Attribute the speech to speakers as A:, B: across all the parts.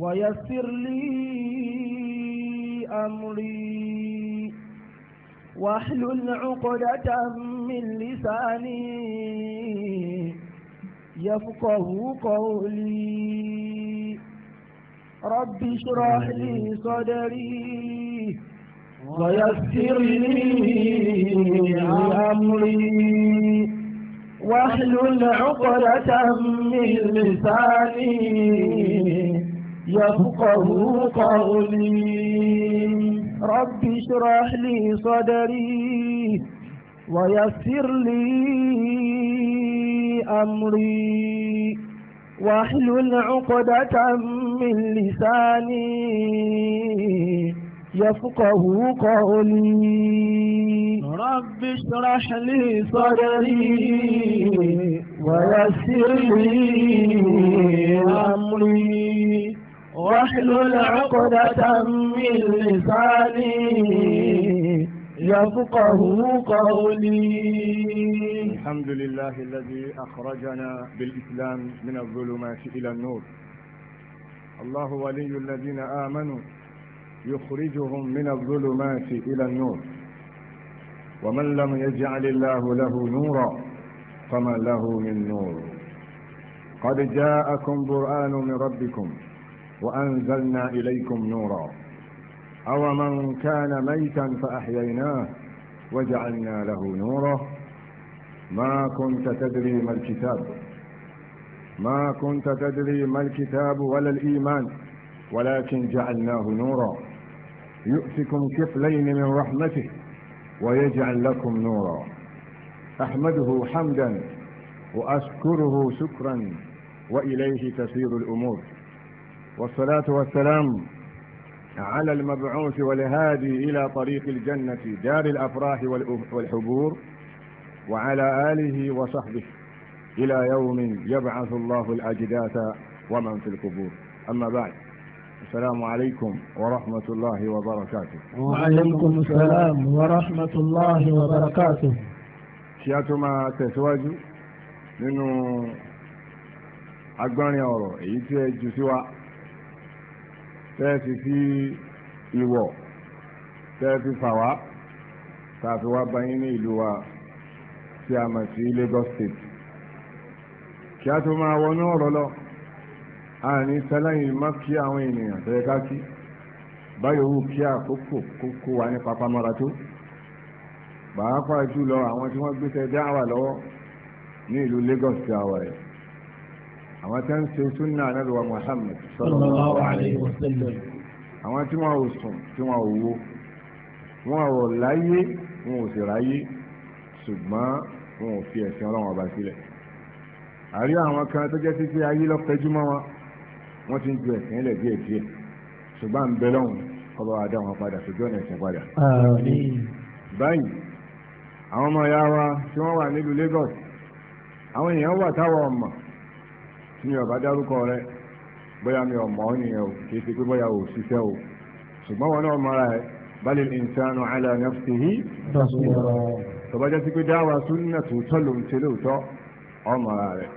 A: ويسر لي أمري واحلل عقدة من لساني يفقه قولي رب اشرح لي صدري ويسر لي أمري واحلل عقدة من لساني يفقه قولي رب اشرح لي صدري ويسر لي أمري واحلل عقدة من لساني يفقه قولي رب اشرح لي صدري ويسر لي أمري واحلل عقدة من لساني يفقه
B: قولي الحمد لله الذي أخرجنا بالإسلام من الظلمات إلى النور الله ولي الذين آمنوا يخرجهم من الظلمات إلى النور ومن لم يجعل الله له نورا فما له من نور قد جاءكم برآن من ربكم وأنزلنا إليكم نورا أو من كان ميتا فأحييناه وجعلنا له نورا ما كنت تدري ما الكتاب ما كنت تدري ما الكتاب ولا الإيمان ولكن جعلناه نورا يؤتكم كفلين من رحمته ويجعل لكم نورا أحمده حمدا وأشكره شكرا وإليه تسير الأمور والصلاة والسلام على المبعوث والهادي إلى طريق الجنة دار الأفراح والحبور وعلى آله وصحبه إلى يوم يبعث الله الأجداث ومن في القبور أما بعد السلام عليكم ورحمة الله وبركاته وعليكم السلام ورحمة الله وبركاته شياتما تسواج منو agbárin أورو èyí جسوا tẹ́ẹ̀tì sí ìwọ̀ tẹ́ẹ̀tì fàwá tààfi wá bá yín ní ìlú wa tí a mọ̀ sí Lagos State kí a tó máa wọnú ọ̀rọ̀ lọ àní sẹ́lẹ̀yìn má kí àwọn ènìyàn tẹ́ẹ̀ ká kí báyọ̀ wù kí àkókò kókó wa ní papamọ́ra tó pàápàá jùlọ àwọn tí wọ́n gbé tẹ́ dáhà lọ́wọ́ ní ìlú Lagos tí a wà àwọn tí wọ́n ń ṣe súnà anábìwá Muhammad sallallahu alaihi wasallam àwọn tí wọ́n ò sùn tí wọ́n ò wo wọ́n ò láyé wọn ò sì ráyé ṣùgbọ́n wọn ò fi ẹ̀sìn ọlọ́run ọba sílẹ̀ àrí àwọn kan tó jẹ́ títí ayé lọ́pẹ́júmọ́ wọn wọ́n ti ń ju ẹ̀sìn ilẹ̀ díẹ̀ díẹ̀ ṣùgbọ́n à ń bẹ lọ́hùn kọ́ba wa dá wọn padà sójú ẹ̀sìn padà. báyìí àwọn ọmọ ìyá wa tí wọ́n wà nílùú Lagos àwọn èèyàn wà táwọn ọmọ mi ò bá dárúkọ rẹ bóyá mi ò mọ̀ ọ́ nìyẹn o kì í ṣe pé bóyá o ṣiṣẹ́ o ṣùgbọ́n wọn náà mọ́ra ẹ̀ bal al-insanu ala nafsihi tọ́ba jẹ́ sí pé dáwà súnà tòótọ́ ló ń ṣe lóòótọ́ ọ́ mọ́ra rẹ̀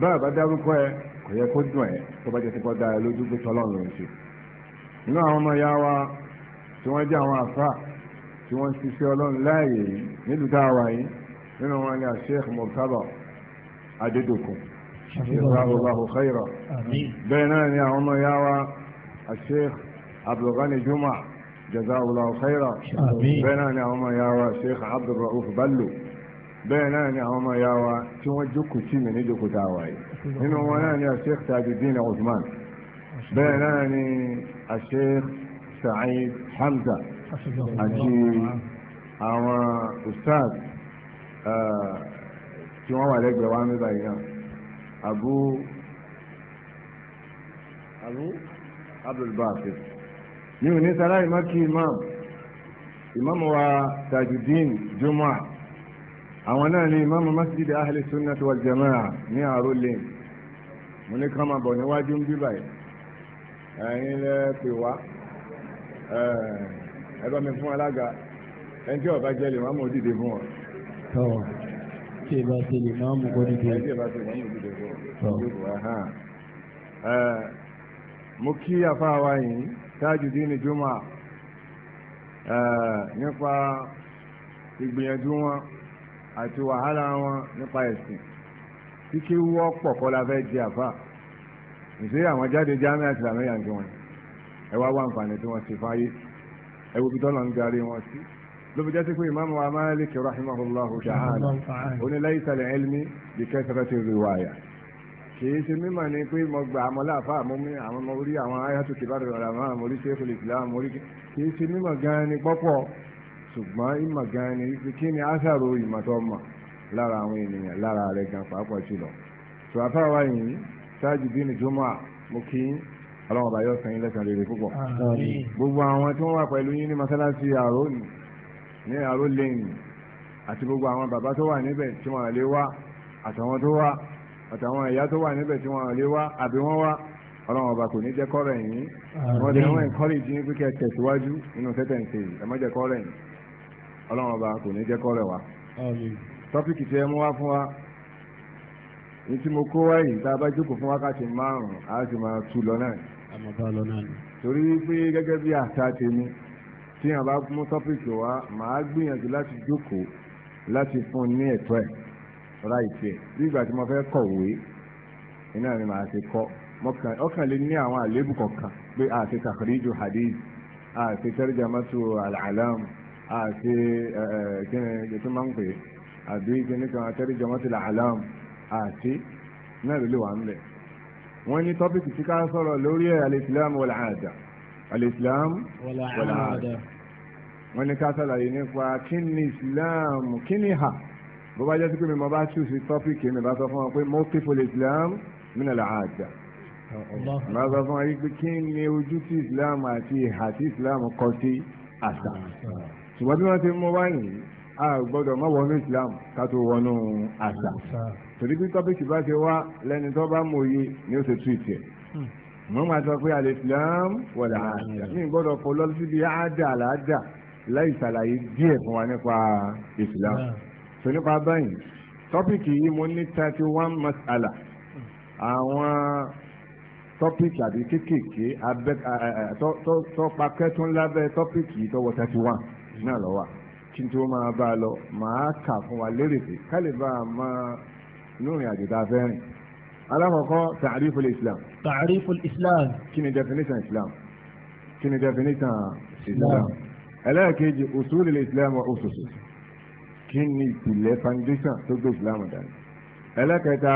B: báyà bá dárúkọ ẹ kò yẹ kó dùn ẹ tọ́ba jẹ́ sí pé dáa lójú pé tọ́lọ́run ló ń ṣe inú àwọn ọmọ ya wa tí wọ́n jẹ́ àwọn àfà tí wọ́n ṣiṣẹ́ ọlọ́run láàyè yìí nílùú dáwà yìí nínú wọn ni Sheikh Murtaba جزاه الله خيرا بينان يا عمر يا الشيخ عبد الغني جمع جزاه الله خيرا بينان يا عمر يا الشيخ عبد الرؤوف بلو بينان يا عمر يا توجك شي من يدك تاواي هنا وانا يا شيخ تاج الدين عثمان بينان الشيخ سعيد حمزة
C: أجي
B: أما أستاذ أه... شو هو عليك بوامي بينان abu abu abdulbasir ní òní sáláì má kí imam imam wa tajudeen juma àwọn náà ni imam masjid ahli sunnati wal jamaa ní àrò lane mo ní ká máa bọ̀ níwájú ń bí báyìí ẹ̀yin lẹ pè wá ẹ bá mi fún alága ẹni tí ọba jẹ lè má mọ òdìdí fún ọ.
C: tọ́wọ̀ tí ì bá ti lè má mọ òdìdí.
B: ẹ bá ti lè má mọ òdìdí mo kí afáwa yìí Tajudeen Juma nípa ìgbìyànjú wọn àti wàhálà wọn nípa ẹ̀sìn kíkí wọ́pọ̀ kọ́ la fẹ́ di àfà ìṣe àwọn jáde jáde àti àmẹ́yà ń tiwọn ẹ wá wá nǹkan tí wọ́n ti fáyé ẹ wo bitọ́ náà ń darí wọn sí lóbi jẹ́ sí pé ìmáàmù wa Malik rahimahullahu ta'ala onílẹ̀ ìsàlẹ̀ ilmi bi kathrati riwaya kìí ṣe mímọ̀ ni pé mo gbà àmọ́ láàfà àmọ́ mi àwọn ọmọ orí àwọn ayáto kìbára ọ̀rọ̀ àmọ́ àmọ́ orí ṣe fúlẹ̀ ìfìlà àmọ́ orí kìí ṣe mímọ̀ gan ni pọ́pọ̀ ṣùgbọ́n ìmọ̀ gan ni wípé kí ni aṣàrò ìmọ̀tọ́ mọ̀ lára àwọn ènìyàn lára rẹ̀ gan pàápàá jùlọ. tó afáwa yìí ṣáájú bí ni jọmọ́ mo kí ọlọ́run bá yọ san yín lẹ́san rere púpọ̀. gbogbo àwọn tí wọ́n wà pẹ̀lú yín ní mọ́sálásí àró ní àró lẹ́yìn àti gbogbo àwọn bàbá tó wà níbẹ̀ tí wọ́n lè wá àtàwọn tó wà àtàwọn ìyá tó wà níbẹ̀ tí wọ́n lè wá àbí wọ́n wá ọlọ́run ọba kò ní jẹ́ kọ́rọ̀ yín wọ́n ti wọ́n encourage yín pé kẹ́ ẹ tẹ̀síwájú nínú sẹ́tẹ̀ǹsì ẹ má jẹ́ kọ́rọ̀ yín ọlọ́run ọba kò ní jẹ́ kọ́rọ̀ wa. tọ́pìkì tí ẹ mú wá fún wa ní tí mo kó wáyé tá a bá jókòó fún wákàtí márùn-ún a sì máa tu lọ náà. torí pé gẹ́gẹ́ bí àṣà tèmi tí yàn bá mú tọ́pìkì wa màá gbìyànjú láti jókòó láti fún ní ẹ̀tọ́ ẹ̀ ráìtì ẹ̀ bí ìgbà tí mo fẹ́ kọ̀wé iná ni màá ti kọ́ ọkàn lè ní àwọn àléébù kọ̀ọ̀kan pé àti tàkìríjù hadith àti tẹ́rìjàmátù àlàlám àti kíni ètò máa ń pè àbí kíni kan tẹ́rìjàmátù àlàlám àti náà ló lè wà ń bẹ̀. wọ́n ní tọ́pìkì tí ká sọ̀rọ̀ lórí ẹ̀ alìsílám wọlé àdá alìsílám
C: wọlé àdá
B: wọ́n ní ká sọ̀rọ̀ yìí nípa kíni ìsìlám kíni hà bó bá jẹ́ sí pé mi mo bá ṣùṣì tọ́pìkì mi bá sọ fún wọn pé mawqiful Islam min al-'adda bá sọ fún wọn yìí pé kí ni ojú tí Islam àti ìhà tí Islam kọ sí àṣà ṣùgbọ́n bí wọ́n ti mú wá nìyí a gbọ́dọ̀ má wọnú Islam ká tó wọnú àṣà torí pé tọ́pìkì bá ti wá lẹ́ni tó bá mòye ni ó ṣe tú ìtẹ̀ hmm. mo máa sọ pé al-Islam wal 'adda mi gbọ́dọ̀ fọlọ́ síbi àádà àlàádà láì ṣàlàyé díẹ̀ fún wa nípa Islam. Yeah so nípa báyìí tọ́pìkì yìí mo ní thirty one masala àwọn tọ́pìkì àbí kéékèèké abẹ́ tọ́pakẹ́ tó ń lábẹ́ tọ́pìkì yìí tọ́wọ́ thirty one náà lọ́wọ́ kí n tó máa bá a lọ màá kà fún wa lérè pé ká lè bá a máa lórin àjò tá a fẹ́ rìn. alákọ̀ọ́kọ́ tàrífù islam. tàrífù islam. kí ni definition islam. kí ni definition islam. ẹlẹ́ẹ̀kejì usulul islam wa ususu kí ni ìpìlẹ̀ foundation tó gbé islam dání ẹlẹ́kẹta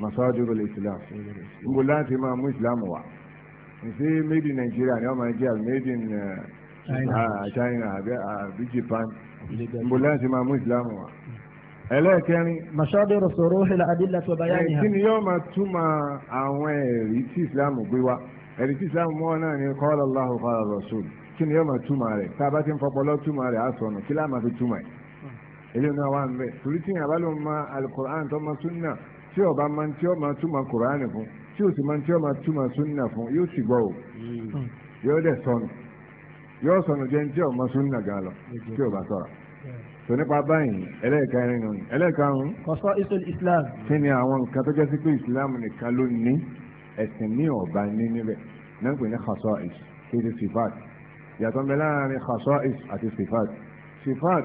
B: masadiru islam ń bọ̀ láti máa mú islam wá ṣé made in Nigeria ni wọ́n máa jẹ́ made in eh, ah, China àbí ah, Japan ń bọ̀ láti máa mú islam wá ẹlẹ́ẹ̀kẹrin. masadiru sọ̀rọ̀ ṣẹlẹ̀ adílẹ̀ eh, tó bá yá ni. kí ni yóò máa túmọ̀ àwọn ẹ̀rí tí islam gbé wá ẹ̀rí tí islam mú ọ náà ni qala Allahu qala Rasul kí ni yóò máa túmọ̀ rẹ̀ tá a bá ti ń fọpọlọ túmọ̀ rẹ̀ á sọnù kí láà máa fi túmọ̀ ẹ̀ ilé náà wà ń bẹ torí tí yàrá ló ma alukur'an tó ma sunna tí o bá ma tí o ma túmọ̀ kur'an fún tí o sì ma tí o ma túmọ̀ sunna fún yóò sì gbọ́ o hmm. yóò dẹ̀ sọnù yóò sọnù jẹ́ tí o ma sunna gan lọ tí o bá sọ̀rọ̀ tò nípa báyìí ẹlẹ́ẹ̀kẹrin nù ẹlẹ́ẹ̀karùn. kọ́sọ́ isul islam. kí ni àwọn nǹkan tó jẹ́ sí pé islam nìkan ló ní ẹ̀sìn ní ọ̀bá ní níbẹ̀ náà ń pè ní khasa'is kí ni sifat yàtọ̀ ń bẹ láàrin khasa'is àti sifat sifat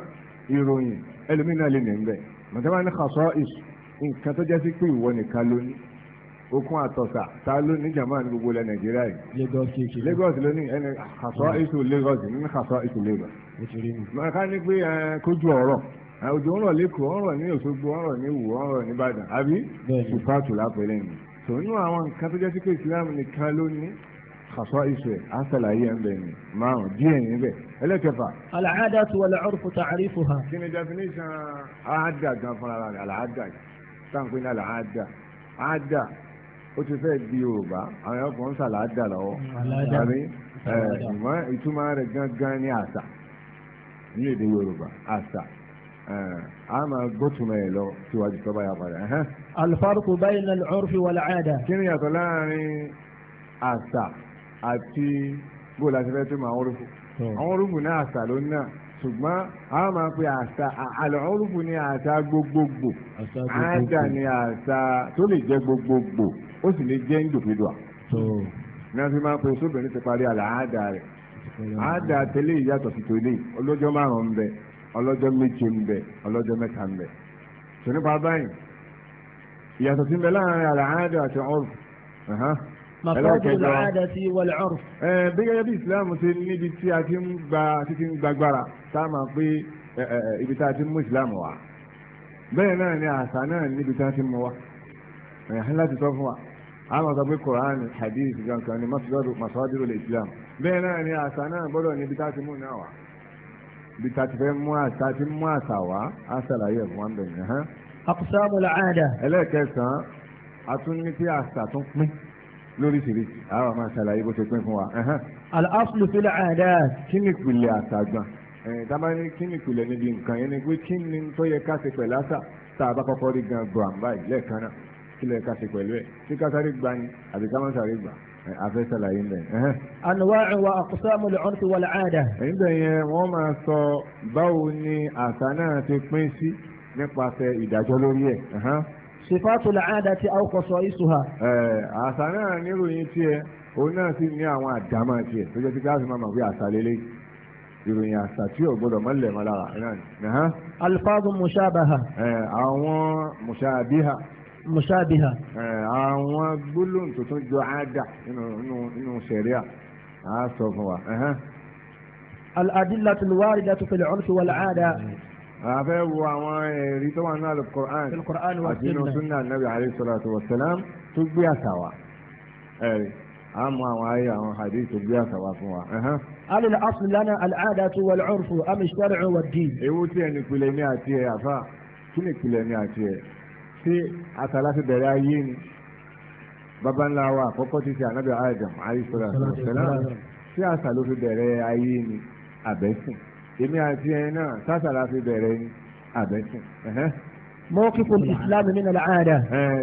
B: ìròyìn ẹlòmíì náà lè ní ń bẹ̀ mọ̀tẹ́wá ní kàṣọ́ ìṣù nǹkan tó jẹ́ sí pé ìwọ nìkan ló ní okun àtọ̀sà ta ló ní jàmbá ní gbogbo ilẹ̀ nàìjíríà yìí. Lagos kìkì Lagos ló ní ẹni kàṣọ́ ìṣù Lagos ní kàṣọ́ ìṣù Lagos. màkà ní pé kójú ọ̀rọ̀ òjò ń rọ̀ lẹ́kọ̀ọ́ ní Òṣogbo ń ní Ìwó ń ní Ìbàdàn àbí sùpàtù lápẹ̀lẹ́ ni. tòun nínú àwọn nǹkan tó jẹ́ sí pé ìsìlámù nìkan ló xasọ iṣẹ asalaye ń bẹ ni márùn díẹ̀ yẹn bẹ ẹlẹ́kẹfà. alaada tu wala ọrùfu taarifu ha. kí ni definition aada gan fúnra rẹ̀ alaada sanko ní alaada aada ó ti fẹ́ di yorùbá àwọn yẹn kò ń sàlà ada lọ́wọ́ àbí ìmọ̀ ìtumọ̀ rẹ̀ gangan ní àṣà ní èdè yorùbá àṣà a máa gbótùmọ̀ ẹ̀ lọ síwájú tó bá yà padà. alfarku bayna al-urfi wal-aada. kí ni yàtọ̀ láàrin àṣà. àti bóòlù àti fẹ́ tó mọ hmm. àwọn orúkú àwọn orúkú ní àṣà ló asa ṣùgbọ́n àwọn máa ń pe àṣà àlọ́ orúkú ní àṣà gbogbogbò àádà ní àṣà tó lè jẹ́ gbogbogbò ó sì lè jẹ́ ní wọ́n hmm. fi máa ń pe sóbìnrin ti parí àlà àádà rẹ̀ àádà tẹ́lẹ̀ ìyàtọ̀ sí tòlé ọlọ́jọ́ márùn-ún bẹ ọlọ́jọ́ méje ń bẹ ọlọ́jọ́ mẹ́ta ń bẹ ṣùgbọ́n nípa báyìí mọ̀tọ́jú làádá sí wọlé ọ̀rùn. ẹ bí gẹ́gẹ́ bí ìsìláàmù ṣe níbi tí a ti ń gba títí ń gbàgbára tá a máa pé ibi tá a ti mú ìsìláàmù wá bẹ́ẹ̀ náà ni àṣà náà níbi tá a ti mú wá ẹ̀hán láti sọ fún wa a máa sọ pé koran hadith gankan ni masọ́dúró lè islam bẹ́ẹ̀ náà ni àṣà náà gbọ́dọ̀ níbi tá a ti mú náà wá ibi tá a ti fẹ́ mú àṣà ti mú àṣà wá á ṣàlàyé ẹ̀ fún wa ń bẹ̀rẹ̀ ẹ̀hán. àkùsọ́ àmúlò àádá. ẹlẹ́ẹ̀kẹsàn-án a tún ní kí àṣà tún pín. lóríṣiríṣi àwọn máa ṣàlàyé bó ṣe pín fún wa. al-aslu fil adat. kí ni ìpìlẹ̀ àtàgbà tábàní kí ni ìpìlẹ̀ níbi nǹkan yẹn ni pé kí ni tó yẹ ká ṣe pẹ̀lú àṣà tá a bá kọ́kọ́ rí gan gbọ̀n báyìí lẹ́ẹ̀kan náà kí lè ká ṣe pẹ̀lú ẹ̀ tí ká sáré gbà ni àbí ká má sáré gbà afẹ́ ṣàlàyé mẹ́. anwa'u wa aqsamu al-'urf wal-'ada. níbẹ̀ yẹn wọ́n máa sọ báwo ni àṣà náà ti pín sí nípasẹ̀ ìdájọ́ lórí ẹ̀ sifatul aadati aw qasaisuha. ẹ àṣà náà níròyìn tiẹ̀ òun náà sì ní àwọn àdámà tiẹ̀ tó jẹ́ ti gáàsì máa mọ̀ pé àṣà lélẹ̀ ìròyìn àṣà tí ò gbọdọ̀ mọ́lẹ̀ mọ́ lára náà ni. alifadu mushabaha. ẹ àwọn mushabiha. mushabiha. ẹ àwọn gbólóhùn tó jọ àádà nínú sẹ̀ríà àá sọ fún wa. الأدلة الواردة في العرف والعادة àfẹ́ wo àwọn ẹ̀rí tó wà nínú alukur'an àti inú sunna anabi alayhi salatu wa salam tó gbé àṣà wa ẹ̀rí àmọ́ àwọn ayé àwọn hadith tó gbé àṣà wa fún wa. hal al-aslu lana wal-'urfu am ash-shar'u wad-din. ewu tí ẹni pilẹ̀ ní àti ẹ̀ àfa kí ni pilẹ̀ ní àti ẹ̀ ṣé àṣà bẹ̀rẹ̀ ayé ni bàbá ńlá ti ṣe anabi adam alayhi salatu wa salam ṣé àṣà ló fi bẹ̀rẹ̀ ayé ni àbẹ̀sìn. èmi àti ẹ̀yin náà sásàlà fi bẹ̀rẹ̀ ni àbẹ̀sìn. mọ́kìkù islam min al-aada.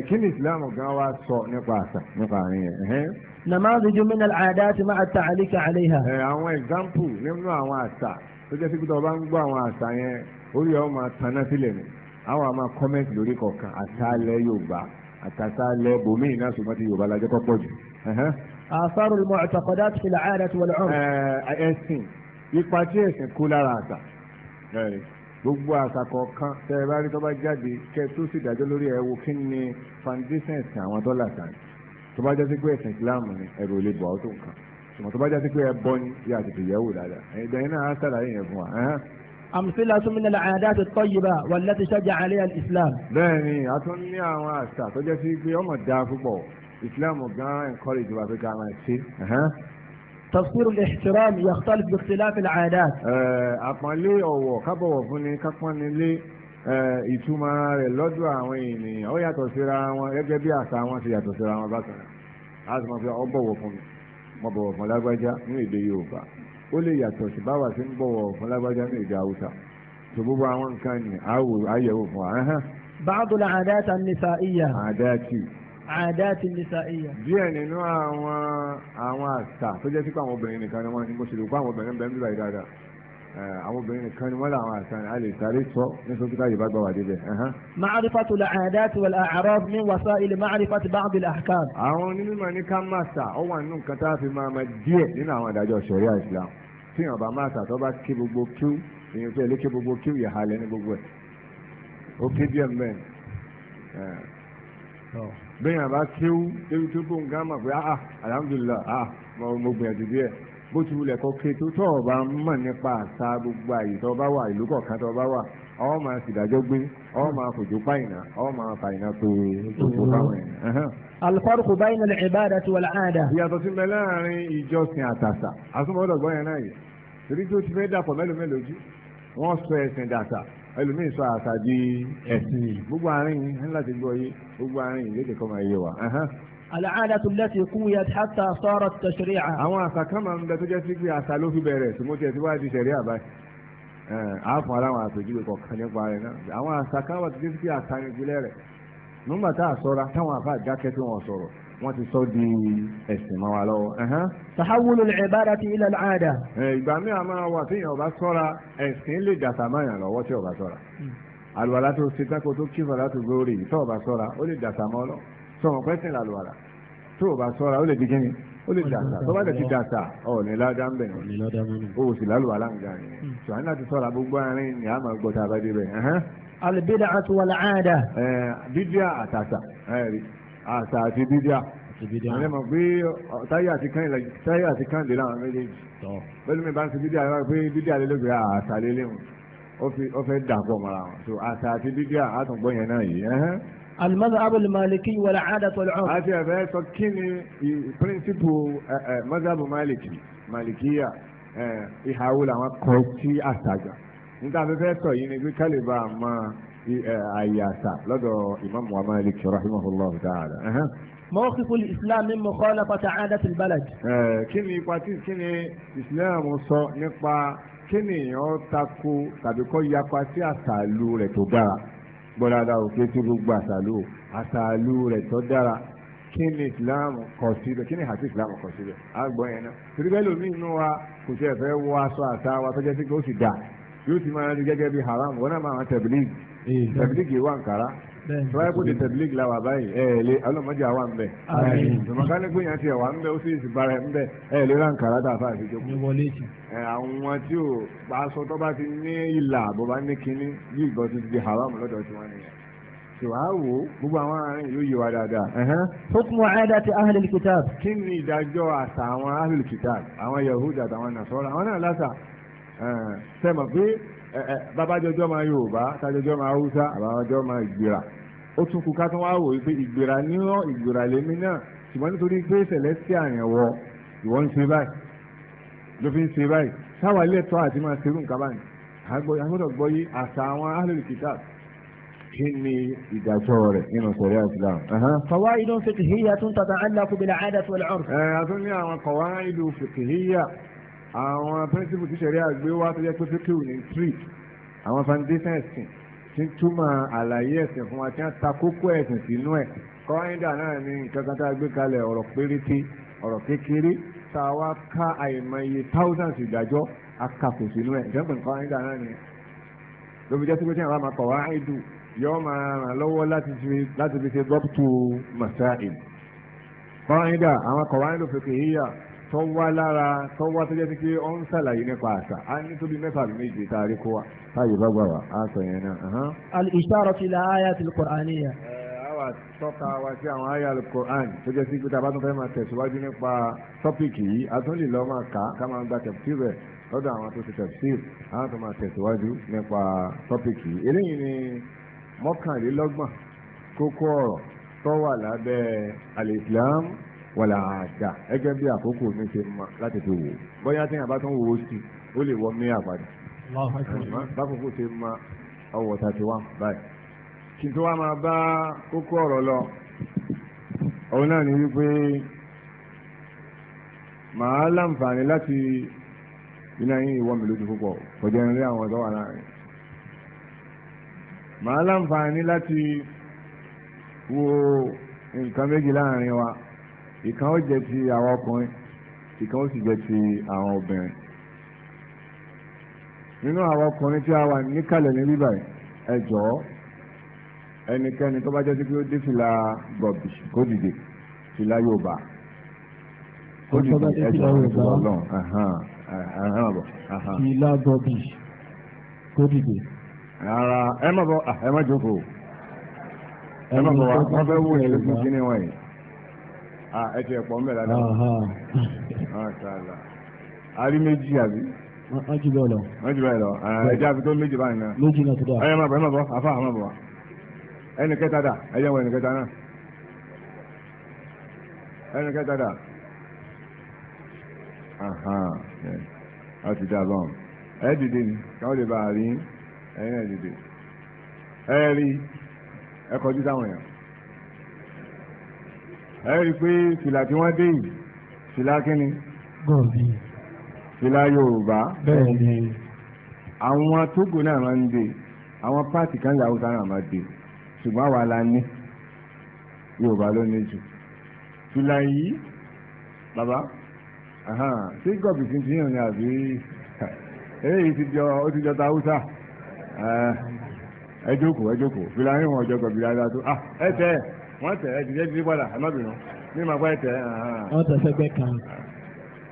B: kí islam gan wa sọ nípa àṣà nípa àárín yẹn. namadiju min al-aada ti máa ta àlíkà àléhà. àwọn example nínú àwọn àṣà tó jẹ́ síbi tó o bá ń gbọ́ àwọn àṣà yẹn orí ọ̀ máa taná sílẹ̀ ni àwọn àmà kọ́mẹ́ntì lórí kọ̀ọ̀kan Yorùbá bòmíì náà ipa tí ẹ̀sìn kó lára àṣà ẹ̀rẹ̀ gbogbo àṣà kọ̀ọ̀kan tẹ́ ẹ bá rí tó bá jáde kẹ́ tó sì dájọ́ lórí ẹ̀ wo kí ni foundation ẹ̀sìn àwọn dọ́là tán tó bá jásí pé ẹ̀sìn Islam ni ẹ̀rọ ò lè bọ̀ ọ́ tó nǹkan ṣùgbọ́n tó bá jásí pé ẹbọ ni yà á tètè yẹ̀wò dáadáa ẹ̀dẹ̀yìn náà á sàlàyé yẹn fún wa.
A: amsilatu min al-'adat at-tayyiba wallati shajja 'alayha al-Islam.
B: bẹ́ẹ̀ni a tún ní àwọn àṣà tó jásí pé ọmọ dáa púpọ̀ Islam gan encourage wa pé ká máa ṣe tafsir al-ihtiram yaxtalif bi ikhtilaf al-'adat. àpọ́nlé ọ̀wọ̀ kábọ̀wọ̀ fún ni kápọ́nilé ìtumọ̀ rẹ̀ lọ́dọ̀ àwọn ènìyàn ó yàtọ̀ síra wọn gẹ́gẹ́ bí àṣà wọn ti yàtọ̀ síra wọn bákan náà a sì máa fi ọ bọ̀wọ̀ fún mi mo bọ̀wọ̀ fún lágbájá ní èdè Yorùbá ó lè yàtọ̀ sí báwa sí ń bọ̀wọ̀ fún lágbájá ní èdè Haúsá tó gbogbo àwọn nǹkan ni àyẹ̀wò fún wa. báàdùn àdáta nífà ìyá. àdáàtì àdáàtì nìsa ìyà. díẹ̀ nínú àwọn àwọn àṣà tó jẹ́ sípò àwọn obìnrin nìkan ni wọ́n ti ń kó ṣe lè kó àwọn obìnrin bẹ́ẹ̀ ń bíbáyìí dáadáa àwọn obìnrin nìkan ni wọ́n láwọn àṣà ni a lè sáré sọ ní sókítà yìí bá gbà wà débẹ̀. ma'arifatu
A: al-aadati wal-a'raf min wasa'il ma'arifati ba'd al-ahkam.
B: àwọn onímọ̀ ní ká máa sà ó wà nínú nǹkan tá a fi máa ma díẹ̀ nínú àwọn àdájọ́ sẹ̀ríà Islam tí yàn bá máa sà tó bá ké gbogbo kíw èyàn fẹ́ lé ké gbogbo kíw yà halẹ̀ ní gbogbo ẹ̀ ó ké díẹ̀ mẹ́rin bẹ́ẹ̀ yàrá kéwú débi tó gbóhùn gán mọ̀ pé ah alhamdulilah ah mo gbìyànjú díẹ̀ bó ti wulẹ̀ kọ́ ké tó tọ́ ọba mọ̀ nípa àṣà gbogbo àyè tó bá wà ìlú kọ̀ọ̀kan tó bá wà ọ máa ṣèdájọ́ gbé ọ máa fòjò páyìnà ọ máa fàyìnà pé òkú fáwọn èèyàn. alfarqu bayna al-ibadati wal-'ada. ìyàtọ̀ sí mi láàrin ìjọsìn àtàṣà àtúmọ̀dọ̀gbọ́n yẹn náà yìí torí tó ti fẹ́ dàpọ̀ mélòó jù wọ́n sọ ẹ̀sìn dàṣà ẹlòmíín sọ àṣà di ẹ̀sìn gbogbo àárín yìí láti gbọ́ yé gbogbo àárín yìí kọ́ máa yé wa. العادة التي قويت حتى صارت تشريعا. àwọn àṣà kan máa ń bẹ tó jẹ́ sí pé àṣà ló fi bẹ̀rẹ̀ tí mo tiẹ̀ ti wá di ṣẹ̀ríà báyìí àáfọ̀ aláwọn àpèjúwe kọ̀ọ̀kan nípa rẹ̀ náà àwọn àṣà kan wà tó jẹ́ sí pé àṣà ni ìpínlẹ̀ rẹ̀ nígbà tá a sọra wọ́n ti sọ di ẹ̀sìn mọ́ wa lọ́wọ́. tahawulu al-ibada ila al-ada. ìgbà mi àmọ́ wà tí yẹn ò bá sọ́ra ẹ̀sìn lè dàtà máa yàn lọ́wọ́ tí ò bá sọ́ra. Hmm. àlùwàlá tó ṣe tako tó kí fàlà tó gbórí yìí tó ò bá sọ́ra ó lè dàtà mọ́ lọ sọmọ pẹ́sìn làlùwàlá tó ò sọ́ra ó lè di kíni ó lè dàtà tó bá dẹ̀ ti dàtà ọ̀ ní ládàá bẹ̀ o sì ń hmm. bẹ̀ àṣà àti bídíà àwọn ẹ̀mọ̀ pé táyé àti kánlẹ̀ táyé àti kánlẹ̀ làwọn méjèèjì pẹ̀lú mi bá ń ṣe bídíà yẹn wá pé bídíà lélẹ́gbẹ̀ẹ́ àṣà lélẹ́wọ̀n ó fẹ́ dàpọ̀ mọ́ra wọn so àṣà àti bídíà àtúngbọ́ yẹn náà yìí. المذهب المالكي والعادة والعرف أتي أبي سكيني برنسيبو مذهب مالكي مالكية يحاول أن يقوتي أساجا nígbà tó fẹ́ sọ yìí ni pé kálíbà máa sí àyè àṣà lọ́dọ̀ ìmáàmù wa Malik rahimahullah ta'ala. mawqifu islam min mukhalafati 'adati al-balad. kí ni ipa tí kí ni islam sọ nípa kí ni èèyàn tako tàbí kọ́ yapa sí àṣàlù rẹ̀ tó dára gbọ́dọ̀ òkè tó gbogbo àṣàlù àṣàlù rẹ̀ tó dára kí ni islam kọ síbẹ̀ kí ni àti islam kọ síbẹ̀ á yẹn náà torí bẹ́ẹ̀ inú wa kò sí ẹ̀fẹ́ wọ aṣọ àṣà wa tó jẹ́ sí ó sì dà yóò sì máa rí gẹ́gẹ́ bí haram wọn náà máa tẹ̀bílì tẹ̀bílíkì wà Nkara. tọ́wáyé kò ní la wà báyìí ẹ̀ ẹ̀ lé ọlọ́mọdé àwa ń bẹ̀ mọ̀kánikù yẹn ti ẹ̀ wà ń bẹ̀ ó sì sì bára ẹ̀ ń bẹ̀ ẹ̀ lé ra àwọn tí tó bá ti ní ìlà bó ní yí ti di haram tí gbogbo àwọn hukumu ti ahlil kitab. kí ni ìdájọ́ àwọn ahlil kitab àwọn nasọ́ra àwọn náà lásà babajọjọ́ máa Yorùbá tajọjọ́ máa Haúsá àbáwájọ́ máa ìgbéra ó tún kú ká tún wá wò pé ìgbéra níwọ̀n ìgbéra lèmi náà ṣùgbọ́n nítorí pé celestia yẹn wọ ìwọ ń ṣe báyìí ló fi ń ṣe báyìí sáwà ilé ẹ̀tọ́ àti máa ṣerú nǹkan báyìí agbọ́dọ̀ gbọ́ yí àṣà àwọn ahlul kitab kí ni ìdájọ́ rẹ̀ nínú sọ̀rọ̀ islam. qawaidun fiqhiyya tún tàtà aláfubìlà àdàtúwẹ̀lẹ̀ ọ̀rọ̀. ẹ àwọn píríncípù tí sẹ̀rí àgbé wá tó yẹ pé fíkìwù ní tírì àwọn foundation ẹ̀sìn tí ń túmọ̀ àlàyé ẹ̀sìn fún wa tí wọ́n ta kókó ẹ̀sìn sínú ẹ̀ kọ́ńdà náà ní nǹkan kan tá a gbé kalẹ̀ ọ̀rọ̀ péréte ọ̀rọ̀ kékeré tá a wá ká àìmọye thousands ìdájọ́ akàkò sínú ẹ̀ ìjọba kọ́ńdà náà ni lóbi jẹ́ sípé tí àwọn àmàkọ̀ wá ìdù yọ máa ràn lọ́wọ́ láti fi ṣe gọ́pùtù màsáìlì kọ́ńdà àwọn àkọ̀wá ìlú fèkè yíyà tó wá lára tó wá tó jẹ́ sí pé ó ń ṣàlàyé nípa àṣà á ní tóbi mẹ́fà bí méje tá a rí kó wa táyé bá gbà wá á sọ yẹn náà. al-ishara fi la aya ti al-Qur'aniyya. àwa tọ́ka wa sí àwọn aya al-Qur'an tó jẹ́ sí pé tá a bá tún fẹ́ máa tẹ̀síwájú nípa tọ́pìkì yìí a tún lè lọ́ọ́ máa kà á ká máa gba tẹ̀síwájú rẹ̀ lọ́dọ̀ àwọn tó ti tẹ̀síwájú nípa tọ́pìkì yìí eléyìí ni mọ́kànlélọ́gbọ̀n al-Islam wọ́n là á dà ẹgẹ́ bí àkókò mi ṣe mọ láti fi wò bóyá tí yàrá bá tún wò ó sí ó lè wọ mí àpàdé bákòókò ṣe mọ ọwọ́ tàbí wà báyìí kí n tó wá máa bá kókó ọ̀rọ̀ lọ òun náà ni wípé màá láǹfààní láti iná yín ìwọ́ mi lójú púpọ̀ kọjá ilé àwọn ọ̀dọ́ wà láàrin màá láǹfààní láti wo nǹkan méjì láàrin wa ìkan ó jẹ́ ti àwọn ọkùnrin ìkan ó sì jẹ́ ti àwọn obìnrin nínú àwọn ọkùnrin tí a wà níkàlẹ̀ ní bíbà ẹ jọ̀ọ́ ẹnikẹ́ni tó bá jẹ́ pé ó dé fìlà gọ̀bì kó dìde fìlà Yorùbá
A: kó dìde ẹ jọ̀ọ́ ẹ jọ̀ọ́ lọ́n
B: fìlà gọ̀bì kó dìde. ara ẹ má bọ ẹ má jókòó ẹ má bọ wá wọn fẹ́ wú ẹ lójú kíní wọn Ah, ẹ ti ẹ̀pọ̀ mẹ́ra náà. àrí méjì àbí. wọ́n ti bẹ́ẹ̀ lọ. wọ́n ti bẹ́ẹ̀ lọ eh, ẹ̀jẹ̀ àfi tó méjì báyìí náà. méjì náà ti dà. ẹ máa bọ̀ ẹ máa bọ̀ àfa àmà bọ̀ ẹnì kẹta dà ẹ jẹ́ wọ ẹnì kẹta náà. ẹnì kẹta dà. a ti dà lọ́n ẹ dìde ni káwọn lè bá a rí ẹ̀yin náà dìde ẹ rí ẹ kọjú táwọn yẹn ẹ rí i pé fìlà tí wọ́n dé yìí fìlà kínní. gọ̀ọ̀bì. fìlà yorùbá. bẹ́ẹ̀ ni. àwọn tógo náà máa ń dé àwọn páàtì kan ní haúsá náà máa dé ṣùgbọ́n àwa la ní yorùbá ló ní jù. fìlà yìí bàbá ṣé gọ̀ọ̀bì ti ń ti yàn ní àbí eléyìí ti jọ ó ti jọ ta haúsá ẹ jókòó ẹ jókòó fìlà yìí wọn jọ gọ̀ọ̀bì dáadáa tó ah, ẹ tẹ́ ẹ wọ́n tẹ̀ ẹ́ jìjẹ́ jìjẹ́ padà ẹ má bínú ní màá bá ẹ tẹ̀ ẹ́. wọ́n tẹ̀ sẹ́gbẹ́ kan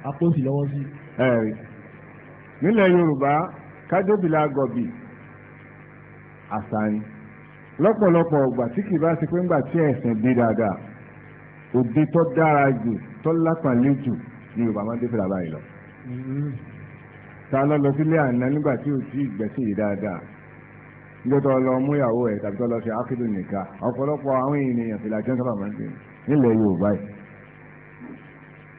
B: apósì lọ́wọ́ sí. ẹ̀rí nílẹ̀ Yorùbá kájóbìlà gọ̀bì àṣà ni lọ́pọ̀lọpọ̀ ọgbà tí kì bá ti pé ńgbà tí ẹ̀sìn dé dáadáa òde tó dára jù tó lápàlẹ́ jù ni Yorùbá máa ń dé fìlà báyìí lọ. Mm-hmm. ta ló lọ sílé àná nígbà tí ò tí ì yìí dáadáa níjọ́ tó lọ mú ìyàwó ẹ̀ tàbí tó lọ ṣe ákídù nìka ọ̀pọ̀lọpọ̀ àwọn ènìyàn fìlà jẹ́ sábà máa ń dè nílẹ̀ Yorùbá yìí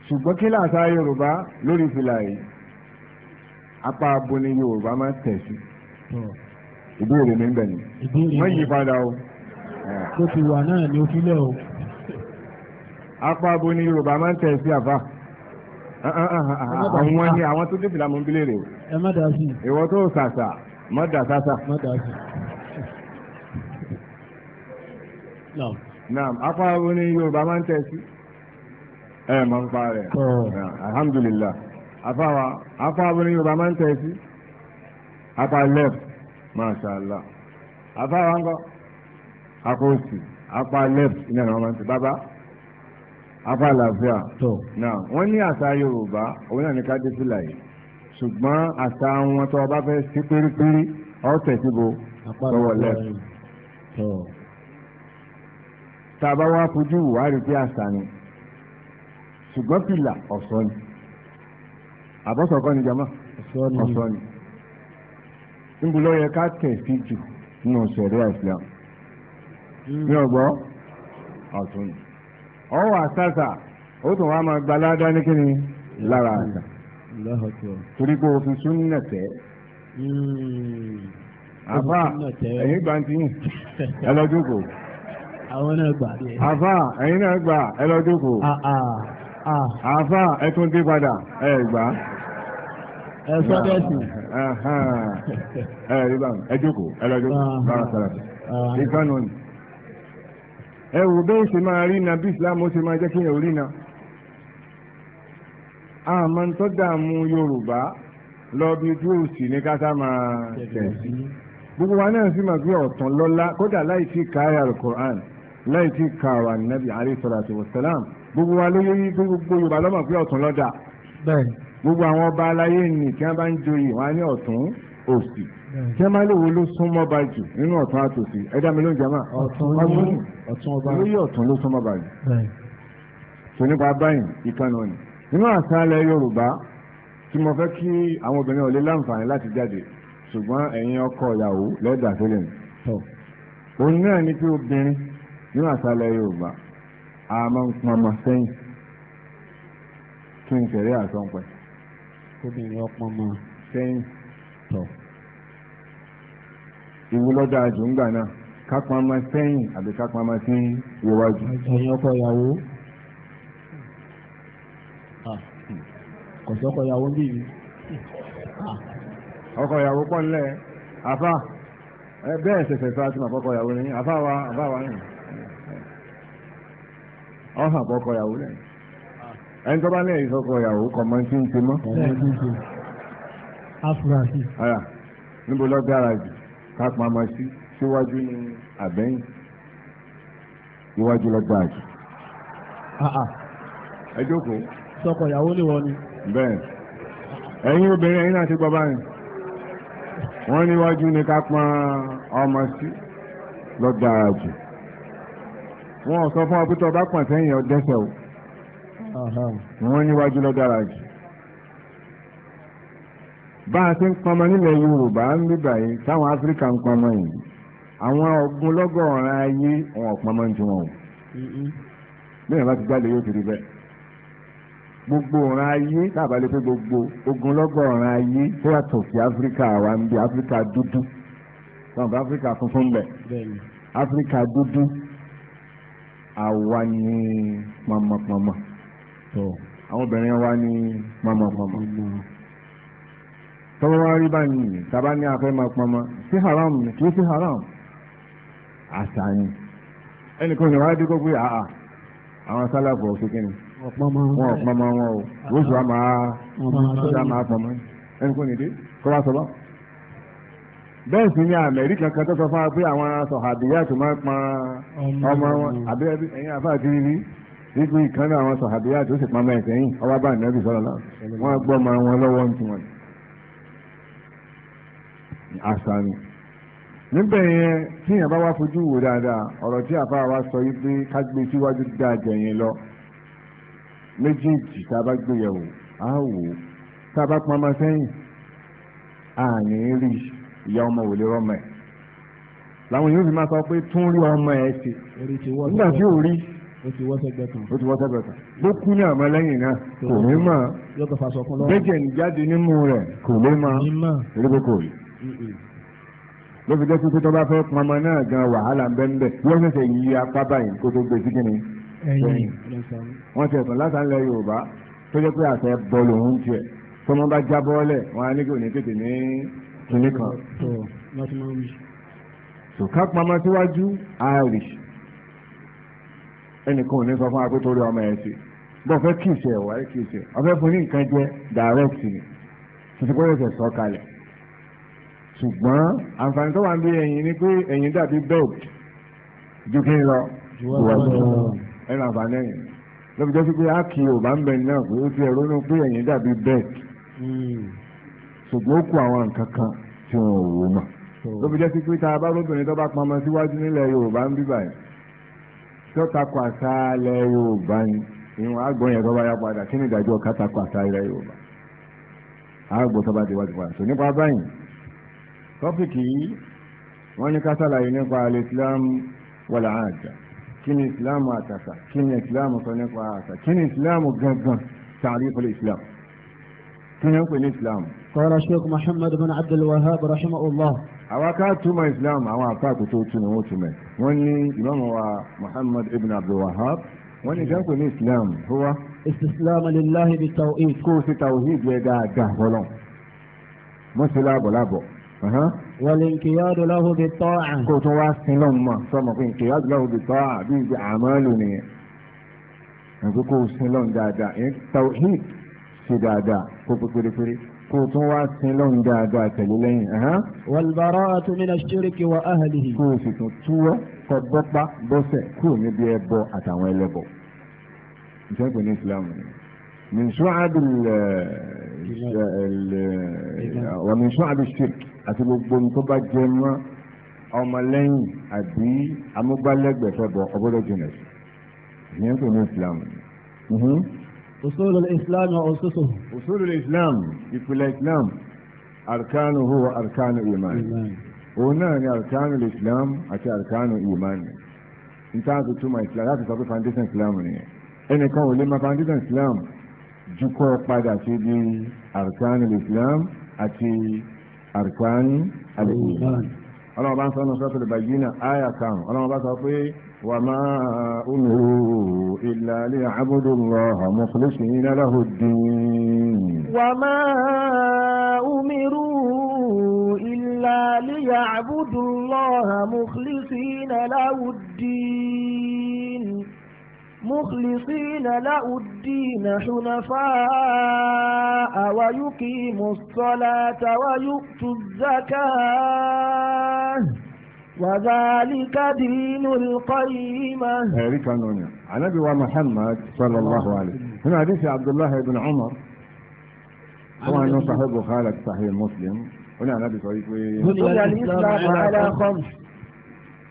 B: ṣùgbọ́n kí làṣà Yorùbá lórí fìlà yìí apá abo ni Yorùbá máa tẹ̀ sí ìbéèrè mi ń bẹ̀ ni wọ́n yí padà o. tó ti wà náà ni ó o. apá abo ni Yorùbá máa ń tẹ̀ sí àbá àwọn ni àwọn tó dé fìlà mọ́ ń bilé rè o. ẹ má dá sí ìwọ tó sàṣà mọ́dà sásà. mọ́dà sásà. naam. naam apá wo ni yorùbá máa ń tẹ̀ sí. ẹ máa ń pa rẹ̀. alhamdulillah apá wa apá wo ni yorùbá máa ń tẹ̀ sí. apá left mashallah apá wa ń kọ́ apá òsì apá left iná ni wọ́n máa ń tẹ̀ bàbá apá àlàáfíà. naam wọ́n ní àṣà yorùbá òun náà ní ká dé sílà yìí ṣùgbọ́n àṣà wọn tó o bá fẹ́ sí pérépéré ọ̀ tẹ̀sí bo tọwọ́ lẹ́fù. tá a bá wá fojú wà á rí pé àṣà ni ṣùgbọ́n pìlà ọ̀ṣọ́ ni àbọ̀sọ̀kọ́ ni jama ọ̀ṣọ́ ni níbo ló yẹ ká tẹ̀sí jù nínú sẹ̀rí Islam ní hmm. ọgbọ́n ọ̀tún ọ̀wọ́ àṣàṣà ó tún wá máa gbalá dání kí ni lára àṣà torí pé o fi súnà tẹ́ hmm. àfà ẹ̀yin gbà ń tì yín ẹ lọ jókòó. àwọn náà gbà dé. àfà ẹ̀yin náà gbà ẹ lọ jókòó. Ah, ah, ah. àfà ẹ tún dé padà ẹ gbà. ẹ sọ bẹ́ẹ̀ sì. ẹ rí báwọn ẹ jókòó ẹ lọ jókòó ìkànnì. ẹ wò bẹ́ẹ̀ ṣe máa rí na bí Islam ṣe máa jẹ́ kí ẹ rí na àmọ́ ń tọ́ dààmú Yorùbá lọ bí ojú òsì ní kásá máa tẹ̀sí gbogbo wa náà sì máa gbé ọ̀tàn lọ́lá kódà láì tí ka ayé alukur'an láì tí ka ọ̀rọ̀ ànábì alayhi salatu wassalam gbogbo wa ló yẹ yí gbogbo Yorùbá lọ́mọ̀ gbé ọ̀tàn lọ́dà gbogbo àwọn ọba aláyé nì tí wọ́n bá ń joyè wọ́n á ní ọ̀tún òsì kí ẹ máa lè wo ló súnmọ́ bá jù nínú ọ̀tún àtòsí ẹ̀dá mi ló ń jẹ máa ọ̀tún ọba lórí ọ̀tún ló súnmọ́ bá jù. tòun nípa báyìí ìkànnì nínú àṣàlẹ̀ yorùbá tí mo fẹ́ kí àwọn obìnrin ò lè láǹfààní láti jáde ṣùgbọ́n ẹ̀yin ọkọ ìyàwó lẹ́dà sílẹ̀ ni. òun náà ni pé obìnrin nínú àṣàlẹ̀ yorùbá a máa ń pọn ọmọ sẹ́yìn kí n tẹ̀lé àsọ̀npẹ́. obìnrin ọpọn ọmọ sẹ́yìn tọ̀. ìwúlọ́dà àjùǹgbà náà kápọn ọmọ sẹ́yìn àbí kápọn ọmọ sí iwájú. ẹ̀yin ọkọ ìyàwó. Ah, hmm. kọ̀sọ́kọ̀ ìyàwó bí mi. Ah. ọkọ ìyàwó pọ̀ nílẹ̀ àfa bẹ́ẹ̀ ṣẹ̀ṣẹ̀ sọ àti màkọ́kọ̀ ìyàwó ni àfa wa àfa wa ni ọ̀hàn kọ́kọ̀ ìyàwó lẹ́yìn ah. ẹni tó bá lẹ́yìn sọ́kọ̀ ìyàwó kọ̀ mọ́ tí ń ṣe mọ́. afurasí. ara níbo lọ gáràjì ká pamọ́ sí síwájú ní àbẹ́yìn iwájú lọ gbàjù. ẹ jókòó sọkọ ìyàwó lè wọ ni. bẹ́ẹ̀ ẹ̀yin obìnrin ẹ̀yin náà ti gbọ́ báyìí wọ́n níwájú ni ká pọn ọmọ sí lọ́dàá jù wọ́n sọ fún ọ pé tó o bá pọn sẹ́yìn ọdẹ́sẹ̀
C: o
B: wọ́n níwájú lọ́dàá jù bá a ti ń pọnmọ nílẹ̀ Yorùbá ń bíbà yìí táwọn Áfíríkà ń pọnmọ yìí àwọn ogunlọ́gọ̀ ọ̀ràn ayé wọn ò pọnmọ ní tiwọn o bí wọn bá ti jáde yóò ti rí bẹ́ẹ̀ gbogbo ọ̀ràn ayé tábàlẹ́ pé gbogbo ogunlọ́gọ̀ ọ̀ràn ayé tó yàtọ̀ sí áfíríkà wa ń bí áfíríkà dúdú wọn kò áfíríkà funfun ń bẹ áfíríkà dúdú àwa ni mọ̀mọ̀mọ̀mọ̀ àwọn obìnrin wa ni mọ̀mọ̀mọ̀mọ̀ tọ́wọ́ wá rí báyìí tábà ní afẹ́ máa pọnmọ́ sí haram ni kì í sí haram àṣà ni ẹnì kan ní wàá dúró pé àà àwọn sálàbọ̀ ṣe kí wọn ọ̀pọ̀ ọmọ wọn o wọ́n sọ àmà sọ́jà máa fọmọ́ ẹni kò ní dé kó wá sọ bá. bẹ́ẹ̀ sì ni Amẹ́ríkà kan tó sọ fún wa pé àwọn sọ̀hàbíyà tó máa pọn ọmọ wọn àbí ẹ̀yin àfáà ti rí wípé ìkan náà àwọn sọ̀hàbíyà tó sì pamọ́ ẹ̀sẹ̀ yìí ọba bá ìnáwó sọ̀rọ̀ náà wọ́n gbọ́ ọmọ wọn lọ́wọ́ ní tiwọn. àṣà ni níbẹ̀ yẹn tí èèyàn bá wá fojú wò dáadáa ọ̀rọ̀ tí àfáà wa sọ yìí pé ká gbé síwájú dáa jẹ̀yìn lọ méjèèjì tá a bá gbéyàwó á wò ó tá a bá pọn ọmọ sẹ́yìn àní rí ìyá ọmọ wòlé ọmọ ẹ̀ làwọn yóò fi máa sọ pé tún rí ọmọ ẹ̀ ṣe nígbà tí ò rí ó ti wọ́ sẹ́gbẹ̀ẹ́ kan ló kú ní àmọ́ lẹ́yìn náà kò ní mọ̀ bẹ́jẹ̀ ń jáde nímú rẹ̀ kò ní mọ̀ erékò kò rí ló fi jẹ́ pé tó bá fẹ́ pọnmọ náà gan wàhálà ń bẹ́ńbẹ́ wọ́n fẹ́fẹ́ yí apá báyìí kó tó gbé sí ẹ̀yìn wọ́n ti ẹ̀sán látàlẹ́ yorùbá tó jẹ́ pé àṣẹ bọ́ọ̀lù òun tiẹ̀ tó wọ́n bá já bọ́ọ̀lẹ̀ wọn á ní kí òní tètè ní kinní kan. sùkà pamọ́ síwájú irish ẹnìkan ò ní sọ fún wa pé torí ọmọ ẹ̀ sí bọ́ fẹ́ kí ìṣe ẹ̀wọ̀ ẹ̀ kí ìṣe ọ̀fẹ́ fún ní nǹkan jẹ́ direct ni títí pé ẹ̀sẹ̀ sọ kalẹ̀ ṣùgbọ́n àǹfààní tó wà ń bí ẹ̀yìn ni pé ẹ̀yìn dàbí belt ju kí n lọ ẹnu àǹfààní ẹ̀yìn lọ́bi jẹ́ sí pé áàkì yorùbá ń bẹ náà pé ó ti ẹ̀rọ inú pé ẹ̀yìn dàbí bẹ́ẹ̀d hmm. ṣùgbọ́n ó kú àwọn nǹkan kan tí wọn ò wò mọ̀ hmm. lọ́bi jẹ́ sí pé tá a bá lóbìnrin tó bá pamọ́ síwájú nílẹ̀ yorùbá ń bíbà yìí tó takọ̀ àṣà ilẹ̀ yorùbá yìí ìwọ̀n àgbọ̀n yẹn tó bá yá padà kí ni ìdájọ́ ká takọ̀ àṣà ilẹ̀ yorùbá àgbọ̀ tó bá ti wájú padà sọ nípa báyìí tọ́pìkì yìí wọ́n ní ká sàlàyé nípa al-Islam wal-aada kí الإسلام ìsìláàmù àtàṣà الإسلام ni ìsìláàmù sọ الإسلام àṣà kí تعريف الإسلام كنا نقول الإسلام قال الشيخ محمد بن عبد الوهاب رحمه الله أوقات ما إسلام أوقات توتن وتم وني إمام محمد ابن عبد الوهاب وني واني جنكو الإسلام هو استسلام لله بالتوحيد كوس توحيد يدا ده ولون مسلا بو والانقياد له بالطاعة. كتواسي لهم ما انقياد له بالطاعة بيجي أعمالني. أبوكو سيلون دادا التوحيد في دادا كوبوكوري فري كوتوا سيلون تلين تليلين والبراءة من الشرك وأهله كوسي توتوا كوبوبا بوسة كو نبيه بو أتاوي لبو إسلام من شعب ال ومن شعب الشرك àti gbogbo ohun tó bá jẹ mọ́ ọmọlẹ́yìn àbí amúgbálẹ́gbẹ̀ẹ́ fẹ́bọ̀ ọgbọ́dọ̀ jìnà sí ìyẹn tó ní islam. Mhm. usulul islam wa ususuhu. usulul islam ìpìlẹ̀ islam arkanuhu wa arkanu iman òun náà ni arkanul islam àti arkanu iman nta ti túmọ̀ islam láti sọ pé foundation islam nìyẹn ẹnìkan ò lè ma foundation islam jukọ̀ padà sí di arkanul islam àti àrùkán àlùkùn ọlọ́wọ́ bá ń sọ ọ́nà sọ́tò ìbàjínà àyà kan ọlọ́wọ́ bá sọ pé wà máa umiru illa liya'budullaha mukhlisina lahu ddin.
A: wà máa umiru illa liya'budullaha mukhlisina lahu ddin. مخلصين له الدين حنفاء ويقيموا الصلاة ويؤتوا
B: الزكاة وذلك دين القيمة هذه كانونيا عن أبي محمد صلى الله عليه وسلم هنا حديث عبد الله بن عمر أن صاحب خالد صحيح مسلم هنا عن أبي صحيح بني
A: الإسلام على خمس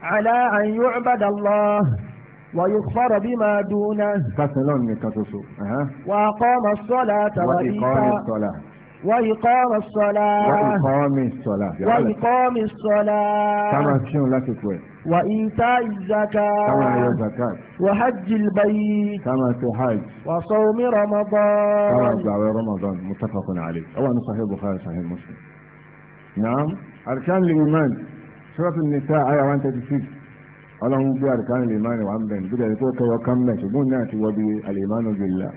A: على أن يعبد الله
B: ويكفر بما دونه
A: وأقام الصلاة وإيتاء الصلاة وإقام
B: الصلاة وإقام الصلاة وإقام
A: الصلاة كما
B: تشون لك كوي
A: وإيتاء الزكاة كما هي
B: الزكاة وحج البيت كما تحج
A: وصوم رمضان كما
B: دعوة رمضان متفق عليه أو أن صحيح البخاري صحيح المسلم نعم أركان الإيمان سورة النساء آية 136 ولهم في أركان الإيمان وعمدا بدأ يقول وكمل سبنا وبي الإيمان بالله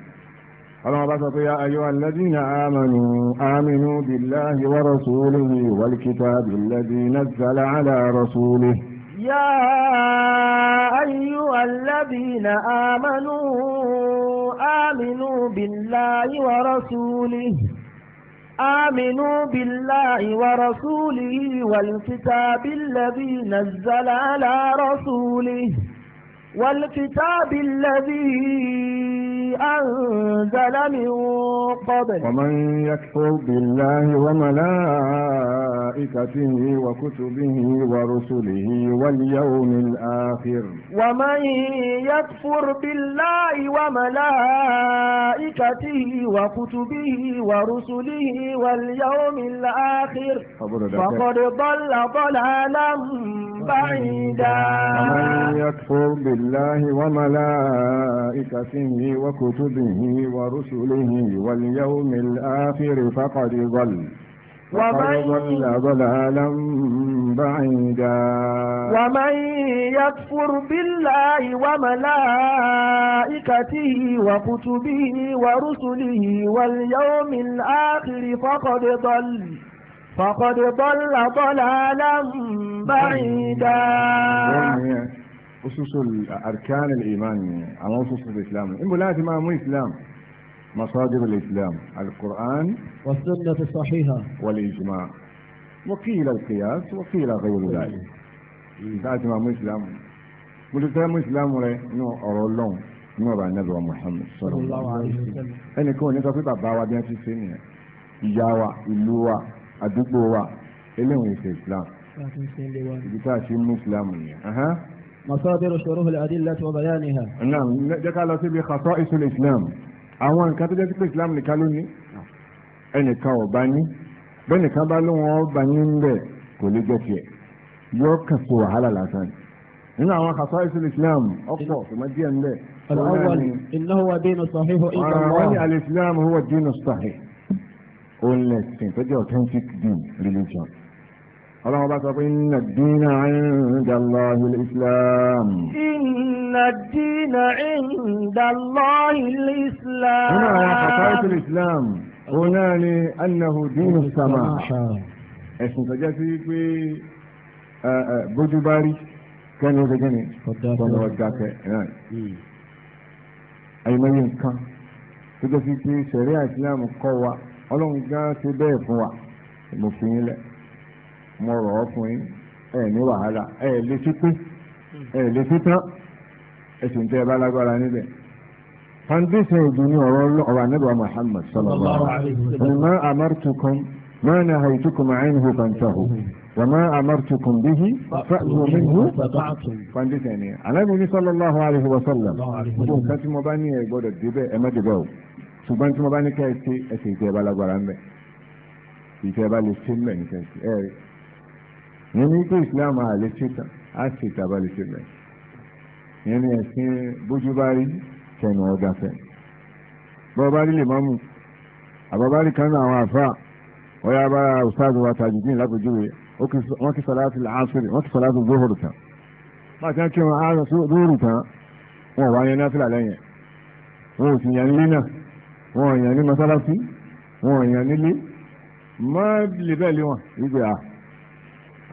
B: اللهم بسط يا أيها الذين آمنوا آمنوا بالله ورسوله والكتاب الذي نزل على رسوله يا أيها
A: الذين آمنوا آمنوا بالله ورسوله آمنوا بالله ورسوله والكتاب الذي نزل على رسوله والكتاب الذي أنزل من قبل ومن
B: يكفر بالله وملائكته وكتبه ورسله واليوم الآخر
A: ومن يكفر بالله وملائكته وكتبه ورسله واليوم الآخر فقد ضل ضلالا بعيدا ومن
B: يكفر بالله بالله وملائكته وكتبه ورسله واليوم الآخر فقد ضل ومن ضل ضلالا بعيدا
A: ومن يكفر بالله وملائكته وكتبه ورسله واليوم الآخر فقد ضل فقد ضل ضلالا بعيدا
B: ususul arkan al-iman ni àwọn ususul islam níbo láti máa mú islam masadir al-islam al-qur'an wa sunnah sahiha wal ijma wa qila al-qiyas wa qila ghayru dhalik láti máa mú islam mo ti fẹ́ mú islam rẹ ní ọ̀rọ̀ ọlọ́run ní ọ̀rọ̀ ànábì wa muhammad sallallahu alaihi wasallam ẹnì kan ò ní sọ pé bàbá wa bí wọ́n ti ṣe nìyẹn ìyá wa ìlú wa àdúgbò wa eléwọ̀n ìṣe islam ibi tá a ṣe mú islam nìyẹn. مصادر شروح الأدلة وبيانها نعم جاك الله سيبي خصائص الإسلام àwọn nǹkan tó jẹ́ pé Islam nìkan ló ní ẹnìkan ò bá ní bẹ́ẹ̀ nìkan bá ló wọn ọba ní ń bẹ̀ kò lè jẹ́ tiẹ̀ yóò kàn sí wàhálà lásán nínú àwọn khasa'is al-Islam ọ̀pọ̀ ṣùgbọ́n díẹ̀ ń bẹ̀. al-awwal innahu huwa dinu sahihu inda Allah. àwọn ní al-Islam huwa dinu sahih ó lẹ̀ sìn tó jẹ́ authentic din religion ọlọ́run bá sọ pé inna ad-dina 'inda Allahi al-Islam.
A: inna ad-dina 'inda Allahi al-Islam. nínú àwọn àkàtà ìtòlù
B: islam òun náà ni annahu dínú sàmà ẹ̀sùn tó jẹ́ sí pé bójú bá rí kẹ́ni ó ṣe kẹ́ni kọ́nà ọjà kẹ́ náà hmm. àyùmọ̀yé nǹkan tó jẹ́ sí pé sẹ̀ríà islam kọ́ wa ọlọ́run gán ṣe bẹ́ẹ̀ fún wa mo fi yín lẹ́ẹ̀ mo rọ̀ ọ́ fún yín ẹ ní wàhálà ẹ lè fi pé ẹ lè fi tán ẹsùn tẹ ẹ bá lágbára níbẹ̀ foundation ìdí ni ọ̀rọ̀ ọ̀rọ̀ anábìá Muhammad sallallahu alayhi wa sallam ma amartukum ma nahaytukum anhu fantahu wa ma amartukum bihi fa'tu minhu foundation ni anábìá ni sallallahu alayhi wa sallam kó nǹkan tí bá ní ẹ gbọ́dọ̀ débẹ̀ ẹ má débẹ̀ o ṣùgbọ́n tí mo bá ní ká ẹ ṣe lágbára ń bẹ̀ ìtẹ̀ lè ṣe ń ní ká ẹ yẹn ní pé islam àlè ṣètà á ṣètà bá lè ṣètà yẹn ní ẹ̀sìn bójú bá rí tẹnu ọ̀dà fẹ́ bọ́ọ̀ bá rí lè mọ́mù àbọ̀bá rí kan náà àwọn àfa ọ̀yà bá ọ̀sáàgùn wa tàjùdín lápèjúwe wọ́n kí sọ̀lá ti àásìrì wọ́n kí sọ̀lá ti gbóhùrù tán báyìí kí wọ́n á lóòrù tán wọ́n wá yẹn náà fìlà lẹ́yìn wọn ò sì yàn nílé náà wọn ò yàn ní mọ́sálásí wọn ò yàn nílé má lè bẹ́ẹ̀ lé wọn ìgbé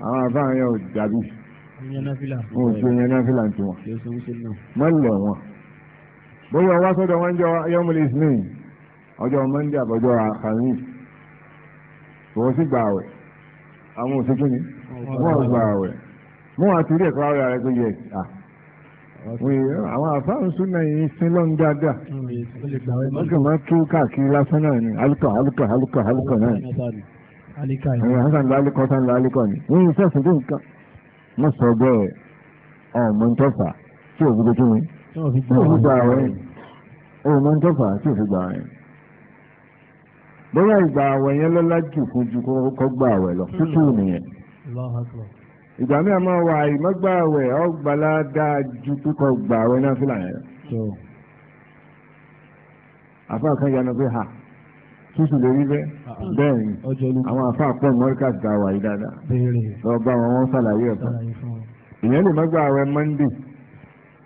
B: àwọn afáàyàn ò dàbí
C: wọn ò ṣe yẹn náfìlà
B: ń tiwọn má lẹ̀ wọn bóyá ọwọ́ sọ́dọ̀ wọn jọ yọmúlẹ̀ ismail ọjọ́ mọ́ndé àbọ̀jọ́ àkànní òun sì gbà àwẹ̀ àwọn òṣèké ni
C: wọ́n gbà àwẹ̀
B: mú àtúndì ẹ̀kọ́ àwọn ará ẹgbẹ́ yẹ àwọn àfáàrùn súnà yìí sin lọ́n dáadáa wọ́n kàn máa tú káàkiri lásán náà ni alùpà alùpà alùpà alùpà náà ẹ̀yìn hasan lálẹ́kọ̀ hasan lálẹ́kọ̀ ni ẹ̀yìn sẹ́sìn tó nǹkan wọ́n sọ bẹ́ẹ̀ ọmọ ntọ́fà tí ò gbogbo kíni tí ò gbogbo àwẹ̀ ọmọ ntọ́fà tí ò gbogbo àwẹ̀ bóyá ìgbà àwẹ̀ yẹn lọ́lá jù fún ju kọ́ gbà àwẹ̀ lọ hmm. tútù nìyẹn ìgbà mi àmọ́ wà ìmọ́gbà àwẹ̀ ọgbàlá dáa ju kíkọ gbà àwẹ̀ náà fìlà yẹn àfáà kan yanu pé ha sísun lórí bẹ́ẹ̀ ah, ah. bẹ́ẹ̀ ni àwọn àfáà pọ̀ mọ́ríkà ti dáwà yìí dáadáa lọ bá wọn wọn ṣàlàyé ẹ̀kọ́ ìyẹn lè má gba àwẹ̀ Monday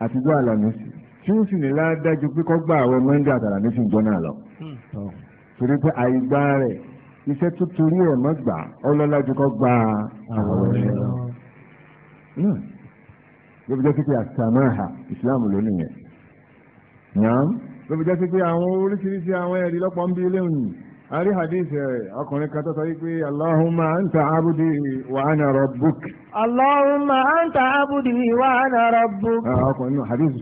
B: àtijọ́ àlàmísì tí ó sì ní ládájú pé kọ́ gba àwẹ̀ Monday àtàlàmísì ìjọ náà lọ hmm. torí pé àìgbá rẹ̀ iṣẹ́ tó torí ẹ̀ má gbà ọlọ́lá ju kọ́ gba àwẹ̀ rẹ̀ lọ. lóbi jẹ́ kíkẹ́ àtàmáhà ìsìláàmù lónìí yẹn. ló fi jẹ́ sí pé àwọn oríṣiríṣi àwọn ẹ̀rí lọ́pọ̀ ń bí léwìn àrí hadith eh, ọkùnrin kan tó sọ wípé aláhùnmá ń ta abudi wà á nàrọ̀ aláhùnmá ń ta abudi wà á nàrọ̀ book. ọkùnrin náà hadith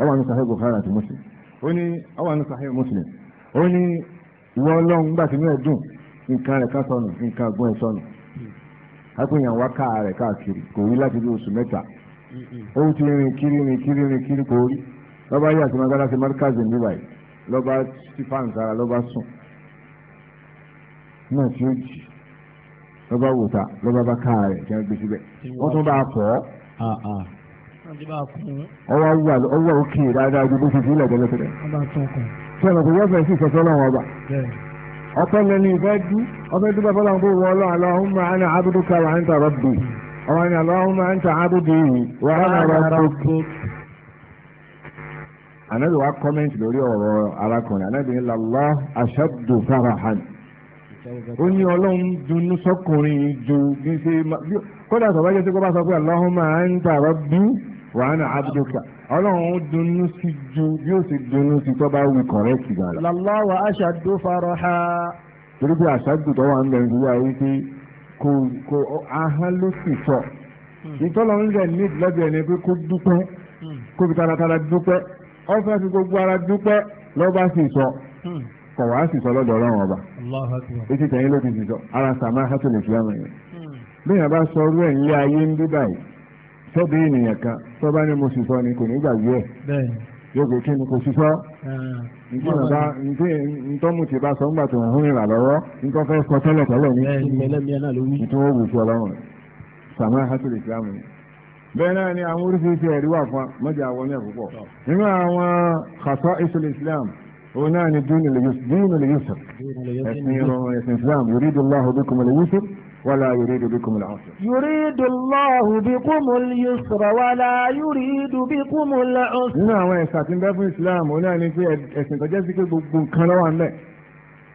B: ọwọ́ bukhari àti muslim ó ní ọwọ́ muslim ó ní gbà mi nǹkan rẹ̀ ká sọnù nǹkan ọgbọ́n ẹ̀ sọnù akúnyàn wá káà rẹ̀ káàkiri kò rí láti bí oṣù mẹ́ta ó lọba yà tí mọ́tàlá ti mọ́tàkàzì ń bíbáyì lọ́ba tí fáǹsára lọ́ba sùn náà tí ó jì lọ́ba wòtá lọ́ba bá ká rẹ̀ kí gbé síbẹ̀ wọ́n tún bá a pọ̀ ọ́. awúwà ọwọ́ òkè dáadáa ju bó ti fi ilẹ̀ tẹ́lẹ̀tẹ́lẹ̀. sọ̀rọ̀ kò wọ́n ọba. anabi wa kọ́mẹ́ntì lórí ọ̀rọ̀ arákùnrin anabi ní lọ́lá aṣáàdù farahan ó ní ọlọ́run dunú sọkùnrin ju bí ṣe kódà tó bá jẹ́ sí kó bá sọ pé Allahumma anta rabbi wa ana abduka ọlọ́run dunú sí ju bí ó sì dunú sí tó bá wí kọ̀rẹ́tì gan la. lọ́lá wa aṣáàdù farahan. torí pé aṣáàdù tó wà ń bẹ̀rù wíwá wípé kò kò ahán ló sì sọ hmm. ìtọ́lọ́run rẹ̀ ní ìdílọ́bì ẹni pé kó dúpẹ́ hmm. kó fi taratara dúpẹ́. ọ fẹ́ fi gbogbo ara dúpẹ́ ló sì sọ hmm. kọ̀ wá sì sọ lọ́dọ̀ ọba etí tẹ̀yìn ló ti sì ara sàmá hàtòlè ìsìlámù yẹn hmm. bí yàrá bá sọ ọrú ẹ̀ nílé ayé ń bí báyìí sọ́bí ènìyàn kan mo sì sọ ni kò ní gbàgbé ẹ̀ yóò kí ni kò sì sọ
C: ah.
B: bá sọ ńgbà tó hún lọ́wọ́ fẹ́ sọ tẹ́lẹ̀ tẹ́lẹ̀ ní bẹ́ẹ̀ náà ni àwọn oríṣiríṣi ẹ̀rí wà fún mọ́jà àwọn ẹ̀ púpọ̀ nínú àwọn kàtọ́ ìṣẹ̀lẹ̀ Islam òun náà ni dúnú lè yusuf ẹ̀sìn ìrọ̀rùn ẹ̀sìn Islam yuridu Allahu bikum al-yusr wala yuridu bikum al-usr.
A: yuridu Allahu bikum al-yusr wala yuridu bikum al-usr.
B: nínú àwọn ẹ̀sìn àti bẹ́ẹ̀ fún Islam òun náà ni pé ẹ̀sìn tó sí pé gbogbo nǹkan lọ́wọ́ ń bẹ̀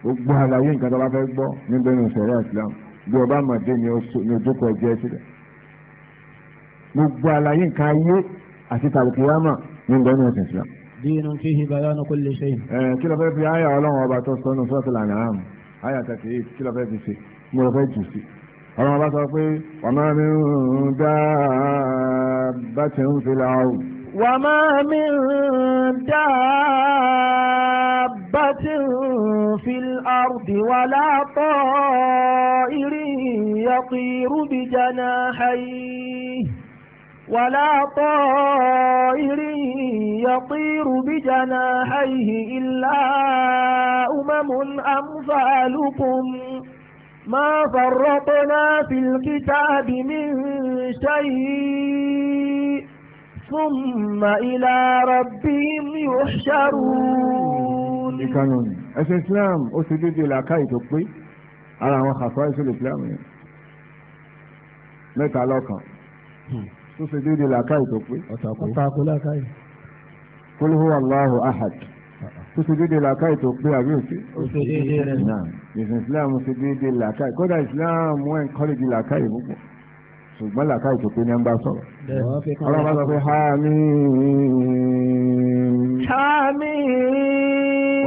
B: gbogbo àlàyé nǹkan tó bá fẹ́ gbọ́ níbẹ̀ ní ìṣẹ̀rẹ̀ Islam bí ọba àmàdé ni ojú kọ̀ jẹ́ sílẹ̀ gbogbo àlàyé nǹkan ayé àti tàbùkìyàmà ní gbọ́nà ẹ̀sìn Islam. dínú fi hi bayanu kulli shay. ẹ kí ló fẹ́ fi àyà ọlọ́run ọba tó sọnù sọ́ọ̀tì lànàm àyà tàkì yìí kí ló fẹ́ fi ṣe mo lọ fẹ́ jù sí. ọlọ́run ọba sọ pé wa ma min dabbatin fil ard. wa
A: ma min dabbatin fil ardi wala ta'irin yaqiru bi janahihi. ولا طائر يطير بجناحيه إلا أمم أمثالكم ما فرطنا في الكتاب من شيء ثم إلى ربهم يحشرون
B: القانون الإسلام أسدد إلى تقوي على ما خصائص الإسلام متى لوكا tó ṣe déédéé làákàyè tó pé. ọ̀tàkùn làákàyè. kul huwa Allahu ahad uh-uh. tó ṣe déédéé làákàyè tó pé àbí òsè. ó ṣe déédéé rẹ̀ náà. ìsìn islam ṣe déédéé làákàyè kódà islam wọ́n encourage làákàyè púpọ̀ ṣùgbọ́n làákàyè tó pé ní ẹ̀ ń bá sọ̀rọ̀.
C: ọlọ́run bá sọ pé ha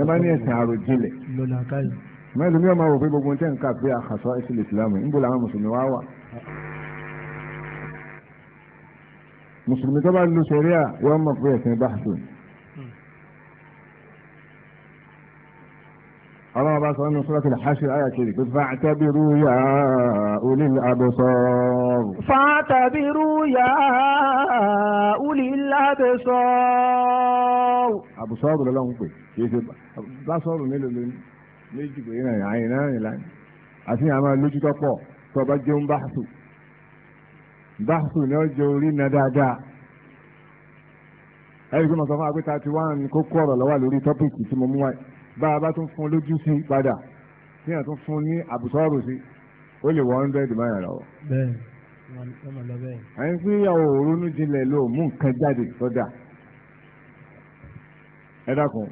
B: sẹ́mà ní ẹ̀sìn àròjinlẹ̀ mẹ́rin mi ò máa rò pé gbogbo tẹ́ ń kà pé àkàsọ́ ẹ̀sìn ìsìlámù ń bò làwọn mùsùlùmí wá wà. mùsùlùmí tó bá lu sẹ́ríà yọ ọmọ pé ẹ̀sìn bá a sùn. ọlọ́run bá sọ nínú suratul Hashr àyà kejì pé fa'tabiru ya ulil absar. fa'tabiru
A: ya ulil absar.
B: àbùsọ̀rù lọ́lọ́run pè kì í ṣe bá sọ̀rù mélòó lónìí méjì pé náà àyìn náà nìlá àti àmọ́ lójútọ́ pọ̀ tó bá jẹun báṣù báṣù ni ó jẹ orí na dáadáa ẹ̀rí pé mo sọ fún wa pé thirty one kókó ọ̀rọ̀ ló lórí tọ́pìkì bá a bá tún fún lójú sí padà tí yàn tún fún ní àbùsọ́ọ̀rù sí ó lè wọ hundred mile lọ. bẹ́ẹ̀ ọmọ lọ bẹ́ẹ̀. àyìn tí ìyàwó ronú jinlẹ̀ ló mú nǹkan jáde sọ́dà ẹ dákun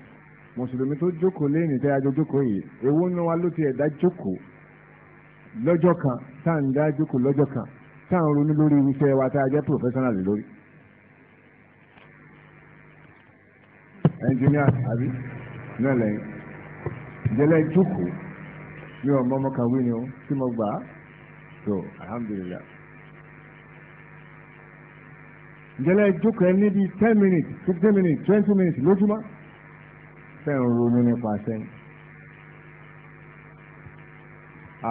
B: mùsùlùmí tó jókòó lẹ́yìn tẹ́ ajọ jókòó yìí èwo ni wa ló ti ẹ̀dá jókòó lọ́jọ́ kan tá à ń dá jókòó lọ́jọ́ kan tá à ń ronú lórí iṣẹ́ wa tá a jẹ́ professional lórí. engineer àbí náà lẹ́yìn ìjẹ́lẹ̀ jókòó mi ò mọ ọmọ kan wí ni ó tí mo gbà á tó alhamdulilah ìjẹ́lẹ̀ jókòó ẹ níbi ten minutes fifteen minutes twenty minutes lójúmọ́ fẹ́ràn ronú nípa sẹ́yìn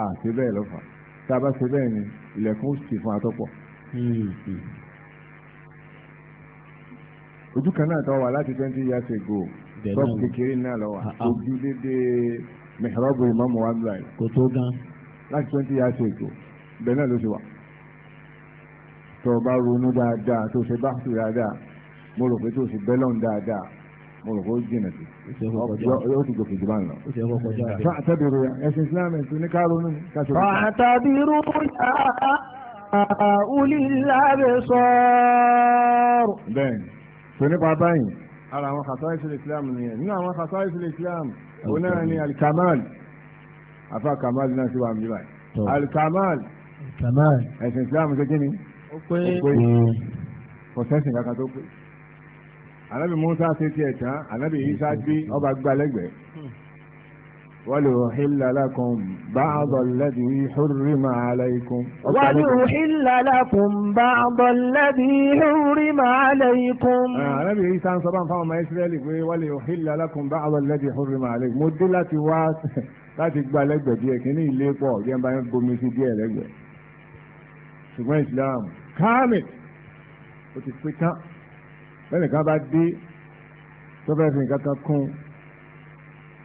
B: a ṣe bẹ́ẹ̀ lọ́fà tá a bá ṣe bẹ́ẹ̀ ni ilẹ̀kùn sì fún atọ́pọ̀ hmm, hmm. ojú kan náà tó wà láti twenty years ago ṣọ́ọ̀bù kékeré náà lọ wà ah, ah. ojú dédé mihrabu ìmọ̀mù wa gbà yìí. kò tó gan. láti twenty years ago bẹ́ẹ̀ náà ló ṣe wà. tó o bá ronú dáadáa tó o ṣe bá sùn dáadáa mo rò pé tó o ṣe bẹ́lọ̀n dáadáa mo rò pé ó jìnà sí. ó ti gòkè jù bá ń lọ. fàtàbírù ẹ̀sìn islam ẹ̀sìn ní ká ronú ká ṣe. fàtàbírù ulil absar. bẹ́ẹ̀ni tó nípa báyìí ara àwọn khasa'is al-islam nìyẹn nínú àwọn khasa'is al-islam òun náà ni alikamal afa kamal náà sì wà mí báyìí alikamal ẹ̀sìn islam ṣe kíni ó pé kò sẹ́sìn kankan tó pé anabi musa ṣe tiẹ̀ tán anabi isa gbé ọba gbalẹ́gbẹ̀ẹ́. Hmm. ولأحل لكم بعض الذي حرم عليكم ولأحل
A: لكم بعض الذي حرم عليكم
B: نبي عيسى عن صبان فهم ما يسرى ولأحل لكم بعض الذي حرم عليكم مدلة واس láti gba lẹ́gbẹ̀ẹ́ díẹ̀ kí ní ilé pọ̀ jẹ́nba yẹn gbomi sí díẹ̀ lẹ́gbẹ̀ẹ́ ṣùgbọ́n Islam káàmì ó ti pé tán lẹ́nìkan bá dé tó fẹ́ fi nǹkan kan kún un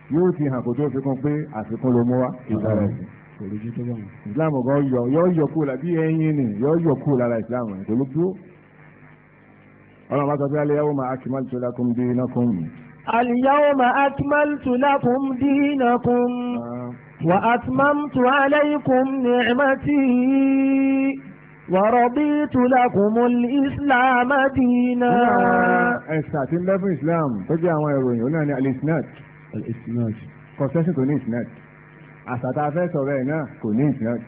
B: yóò ti hàn kó tó fi kún pé àfikún ló mú wa kì í sára ẹ̀sìn. islam kan yọ yọ yọ kúrò la bí ẹyin ni yọ yọ kúrò lára islam rẹ kò ló dúró. ọlọ́run bá sọ pé aliyahu ma akimal tó lakum dinakum.
A: aliyahu ma akimal tó lakum dinakum. Ah. wa atmamtu alaykum ni'mati. ورضيت لكم الإسلام دينا.
B: ẹ̀sà tí ń bẹ fún islam tó jẹ́ àwọn ìròyìn ó náà ní alisnat ìsinad confession kò ní ìsinad àsàtà afẹ́ sọ̀rọ̀ ẹ̀ náà kò ní ìsinad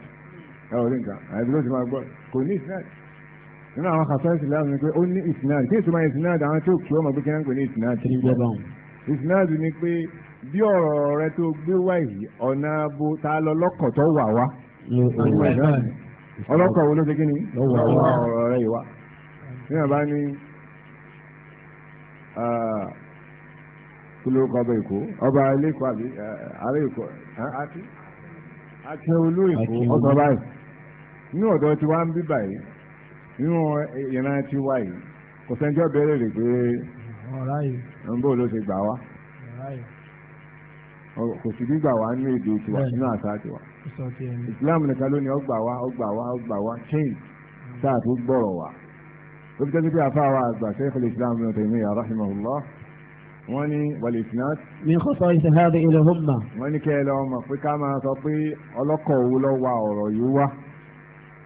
B: ẹ ò rí nǹkan àìbí ló ti máa gbọ́ kò ní ìsinad nínú àwọn confession láti ní pé ó ní ìsinad kí ìtumọ̀ ìsinad àwọn tó kí ọmọ gbẹ́kẹ́ náà kò ní ìsinad tí ń gbọ́ bá wọn. ìsinad ni pé bí ọ̀rọ̀ rẹ tó gbé wá yìí ọ̀nà abo ta lọ lọ́kọ̀ tó wà wá ọlọ́kọ̀ wo ló ṣe kí ọ̀rọ̀ rẹ yìí wá. kí ló kọ ọba èkó eh, eh? ọba ẹlẹ́kọ̀ àbí ààrẹ èkó àti olú èkó ọsọ báyìí ní ọ̀dọ̀ tiwa ń bí báyìí nínú eh, ìran tiwa yìí kò sẹ́ńtẹ́ ọ̀bẹ̀rẹ̀ rè pé ń ló ṣe gbà wá kò sì wá nínú èdè nínú àṣà Islam nìkan wá change sáà tó wá àfa wa àgbà islam wọ́n ní wàlìsínà. mi kò sọ ìṣèhádé ilẹ̀ hùmà. wọ́n ní kẹ́ ẹ lọ́ọ́ mọ̀ pé ká máa sọ pé ọlọ́kọ̀ òwú lọ́ wa ọ̀rọ̀ yìí wá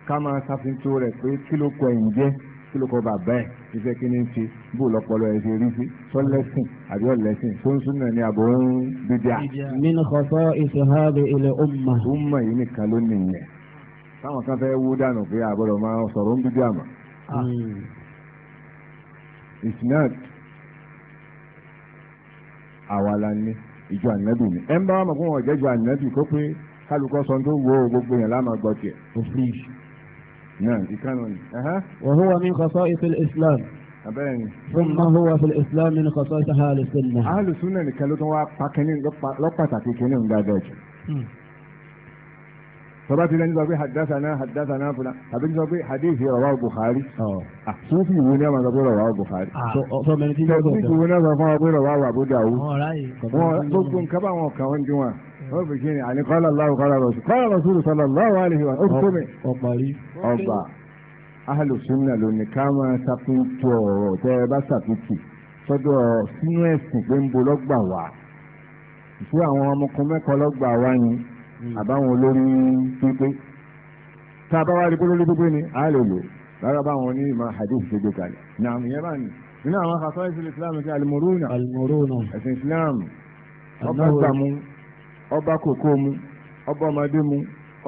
B: ká máa ṣàfihàn rẹ̀ pé kí ló kọ ẹ̀yìn jẹ́ kí ló kọ bàbá ẹ̀ iṣẹ́ kí ni ń ṣe bó lọ́pọ̀lọ́ ẹ̀ ṣe rí sí sọ́lẹ́sìn àbí ọ̀lẹ́sìn tó ń súnà ní àbò ń dídíà. mi kò sọ ìṣèhádé ilẹ̀ hùmà. hùmà yìí nìkan ló nìyẹn táwọn kan fẹ́ wú dànù pé àbọ̀dọ̀ máa sọ̀rọ̀ ń dídíà mọ́. ìsìnáàtì hmm àwa la ní ìjọ ànábì ni ẹ ń bá wọn fún wọn jẹ́jọ ànábì kó pé kálukọ́ sọ tó wo gbogbo yẹn láàmà gbọ́ tiẹ̀. òfin náà ìkànnì ni. wa huwa min khasa'is al-islam abẹ́rẹ́ni. thumma huwa fil islam min khasa'is ahli sunnah. ahli sunnah nìkan ló tún wá pa lọ́pàtàkì kínní ń dáadáa jù. Hmm sọba ti lẹni sọ pé hadasana hadasana fúnra àbí sọ pé hadith rawahu Bukhari ah, sufi ìwé ni a máa sọ pé rawahu Bukhari ah, tẹsí ìwé ni a sọ fún ọ pé rawahu Abu Dawud
C: wọn gbogbo
B: nǹkan bá wọn kàn wọn dín wọn wọn fi kí ni àní qala Allahu qala Rasul qala Rasul sallallahu alaihi wa sallam ọba ahlu sunna lónìí ká máa ọ̀rọ̀ tẹ́ ẹ bá ṣàkóso sọ́dọ̀ sínú ẹ̀sìn pé ń bo lọ́gbà wá ìṣú àwọn ọmọkùnrin mẹ́kọ̀ọ́ lọ́gbà wá ni. Mm. àbáwọn olórí pípé tá a bá wá rí pé lórí pípé ni a lè lò rárá báwọn ní ìmọ̀ hadith ṣe gbé kalẹ̀ náà ìyẹn bá ní nínú àwọn akásọ́ ìṣẹ̀lẹ̀ islam ti alimoruna ẹ̀sìn islam ọba gbàmú ọba kòkó mu ọba ọmọdé mu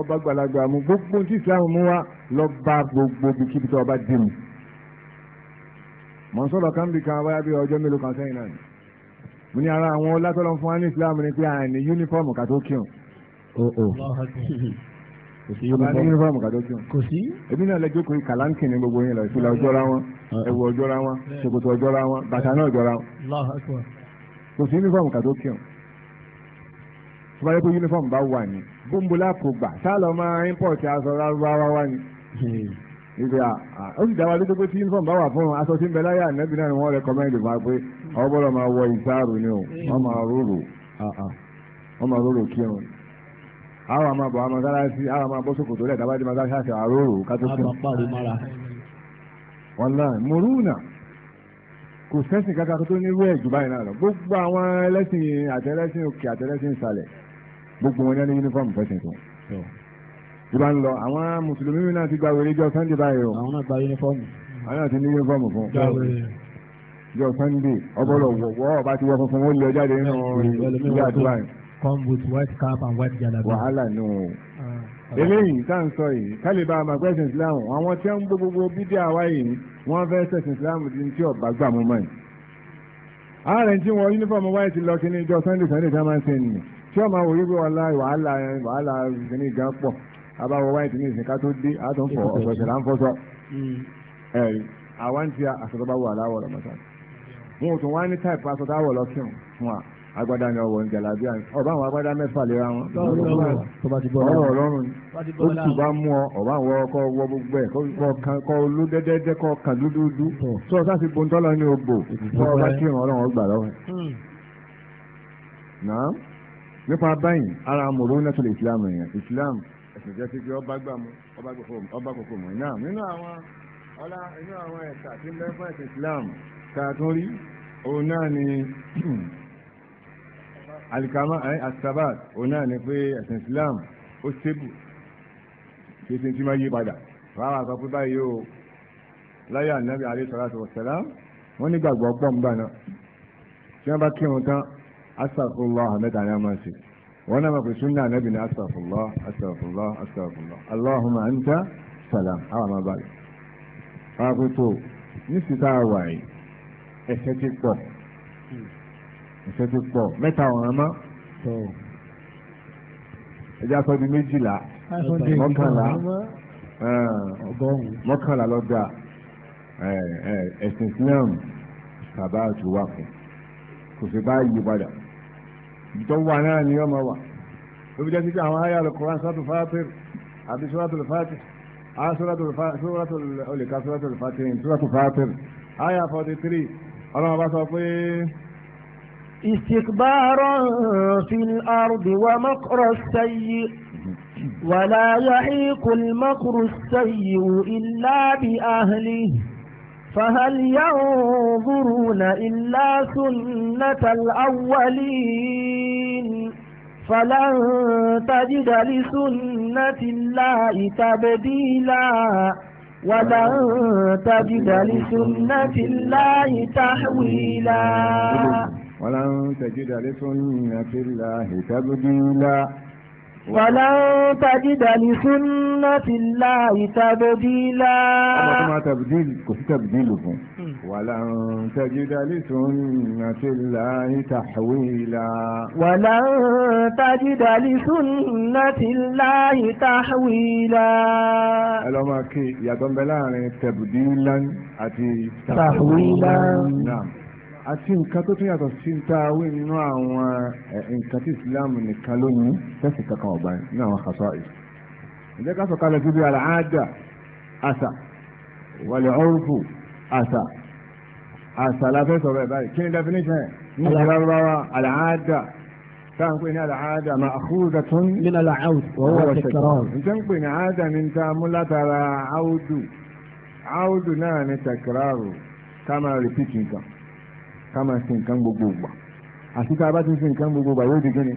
B: ọba gbalagbà mu gbogbo tí islam mú wa lọ bá gbogbo kíbi tí ọba dé mu mọ̀nsọ́lọ̀ kan bí kan wáyà bí ọjọ́ mélòó kan sẹ́yìn náà ni mo ní ara àwọn ọlátọ́lọ́ fún wa ní islam ni pé àní yúnífọ́ọ̀mù kàtó kírun kò sí yunifọ́ọ̀mù kàdó jù. kò sí. èmi náà lẹ́jọ́ kò kàlánkì ní gbogbo yẹn lọ ìfúnla ọjọ́ra wọn ẹ̀wù ọjọ́ra wọn ṣòkòtò ọjọ́ra wọn bàtà náà ọjọ́ra wọn. kò sí yunifọ́ọ̀mù kàdó kí o. tó bá yẹ kó yunifọ́ọ̀mù bá wà ní bóńbólá kò gbà sálọ máa ímpọ̀tì aṣọ rárá wá ní. ibi à ó sì dáwà lójú pé tí yunifọ́ọ̀mù bá wà fún un aṣọ tí ń bẹ láyà nẹ́bí náà ni wọ́n rẹkọmẹ́ndì fún wa pé ọ àwọn àmọ́ bọ̀ àwọn mọ́sálásí àwọn àmọ́ bọ́ sókòtò lẹ́ẹ̀ta bá dé mọ́sálásí àróró kátó kí. wàláhì mùrúnà kò sẹ́sìn kankan tó ní irú ẹ̀ jù báyìí náà lọ gbogbo àwọn ẹlẹ́sìn àtẹlẹ́sìn òkè àtẹlẹ́sìn ìsàlẹ̀ gbogbo wọn ní yúnífọ́ọ̀mù fẹsẹ̀ tó ìbá ń lọ àwọn mùsùlùmí náà ti gba wèrè jọ sunday báyìí o. àwọn náà gba yunifọ́ọ̀mù. àwọn náà ti ní yunifọ́ọ̀mù fún. jọ sunday ọbọlọ wọ ọba ti wọ funfun ó lè jáde nínú ilé àdúrà yìí
C: come with white cap and white jalabi. wàhálà
B: nù o ah, ah. eléyìí tá à ń sọ yìí kálí bá a máa gbẹ́sìn islam àwọn tí wọ́n ń gbogbo bídí àwa yìí wọ́n fẹ́ sẹ̀sìn islam di tí ọ̀bá gbà mú mọ́ yìí. ààrẹ tí wọn yúnífọ̀mù white lọ kí ni ìjọ sunday sunday tí wọ́n máa ń sẹ́yìn nìyẹn tí wọ́n máa wòye pé wàhálà wàhálà wàhálà ìsìnkú gan pọ̀ abáwọ̀ white ní ìsìnká tó dé àtúnfọ̀ ọ̀sọ̀ọ̀sẹ̀ là ń fọ́sọ. àwọn tí aṣọ tó bá wà láwọ̀ lọ́mọ agbada ni ọwọ́ njẹ làbí àná ọba àwọn agbada mẹ́fà lera wọn. ọ̀rọ̀ ọlọ́run ó tù bá mú ọ ọba àwọn ọkọ wọ gbogbo ẹ kọ olú dẹdẹdẹ kọ kàn dúdúdú tó o sáfi bontọ́ lọ ní ogbò tó ọba kí ìrìn ọlọ́run ọgbà lọ́wọ́ hmm. náà nípa báyìí ara mòró náà tó lè ìsìlámù yẹn ìsìlámù ẹ̀sìn jẹ́ sí pé ọba gbà mú ọba kòkò mọ̀ náà nínú àwọn ọlá inú àwọn ẹ̀ka tí ń bẹ fún ẹ̀sìn ìsìlámù ká tún rí òun náà ni alikama ẹ eh, asabat òun náà ni pé ẹ̀sìn Islam ó stable kí ẹsìn tí máa yí padà rárá sọ pé báyìí o láyé ànábì alayhi salatu wassalam wọ́n nígbàgbọ́ pọ̀ ń gbà náà tí wọ́n bá kírun tán asàfùlọ́ àmẹ́ta ni a máa ṣe wọ́n náà máa pè sún náà ní asàfùlọ́ asàfùlọ́ asàfùlọ́ Allahumma anta salam àwọn àmà balẹ̀. àwọn akótó ní sita àwàyè ẹ̀ṣẹ̀ ti pọ̀ ìṣẹ́jú pọ̀ mẹ́ta ọ̀ràn mọ́ ẹjẹ́ afọ́jú méjìlá mọ́kànlá mọ́kànlá lọ́dà ẹ̀sìn Islam tàbá àti wà fún kò sí bá yí padà ìtọ́ wà náà ni ọmọ wà ló fi jẹ́ títí àwọn ayé alukóran sọ́tò fàátìr àbí sọ́tò fàátìr àá sọ́tò fàátìr olùkà sọ́tò fàátìr sọ́tò fàátìr ayé àfọ̀tì tírì ọlọ́mọba sọ pé. استكبارا في الأرض ومكر السيء
A: ولا يحيق المكر السيء إلا بأهله فهل ينظرون إلا سنة الأولين فلن تجد لسنة الله تبديلا ولن تجد لسنة الله تحويلا
B: ولن تجد لسنة الله تبديلا ولن تجد لسنة الله تبديلا أما تبديل تبديله ولن تجد لسنة الله تحويلا ولن تجد لسنة الله تحويلا ألو كي يا تبديلا أتي تحويلا نعم àti nǹkan tó tún yàtọ̀ sí dáwé nínú àwọn nǹkan tí ìsìláàmù nìkan lónìí tẹ̀sí kankan ọ̀gbà ní àwọn àkàtọ́ àyè. ǹjẹ́ ká sọ̀kalẹ̀ síbi àlàáda àṣà wàlẹ̀ ọ̀rùfù àṣà àṣà la fẹ́ sọ̀rọ̀ ẹ̀ báyìí kí ni definition ẹ̀ ní ìlàlọ́wọ́ àlàáda táwọn pè ní àlàáda mà àkúrúdà tún. nínú àlàáwùd wọ́wọ́ ṣèkọ́rọ̀. ǹjẹ́ ń pè ní àáda ní ká máa sin nǹkan gbogbo gbà àti tá a bá ti sin nǹkan gbogbo gbà yóò di kí ni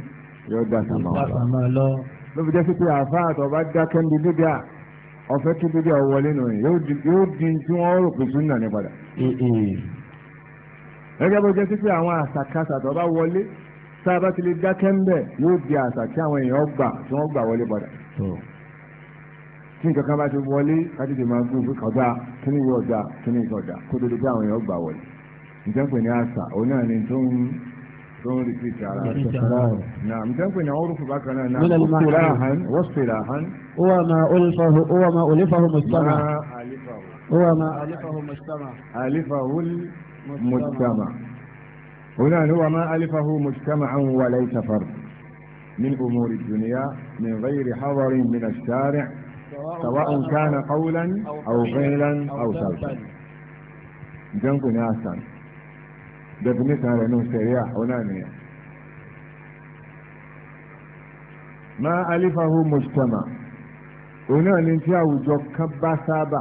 B: yóò dá sàmà lọ. ló fi jẹ́ sí pé àáfàá àtọ̀ bá dá kẹ́ńdé débi à ọ̀fẹ́ tó débi à wọlé nù rẹ̀ yóò di tí wọ́n rò pé sún nà ní padà. gẹ́gẹ́ bó jẹ́ sí pé àwọn àṣàkáṣà tó bá wọlé tá a bá ti lè dá kẹ́ńbẹ̀ yóò di àṣà tí àwọn èèyàn gbà tí wọ́n gbà wọlé padà tí nǹkan kan bá ti wọlé ká tètè máa gbé òfin kan dáa kí ni yóò dáa kó tó di àwọn èèyàn gbà wọlé. ìjẹ́pẹ̀ ní àṣà òun náà ni tó ń tó ń rìkì tí ara rẹ̀ náà ìjẹ́pẹ̀ ní àwọn orúkọ bákan náà náà wọ́n sèrè àhán wọ́n sèrè àhán. ó wà máa olùfàhù ó wà máa olùfàhù mùsùlùmá. ó wà máa
C: alifahu mùsùlùmá.
B: alifahu mùsùlùmá. òun náà ni wà máa alifahu mùsùlùmá àwọn wà láì safar. من أمور الدنيا من غير حضر من الشارع سواء كان قولا أو فعلا أو سلفا. جنب ناسا definition rẹ̀ nù sẹ̀ríà ọ̀nà nìyẹn. Ma alifahu Mustama. òun náà ní tí àwùjọ kan bá sábà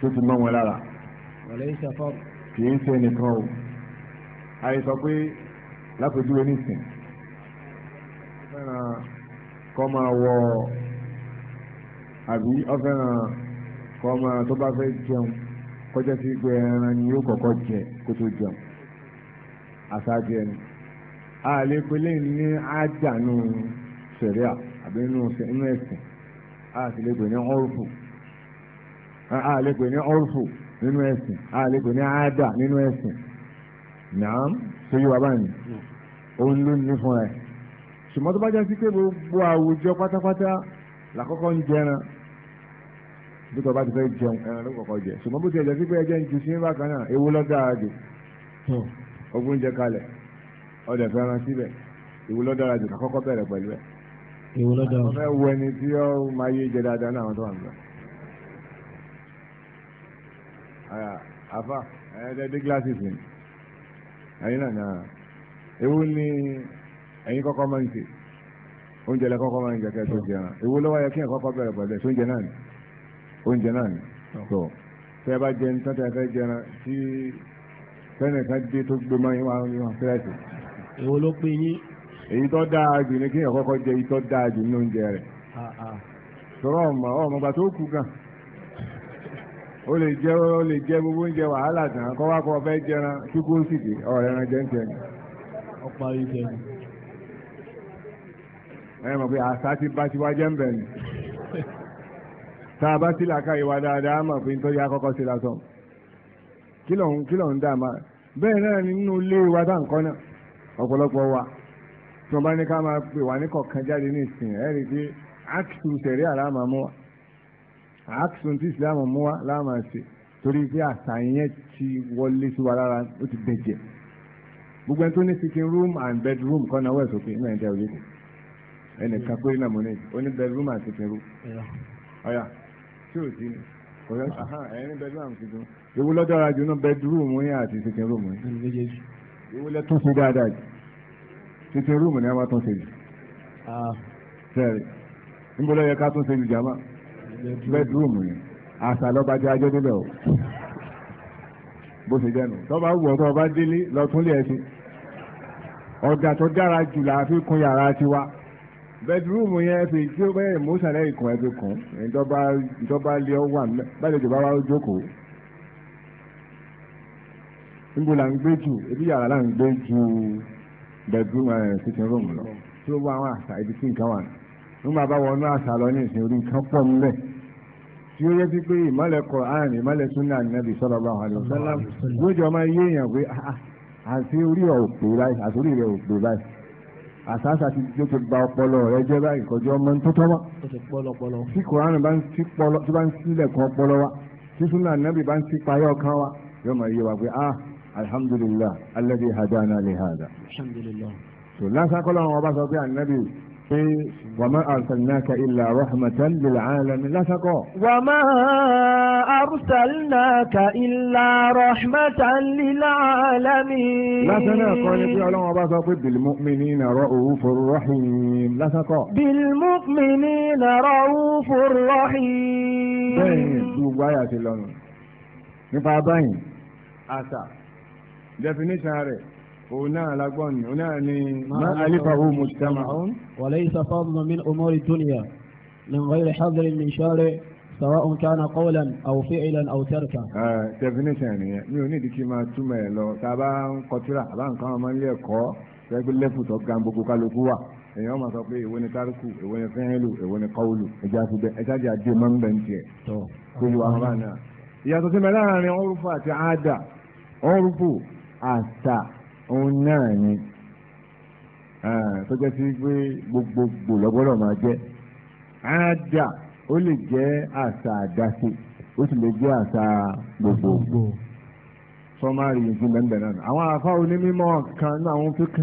B: tó ti mọ́ wọn lára. kì í ṣe nìkan o àìsàn pé lápèjúwe nísìn fẹ́ràn kọ́ máa wọ àbí ọ fẹ́ràn kọ́ máa tó bá fẹ́ jẹun. kọjá sí pé ẹran ni yóò kọ́kọ́ jẹ kó tó jẹun àṣáájú ẹni A ní ájànú sẹ̀ríà àbí inú ẹ̀sìn àtìlẹ́gbè ní ọ̀rùfù A ní ọ̀rùfù nínú ní ádà nínú ẹsìn náà sóyè wà báyìí òun ló ní fún ẹ ṣùgbọ́n tó bá pé gbogbo àwùjọ pátápátá làkọ́kọ́ bí tọ́ bá ti fẹ́ jẹun ẹran ló kọ́kọ́ jẹ ṣùgbọ́n bó ti ẹ̀jẹ̀ pípẹ́ ẹjẹ́ ń ju sí bákan náà ewu lọ́dára jù hmm. ogun jẹ kalẹ̀ ọdẹ fẹ́ràn síbẹ̀ ewu lọ́dára jù kàkọ́kọ́ bẹ̀rẹ̀ pẹ̀lú ẹ̀ ewu lọ́dára jù. ọ̀fẹ́ wo ẹni tí ó máa yé jẹ dáadáa náà tó wà níbẹ̀. àfà ẹ̀ẹ́dẹ́ dé gíláàsìs ni ẹ̀yin náà náà ewu ni ẹ̀yin kọ́kọ́ máa ń ṣe oúnjẹ lẹ kọ́kọ́ máa ń jẹ kẹ́ẹ́ tó jẹ náà ewu lọ́wọ́ yẹ kí ẹ̀ kọ́kọ́ bẹ̀rẹ̀ pẹ̀lú ẹ̀ tó ń jẹ náà ni. oúnjẹ náà ni tó tẹ́ bá jẹ nítorí tẹ́ fẹ́ jẹran tí tẹ́nìkan dé tó gbé mọ́ ìwà ìwà fẹ́rẹ́sì. èwo ló pè yín. èyí tó dáa jù ni kéèyàn kọ́kọ́ jẹ èyí tó dáa jù nínú oúnjẹ rẹ̀. sọ̀rọ̀ ọ̀mọ̀ ọ̀mọ̀gbà tó kú gan. ó lè jẹ ó lè jẹ gbogbo oúnjẹ wàhálà tán kọ́ wá kọ́ fẹ́ jẹran kíkú sì dé ọ̀rẹ́ ran jẹ́ ń ẹ mọ̀ pé àṣà ti bá ti ń bẹ̀ ni. tá a bá sí làákà ìwà dáadáa mà pé nítorí akọ́kọ́ sí lásán kí ló ń kí ló ń dà má bẹ́ẹ̀ náà nínú ilé wa dá nǹkan náà ọ̀pọ̀lọpọ̀ wa tí wọ́n bá ní ká máa pè wá ní kọ̀ọ̀kan jáde ní ìsìn ẹ̀ rí i pé àkìsù sẹ̀rí àlámà mú wa àkìsù tí ìsìlámù mú wa láàmà ṣe torí pé àṣà yẹn ti wọlé sí wa lára ó ti bẹ̀jẹ̀ gbogbo ẹni tó ní sitting room and bedroom kọ́ náà wẹ̀ sókè ní nàìjíríà òye kù ẹnìkan péré náà mo ní oní bedroom and sitting room ọ̀yà tí ò sí ni ọ̀rẹ́ ah. ẹ̀rín bedroom tuntun ewu lọ́jọ́ ara jù náà bedroom yẹn àti sitting room yẹn ewu lẹ́tún sí dáadáa jù sitting room ni a máa tún ṣe jù sẹ́ẹ̀rì ah. níbo ló yẹ ká tún ṣe jù jàmá bedroom yẹn àṣà lọ́ba jẹ́ ajọ́ níbẹ̀ o bó ṣe jẹ́nu tọ́ba wù ọ́ tọ́ba délé lọ́túnlé ẹ̀ sí ọ̀gá tó dára jù làá fi kún yàrá tiwa bẹẹdúrúmù yẹn fi tí ó bẹ́ẹ̀ mọ́sà náà ìkùn ẹ̀fẹ̀ kùn ìjọba lé ọ wà báyìí ìjọba wa jókòó níbo là ń gbé jù ebi yàrá là ń gbé jù bẹẹdúrúmù ẹ̀ fìtì rúmù lọ tí ó wọ àwọn àṣà ibi tí nǹkan wà ní bàbá wọnú àṣà lọ ní ìsìn orí nǹkan pọ̀ nílẹ̀ tí ó yẹ sí pé ìmọ̀lẹ̀ Kùránì ìmọ̀lẹ̀ súnà nàbì sallallahu alaihi wasallam yóò jọ máa yéèyàn pé ah, ah, àti orí àṣàṣà ti jó ti gba ọpọlọ rẹ jẹ báyìí kọjú ọmọ ń tọ́tọ́ wa. tí koran bá ń sí pọlọ tí bá ń sílẹ̀ kan ọpọlọ wa tí sunna nabi bá ń sí payọ́ kan wa yóò máa yé wa pé ah alhamdulillah alladhi hadana li hada. alhamdulillah. so lásán kọ́lọ́run ọba sọ pé ànábì في وما أرسلناك إلا رحمة للعالمين لا تقع وما
A: أرسلناك إلا رحمة للعالمين لا تناقى نبي
B: علم بالمؤمنين رؤوف رحيم لا تقع
A: بالمؤمنين رؤوف رحيم
B: بين دوب آيات الله نفع بين آسا definition rẹ̀ òun náà lágbọ́n ni òun náà ni má alifahu mujtama'un. walaysa fadlun min umuri dunya min ghayri hadrin min shari' sawa'un kana qawlan aw fi'lan aw tarka. definition nìyẹn mi ò ní ìdí kí n máa túmọ̀ ẹ̀ lọ tá a bá ń kọtíra àbá nǹkan ọmọ ilé ẹ̀kọ́ rẹ́gbẹ́ lẹ́fù tó ga gbogbo kálukú wà èèyàn máa sọ pé èwo ni tárùkù èwo ni fẹ́hẹ́lù èwo ni kọ́wùlù ẹja ti bẹ ẹja ti àdé máa ń bẹ̀ ń tiẹ̀ tó yọ àwọn bá náà. ìyàtọ̀ sí mi láàrin ọ̀rùfù àti àádà ọ̀rùfù àṣà òun náà ni tó jẹ́ sí pé gbogbogbò lọ́gbọ́dọ̀ máa jẹ́ àádà ó lè jẹ́ àṣà àdáṣe ó sì lè jẹ́ àṣà gbogbogbò sọmárì yìí fún bẹ́ẹ̀ náà àwọn àfa onímọ̀ kan náà àwọn fíkà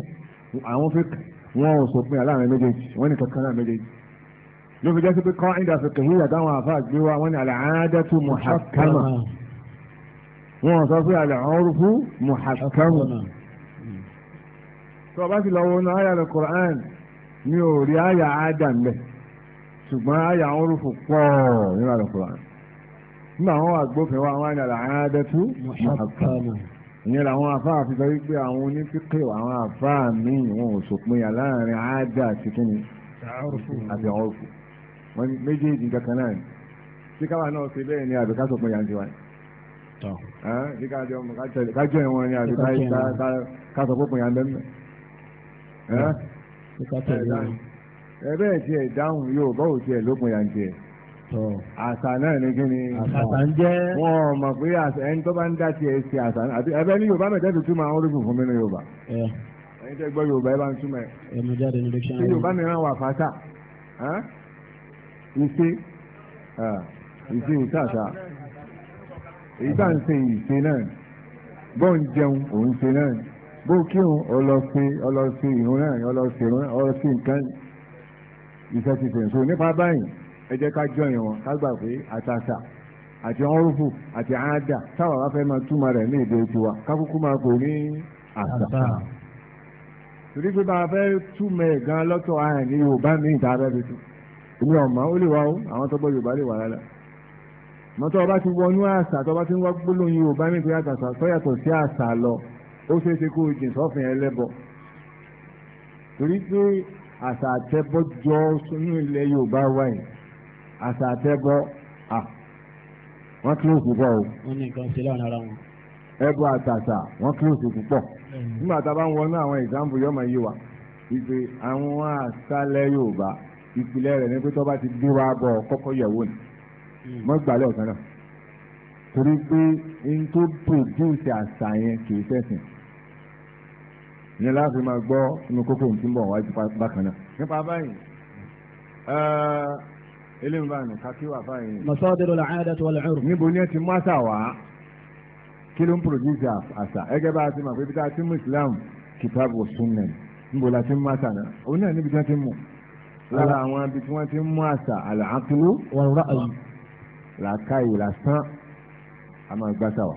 B: àwọn fíkà wọn ò sòpin aláàrin méjèèjì wọn ní kankan náà méjèèjì ló fi jẹ́ sí pé kọ́ ìdá fìkà yìí yàtọ̀ àwọn àfa àgbé wa wọn ní al-aadatu muhakkama wọn sọ pé al-urfu muhakkama tó o bá ti lọ wo náà àyà lọ Quran mi ò rí àyà àdà ń bẹ ṣùgbọ́n àyà àwọn orúfò pọ̀ nínú àlọ́ Quran nígbà àwọn agbófin wa àwọn àyàlà àádẹ́tú ìyẹn làwọn afáà fi sọ wípé àwọn onífíkè àwọn afáà míì wọn ò sòpinya láàrin àádà àti kíni àti àwọn orúfò wọn méjèèjì kankan náà tí káwa náà ṣe bẹ́ẹ̀ ni àbíká sòpinya ti wáyé kájọ ìwọ̀n ni àbíká sọ pé ń bẹ́ẹ̀ mẹ́ẹ̀. ẹ ti tiẹ̀ dáhùn yóò báwo tiẹ̀ lókun yà ń tiẹ̀ àṣà náà ni kí ni àṣà ń jẹ́ wọn ò mọ̀ pé ẹni tó bá ń dá tiẹ̀ ṣe àṣà náà àbí ẹbẹ́ ní yorùbá mẹ́tẹ́ẹ̀tì mi ní yorùbá ẹni tẹ́ gbọ́ yorùbá ẹ bá ń túmọ̀ yorùbá mìíràn wà fàṣà ìṣe ìṣe bó kírun ọlọ́sí ọlọ́sí ìrún náà ọlọ́sí ìrún ọlọ́sí nǹkan ìfẹsìfẹ̀sọ so nípa báyìí ẹ jẹ́ ká jọyìn wọn ká gbà pé àtàṣà àti ọrùfù àti àádà táwa wá fẹ́ máa túmọ̀ rẹ̀ ní èdè tiwa kákúkú máa pè ní àṣà. torí pé bá a fẹ́ túmọ̀ ẹ̀ gan lọ́tọ̀ àyàn ní yorùbá ní ìta abẹ́ fi tú èmi ọ̀mọ́ ó lè wá o àwọn tó gbọ́ yorùbá lè wà lálẹ́ mọ́tò ọba ti wọnú àṣà tó bá ti ń wá gbólóhùn yorùbá nítorí àtàṣà tó yàtọ̀ sí àṣà lọ ó ṣeé ṣe kó o jìn sọ́fìn ẹlẹ́bọ torí pé àṣà àtẹ́bọ jọ sínú ilẹ̀ Yorùbá wa yìí àṣà àtẹ́bọ à wọ́n kí òkú pọ̀ o. wọ́n ní nǹkan ṣe láwọn ara wọn. ẹbọ àtàtà wọ́n kí òkú púpọ̀. nígbà tá a bá ń wọnú àwọn ìsáǹpù yọmọ yìí wa ìpè àwọn àṣàlẹ̀ Yorùbá ìpìlẹ̀ rẹ̀ ní pé tó bá ti dé wa bọ̀ kọ́kọ́ yẹ̀wò ni hmm. mọ́ gbàlẹ́ ọ̀kan náà torí pé n tó pòdúùsì àṣà yẹn kì í ṣẹ̀sìn ìyẹn láàfin máa gbọ́ inú kókó tí ń bọ̀ wájú bákan náà. nípa báyìí eléyìí bá nù kákí wà báyìí. masadiru al-aadati wal-urf. níbo ni ẹ ti mú àṣà wá kí ló ń pòròdúsì àṣà ẹgẹ bá a ti mọ̀ pé bíi tá ti mú islam kitabu sunnah níbo la ti mú àṣà náà òun náà níbi tí wọ́n ti mú lára àwọn ibi tí wọ́n ti mú àṣà al-aqlu wal làákàyè lásán a máa gbàṣà wá.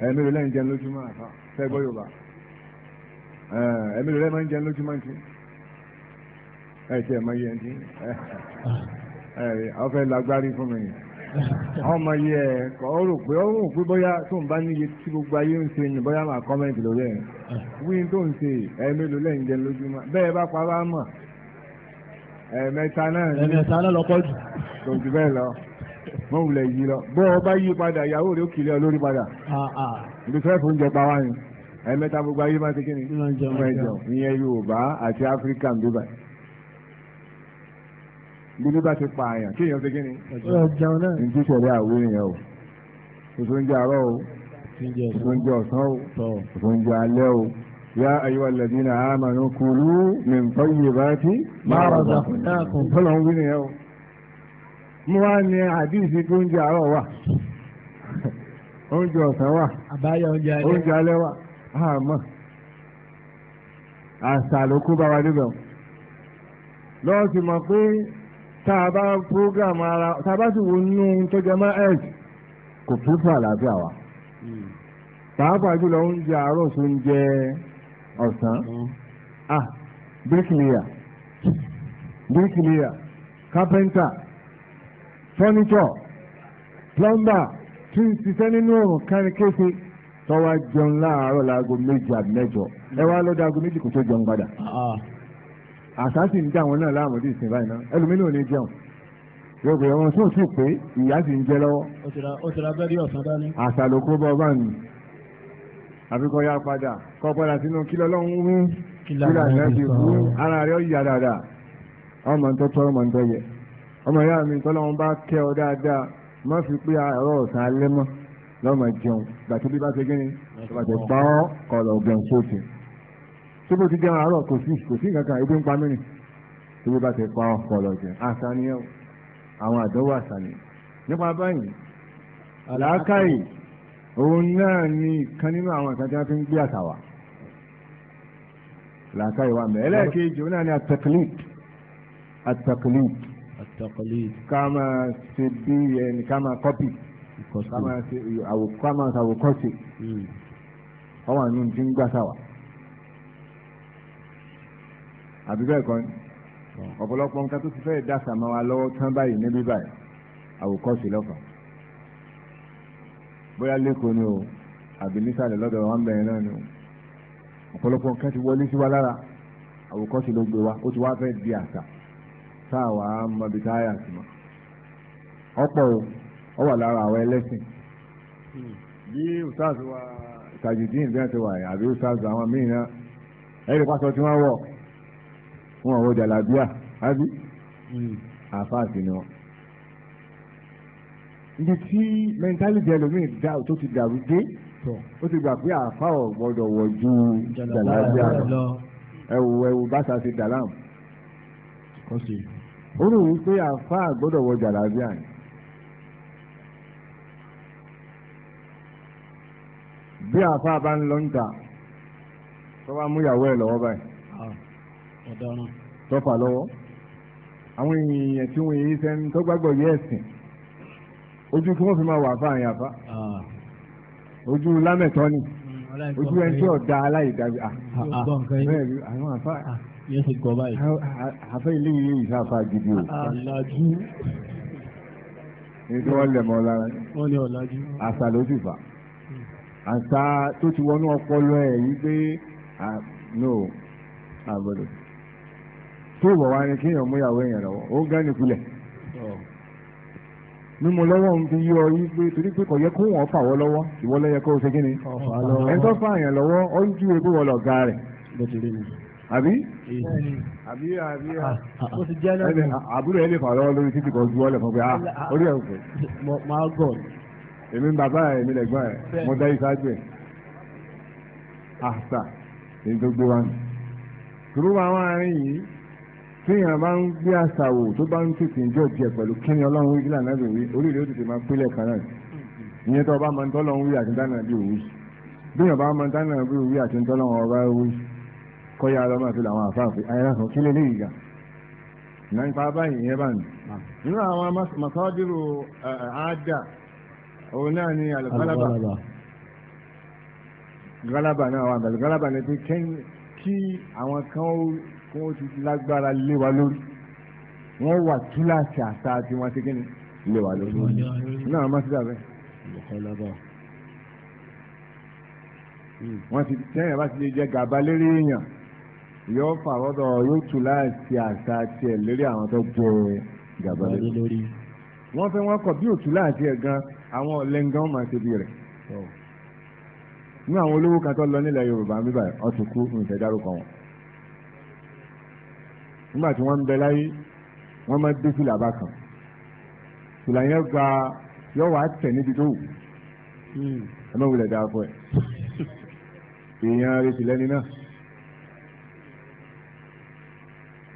B: ẹ mélòó lẹ́yìn jẹun lójúmọ́ àṣà. ọ fẹ́ lágbárí fún mi ọmọ yìí ọ rò pé ọ rò pé bóyá tó ń bá níye tí gbogbo ayé ń ni bóyá máa lórí ẹ̀ tó ń ẹ̀ẹ́mélòó lẹ́yìn lójúmọ́ bẹ́ẹ̀ bá pa lọ lọ lọ bó o bá yí padà ìyàwó rẹ̀ ó ọ lórí padà ah, ah. ibi fẹ́ fún jẹ pa ẹ̀mẹ́ta gbogbo ayé máa ti kí ni mẹ́jọ ìyẹn Yorùbá àti Áfíríkà ń dúbà bínú bá ti pa àyàn kí èèyàn ti kí ni ìdí ìṣẹ̀lẹ̀ àwọ̀ èèyàn o èso ń jẹ àárọ̀ o èso ń jẹ ọ̀sán o èso ń jẹ alẹ́ o yá ayyuhal ladhina amanu kulu min tayyibati ma razaqnakum tọ́lọ̀ ń wí nìyẹn o mo wá ní àdìsí tó ń jẹ àárọ̀ wà oúnjẹ ọ̀sán wà oúnjẹ alẹ́ wà àmọ́ àṣà ló kó bá wa níbẹ̀ lọ́wọ́ ti mọ̀ pé tá a bá program ara tá a bá sì wo nínú tó jẹ mọ́ ẹ̀ẹ́d kò fún fún wa pàápàá jùlọ oúnjẹ àárọ̀ tó ń ọ̀sán ah mm. bricklayer bricklayer carpenter furniture plumber tí ń ṣiṣẹ́ nínú òrùn kárí tọ́wá jẹun láàárọ̀ láago méjì àbí mẹ́jọ ẹ wá lọ́dọ̀ aago méjì kò tó jẹun padà ah, ah. àṣà sì ń dá àwọn náà láàmú dì sìn báyìí náà ẹlòmínú ò ní jẹun yóò pè wọn tó sì pé ìyá sì ń jẹ lọ́wọ́. ó ti ra bẹ́ẹ̀ rí ọ̀sán dání. àṣà ló kó bọ́ bá mi àfikọ́ ya padà kọ́ padà sínú kí lọ́lọ́run wú kí lànà ti ara rẹ̀ ó yà dáadáa ọmọ tó tọ́ ọmọ lọ́mọ jẹun gbàtí bí bá ṣe gíní
C: gbàtí gbọ́
B: kọlọ̀ ọ̀gbẹ̀n sóòtì tí bó ti jẹun àárọ̀ kò sí kò sí nǹkan kan ebi ń pa mí ni tí bó bá ṣe gbọ́ kọlọ̀ ọ̀gbẹ̀n àṣàníyàn àwọn àdánwò àṣàníyàn nípa báyìí làákàyè òun náà ni kan nínú àwọn nǹkan tí wọ́n fi ń gbé àṣà wa làákàyè wa mẹ́ ẹlẹ́ẹ̀kejì òun náà ni at-taqlid at-taqlid at-taqlid ká máa ṣe bí ẹni ká máa kọ́pì kama àwòkọ́sì ọwọ́ àánú ti ń gbàsà wá àbí bẹ́ẹ̀ kọ́ ni hmm. ọ̀pọ̀lọpọ̀ nǹkan tó ti fẹ́ dá sàmà wa lọ́wọ́ tán báyìí níbí báyìí àwòkọ́sì lọ́fà bóyá lẹ́kọ̀ọ́ ni o àbí nísàlẹ̀ lọ́dọ̀ wọn bẹ̀rẹ̀ náà ni o ọ̀pọ̀lọpọ̀ nǹkan ti wọlé sí wa lára àwòkọ́sì ló gbé wa ó ti wá fẹ́ di àṣà táwa mọbi táyà sí ma ọ̀pọ̀ o ó wà lára àwọn ẹlẹ́sìn bí ustaz wa tajudeen bí wọ́n ti wà yẹn àbí ustaz àwọn míì náà ẹ̀rí pásọ tí wọ́n wọ̀ wọn ò wọ jàlábíà ábí àfáàsì ni wọn ibi tí mẹ́ntálítì ẹlòmíì dá tó ti dàrú dé ó ti gbà pé àfa ò gbọ́dọ̀ wọ̀ ju jàlábíà lọ ẹ̀wù ẹ̀wù bàtà ti dàlámù ó rò wípé àfa àgbọ́dọ̀ wọ̀ jàlábíà ni. tí àáfàá bá ń lọ ń ta tó bá mú ìyàwó ẹ̀ lọ́wọ́ báyìí. Ah, tọ́fà lọ́wọ́ àwọn èèyàn tí wọ́n yìí sẹ́ni tó gbàgbọ́ yẹ ẹ̀sìn ojú tí wọ́n fi máa wà fáà yàn fa ah. ojú lámẹ̀tọ́ ni
C: mm, ojú ẹni tí ọ̀dà
B: aláìdájú ah, àwọn àfa yẹn ti gbọ́ báyìí. àfẹ́ ilé yìí yìí sáfà gidi o. ọ̀làjú. ní lára. wọ́n àṣà ló sì fà àṣà tó ti wọnú ọpọlọ ẹ̀ yìí pé no àgbọ̀dọ̀ tó bọ̀ wá ní kéèyàn mú ìyàwó èèyàn lọ́wọ́ ó gán ní kulẹ̀ mímu lọ́wọ́ ń fi yí ọ yí pé torí pé kò yẹ kó wọ́n fà wọ́ lọ́wọ́ ìwọ ló yẹ kó o ṣe kí ni ẹni tó fà yàn lọ́wọ́ ó ń júwe pé wọ́n lọ ga rẹ̀ àbí
C: àbí àbí
B: àbúrò ẹ lè fà lọ́wọ́ lórí títì kan ju ọ lẹ̀ fún pé ah orí ẹ̀ ń pè èmi bàbá ẹ̀ mi lẹ̀gbọ́n ẹ̀ mo dá ìsájú ẹ̀ àṣà èyí tó gbé wa nù. tùrú àwọn àárín yìí téèyàn bá ń gbé àṣà wò tó bá ń tètè ń jọ díẹ̀ pẹ̀lú kíni ọlọ́run wí gíláà náà wí oríire ó tètè máa pínlẹ̀ kan náà ìyẹn tó bá máa ń tọ́lọ́run wí àti dáná bí òwú béèyàn bá máa ń dáná bí òwú àti tọ́lọ́run ọba wí kọ́yà lọ́mọ àti làwọn àfáàfin ayélujára kí lè léyìí ga náà báyìí ìyẹn bá nù. Ah. nínú àwọn masọ́dúró eh, eh, àádà òun náà ni alùpàlàbà galaba náà wà bẹ̀rẹ̀ galaba ni pé kí àwọn kan ó kí wọ́n ti lágbára lé wa lórí wọ́n wà túláàsì àṣà tí wọ́n ti kíni lé wa lórí náà má ti dàbẹ́. wọ́n ti tẹ́yìn bá ti lè jẹ gàba lérí èèyàn yóò fà wọ́dọ̀ yóò túláàsì àṣà tiẹ̀ lérí àwọn tó jẹ gàba lórí wọ́n fẹ́ wọ́n kọ̀ bí òtún láti ẹ̀ gan àwọn ọ̀lẹ́ngàn máa ṣe bí rẹ̀ ní àwọn olówó kan tó lọ nílẹ̀ Yorùbá bíbà ọtún kú nfẹ̀ dárúkọ wọn nígbà tí wọ́n ń bẹ láyé wọ́n máa dé fìlà bá kan fìlà gba yọ tẹ̀ níbi tó wù hmm. ẹ má wulẹ̀ dáa fún ẹ èèyàn retí lẹ́ni náà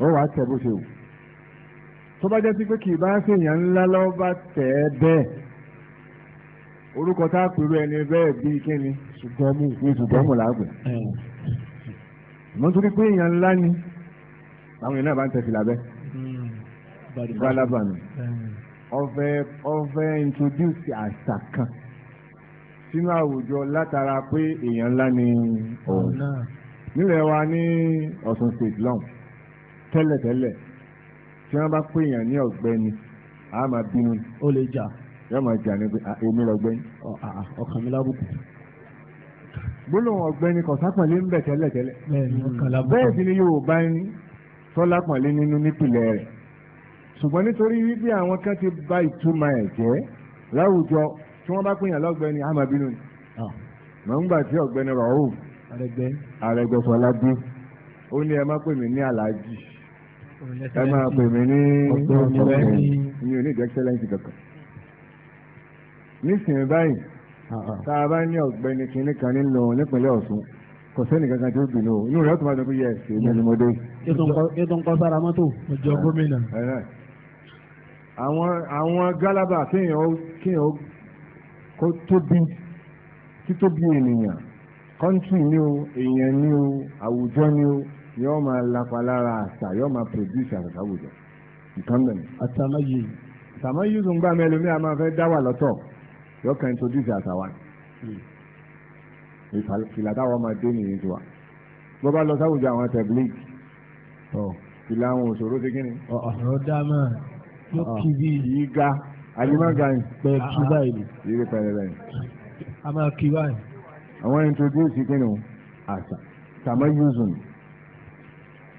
B: ó wàá bó ṣe wù tó bá jẹ́ sí pé kì í bá ṣèyàn ńlá lọ́wọ́ bá tẹ̀ ẹ́ bẹ́ẹ̀ orúkọ tá a pèrò ẹni bẹ́ẹ̀ bíi kíni ṣùgbọ́mù ní ṣùgbọ́mù làágbẹ̀. mọ́tò pé èèyàn ńlá ni àwọn èèyàn náà bá ń tẹ̀sí lábẹ́ hmm. ìbálàbàmì ọ̀fẹ́ ọ̀fẹ́ introduce àṣà kan sínú àwùjọ látara pé èèyàn ńlá ni òun nílẹ̀ wa ní Ọ̀ṣun state long tẹ́lẹ̀tẹ́lẹ̀ tí wọ́n bá pè yàn ní ọ̀gbẹ́ni a máa bínú. ó lè jà. yóò máa jà ní pé ah, èmi lọ́gbẹ́ni. ọkàn mi lábùkù. gbólóhùn ọ̀gbẹ́ni kọ̀sápọ̀lé ń bẹ tẹ́lẹ̀tẹ́lẹ̀. bẹ́ẹ̀ sì ni Yorùbá ń tọ́lá pọ̀lé nínú nípìnlẹ̀ rẹ̀ ṣùgbọ́n nítorí wípé àwọn kan ti bà ìtumọ̀ ẹ̀ jẹ́ láwùjọ tí wọ́n bá pè yàn lọ́gbẹ́ni a máa bínú ni. mọ̀ ń gbà tí ọ̀gbẹ́ni Rauf Arẹ́gbẹ́sọlá dé ó ní ẹ má pè mí ní aláàjì ẹ máa pè mí ní ọ̀gbẹ́ni mi ò ní ìdí excellence kankan nísìnyí báyìí ah, ah. tá a bá ní ọ̀gbẹ́ni kìnínní kan nínú nípínlẹ̀ Ọ̀ṣun kò sẹ́ni kankan tó bínú inú rẹ̀ tó máa dọ́kú yẹ ẹ̀sìn ní ẹni mọ́dé.
C: ètò ń kọ́ sára mọ́tò. ọjọ́
B: gómìnà. Ah, àwọn àwọn gálábà kéèyàn ó kéèyàn ó kó tóbi títóbi ènìyàn kọ́ńtì ni o èèyàn ni o àwùjọ ni o yóò máa lapa lára àṣà yóò máa produce àṣà àwùjọ nǹkan nà ní. àtàmáyé àtàmáyé tó ń gbà mí ẹlòmíà máa fẹ́ dá wà lọ́tọ̀ yóò kàn introduce àṣà wa. Hmm. ìfìlà táwọn máa dé nìyí tiwa bó bá lọ sáwùjọ àwọn tẹ̀blík ìfìlà àwọn òṣòro ti kíni. ọ̀rọ̀ dá máa yóò kí bí. yìí ga alimọ́ga yìí. pẹ̀lú kí ah, ah. báyìí. yìí pẹ̀lú báyìí. a máa kí báyìí. àwọn introduce kíni o àṣà àtàmáyé zone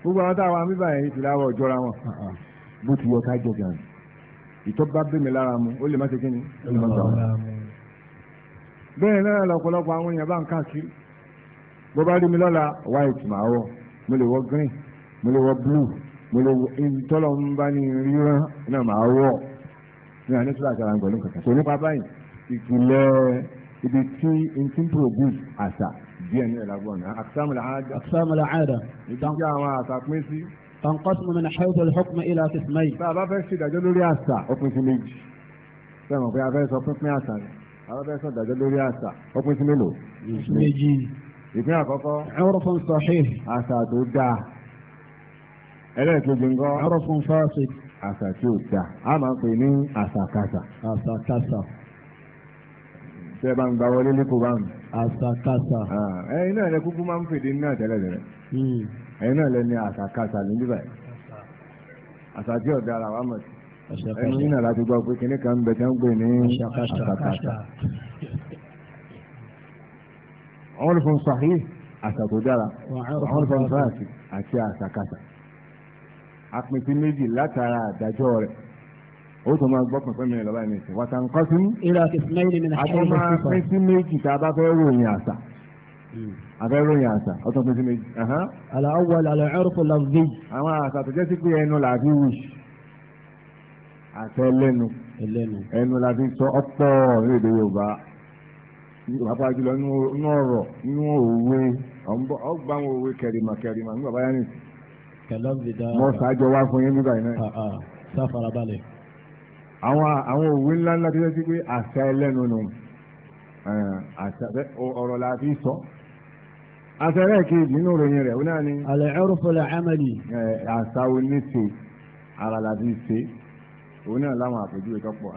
B: gbogbo àwọn táwọn amíbà yẹn ti láwọ ọjọ́ra wọn ah, ah. bó ti wọ ká jọ gan ìtọ́ bá bẹ́mi lára mu ó lè má ṣe kí ni ó lè má gbà bẹ́ẹ̀ náà lọ́pọ̀lọpọ̀ àwọn èèyàn bá ń káàkiri bó bá rí mi lọ́la white màá wọ̀ mo lè wọ green mo lè wọ blue mo lè wọ ìtọ́lọ̀ ń bá ní ríran náà màá wọ̀ ní àná sílẹ̀ àtàrà ń gbọ̀ ní kankan. sọ nípa báyìí ìpìlẹ̀ ibi tí n ń pro good àṣà díẹ̀ ní ìlàgbọ̀n náà àkísàmù làádà. àkísàmù làádà. ìdíjà àwọn àṣà pín sí. tanqasimu min haythu al-hukm ila qismayn. bá a bá fẹ́ ṣe ìdájọ́ lórí àṣà ó pín sí méjì. bẹ́ẹ̀ mọ̀ pé a fẹ́ sọ pínpín àṣà ni a bá fẹ́ sọ ìdájọ́ lórí àṣà ó pín sí mélòó. méjì. ìpín àkọ́kọ́. urfun sahih. àṣà tó dáa. ẹlẹ́ẹ̀kejì ńkọ́. urfun fasid. àṣà tí ò dáa. a máa ń pè ní àṣàkáṣà. àṣàkáṣà. tẹ́ bá ń gbà wọlé ní kò bá ń àṣàkáṣà. ẹ̀yin náà lẹ kúkú máa ń fèdè náà tẹ́lẹ̀ tẹ́lẹ̀ hmm. ẹ̀yin náà lẹ ní àṣàkáṣà níbí báyìí àṣà tí ọ̀dà ara wa mọ̀ sí ẹ̀yin yìí náà láti gbọ́ pé kinní kan bẹ̀ tẹ́ ń gbé ní àṣàkáṣà. àwọn olùfọ̀n sàhí àṣà dára àwọn olùfọ̀n sàhí àti àṣàkáṣà. a méjì látara àdájọ́ rẹ̀ o tó máa gbọ́ pẹ̀pẹ́ mi lọ́ba ẹni sìn wàtà nǹkan sí. ìlà kìsìmẹ́ yìí ni mi àti máa pín sí méjì tá a bá fẹ́ ròyìn àṣà. Hmm. a fẹ́ ròyìn àṣà ó tún pín sí méjì. àlà awwal àlà ẹrùfù làbí. àwọn àṣà tó jẹ́ sí pé ẹnu làbí wì. àṣẹ lẹ́nu. ẹnu làbí sọ ọ̀pọ̀ orílẹ̀-èdè yorùbá. pàápàá jùlọ nínú ọ̀rọ̀ nínú òwe ọgbà àwọn òwe kẹrìmà kẹrìmà nígbà báyà nìyí. kẹlọ́ọ̀dì àwọn àwọn òwe ńlá ńlá tó yẹ sí pé àṣà ẹlẹ́nu nù ọ̀rọ̀ la fi sọ àṣà ẹlẹ́ẹ̀kejì nínú ìròyìn rẹ̀ wọn náà ni. àlẹ́ ẹ̀rọ fọlẹ̀ amẹ́lì. àṣà oníṣe ara la fi ṣe òun náà láwọn àpèjúwe tó pọ̀.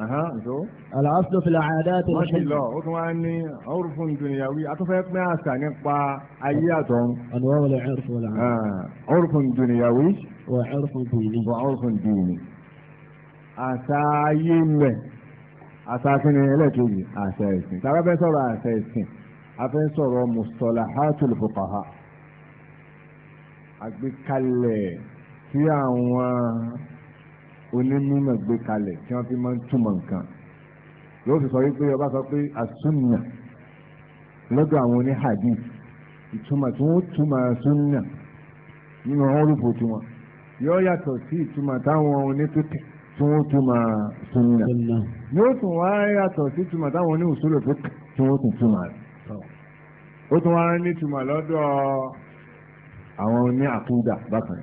B: aláàfin fìlà àdá tẹ̀lé. wọ́n ti lọ ó tún wáá ní ọ̀rùfún dùnìyàwí atọ́fẹ́ pín àṣà nípa ayé àtọ̀run. àdúrà wọlé ọ̀rùfún dùnìyàwí. wà ọ̀rùfún dùnìyàwí. wà ọ̀rùfún dùnìyàwí àṣà ayé ńlẹ̀ àṣà akínní ẹlẹ́ẹ̀kejì àṣà ẹ̀sìn tàbí abẹ́ sọ̀rọ̀ àṣà ẹ̀sìn afẹ́ sọ̀rọ̀ mustalahatul fuqaha àgbékalẹ̀ tí àwọn onímọ̀ gbé kalẹ̀ tí wọ́n fi máa ń túmọ̀ nǹkan yóò sì sọ wípé ọba sọ pé àsúnà lọ́dọ̀ àwọn oní hadith ìtumọ̀ tí wọ́n túmọ̀ àsúnà nínú ọ̀rùbù tiwọn yóò yàtọ̀ sí ìtumọ̀ táwọn oní tí wọ́n túmọ̀ sunna yóò tún wá yàtọ̀ sí túmọ̀ táwọn oní usulul fiqh tí wọ́n tún túmọ̀ rẹ̀ ó tún wá ní túmọ̀ lọ́dọ̀ àwọn oní àkúdà bákan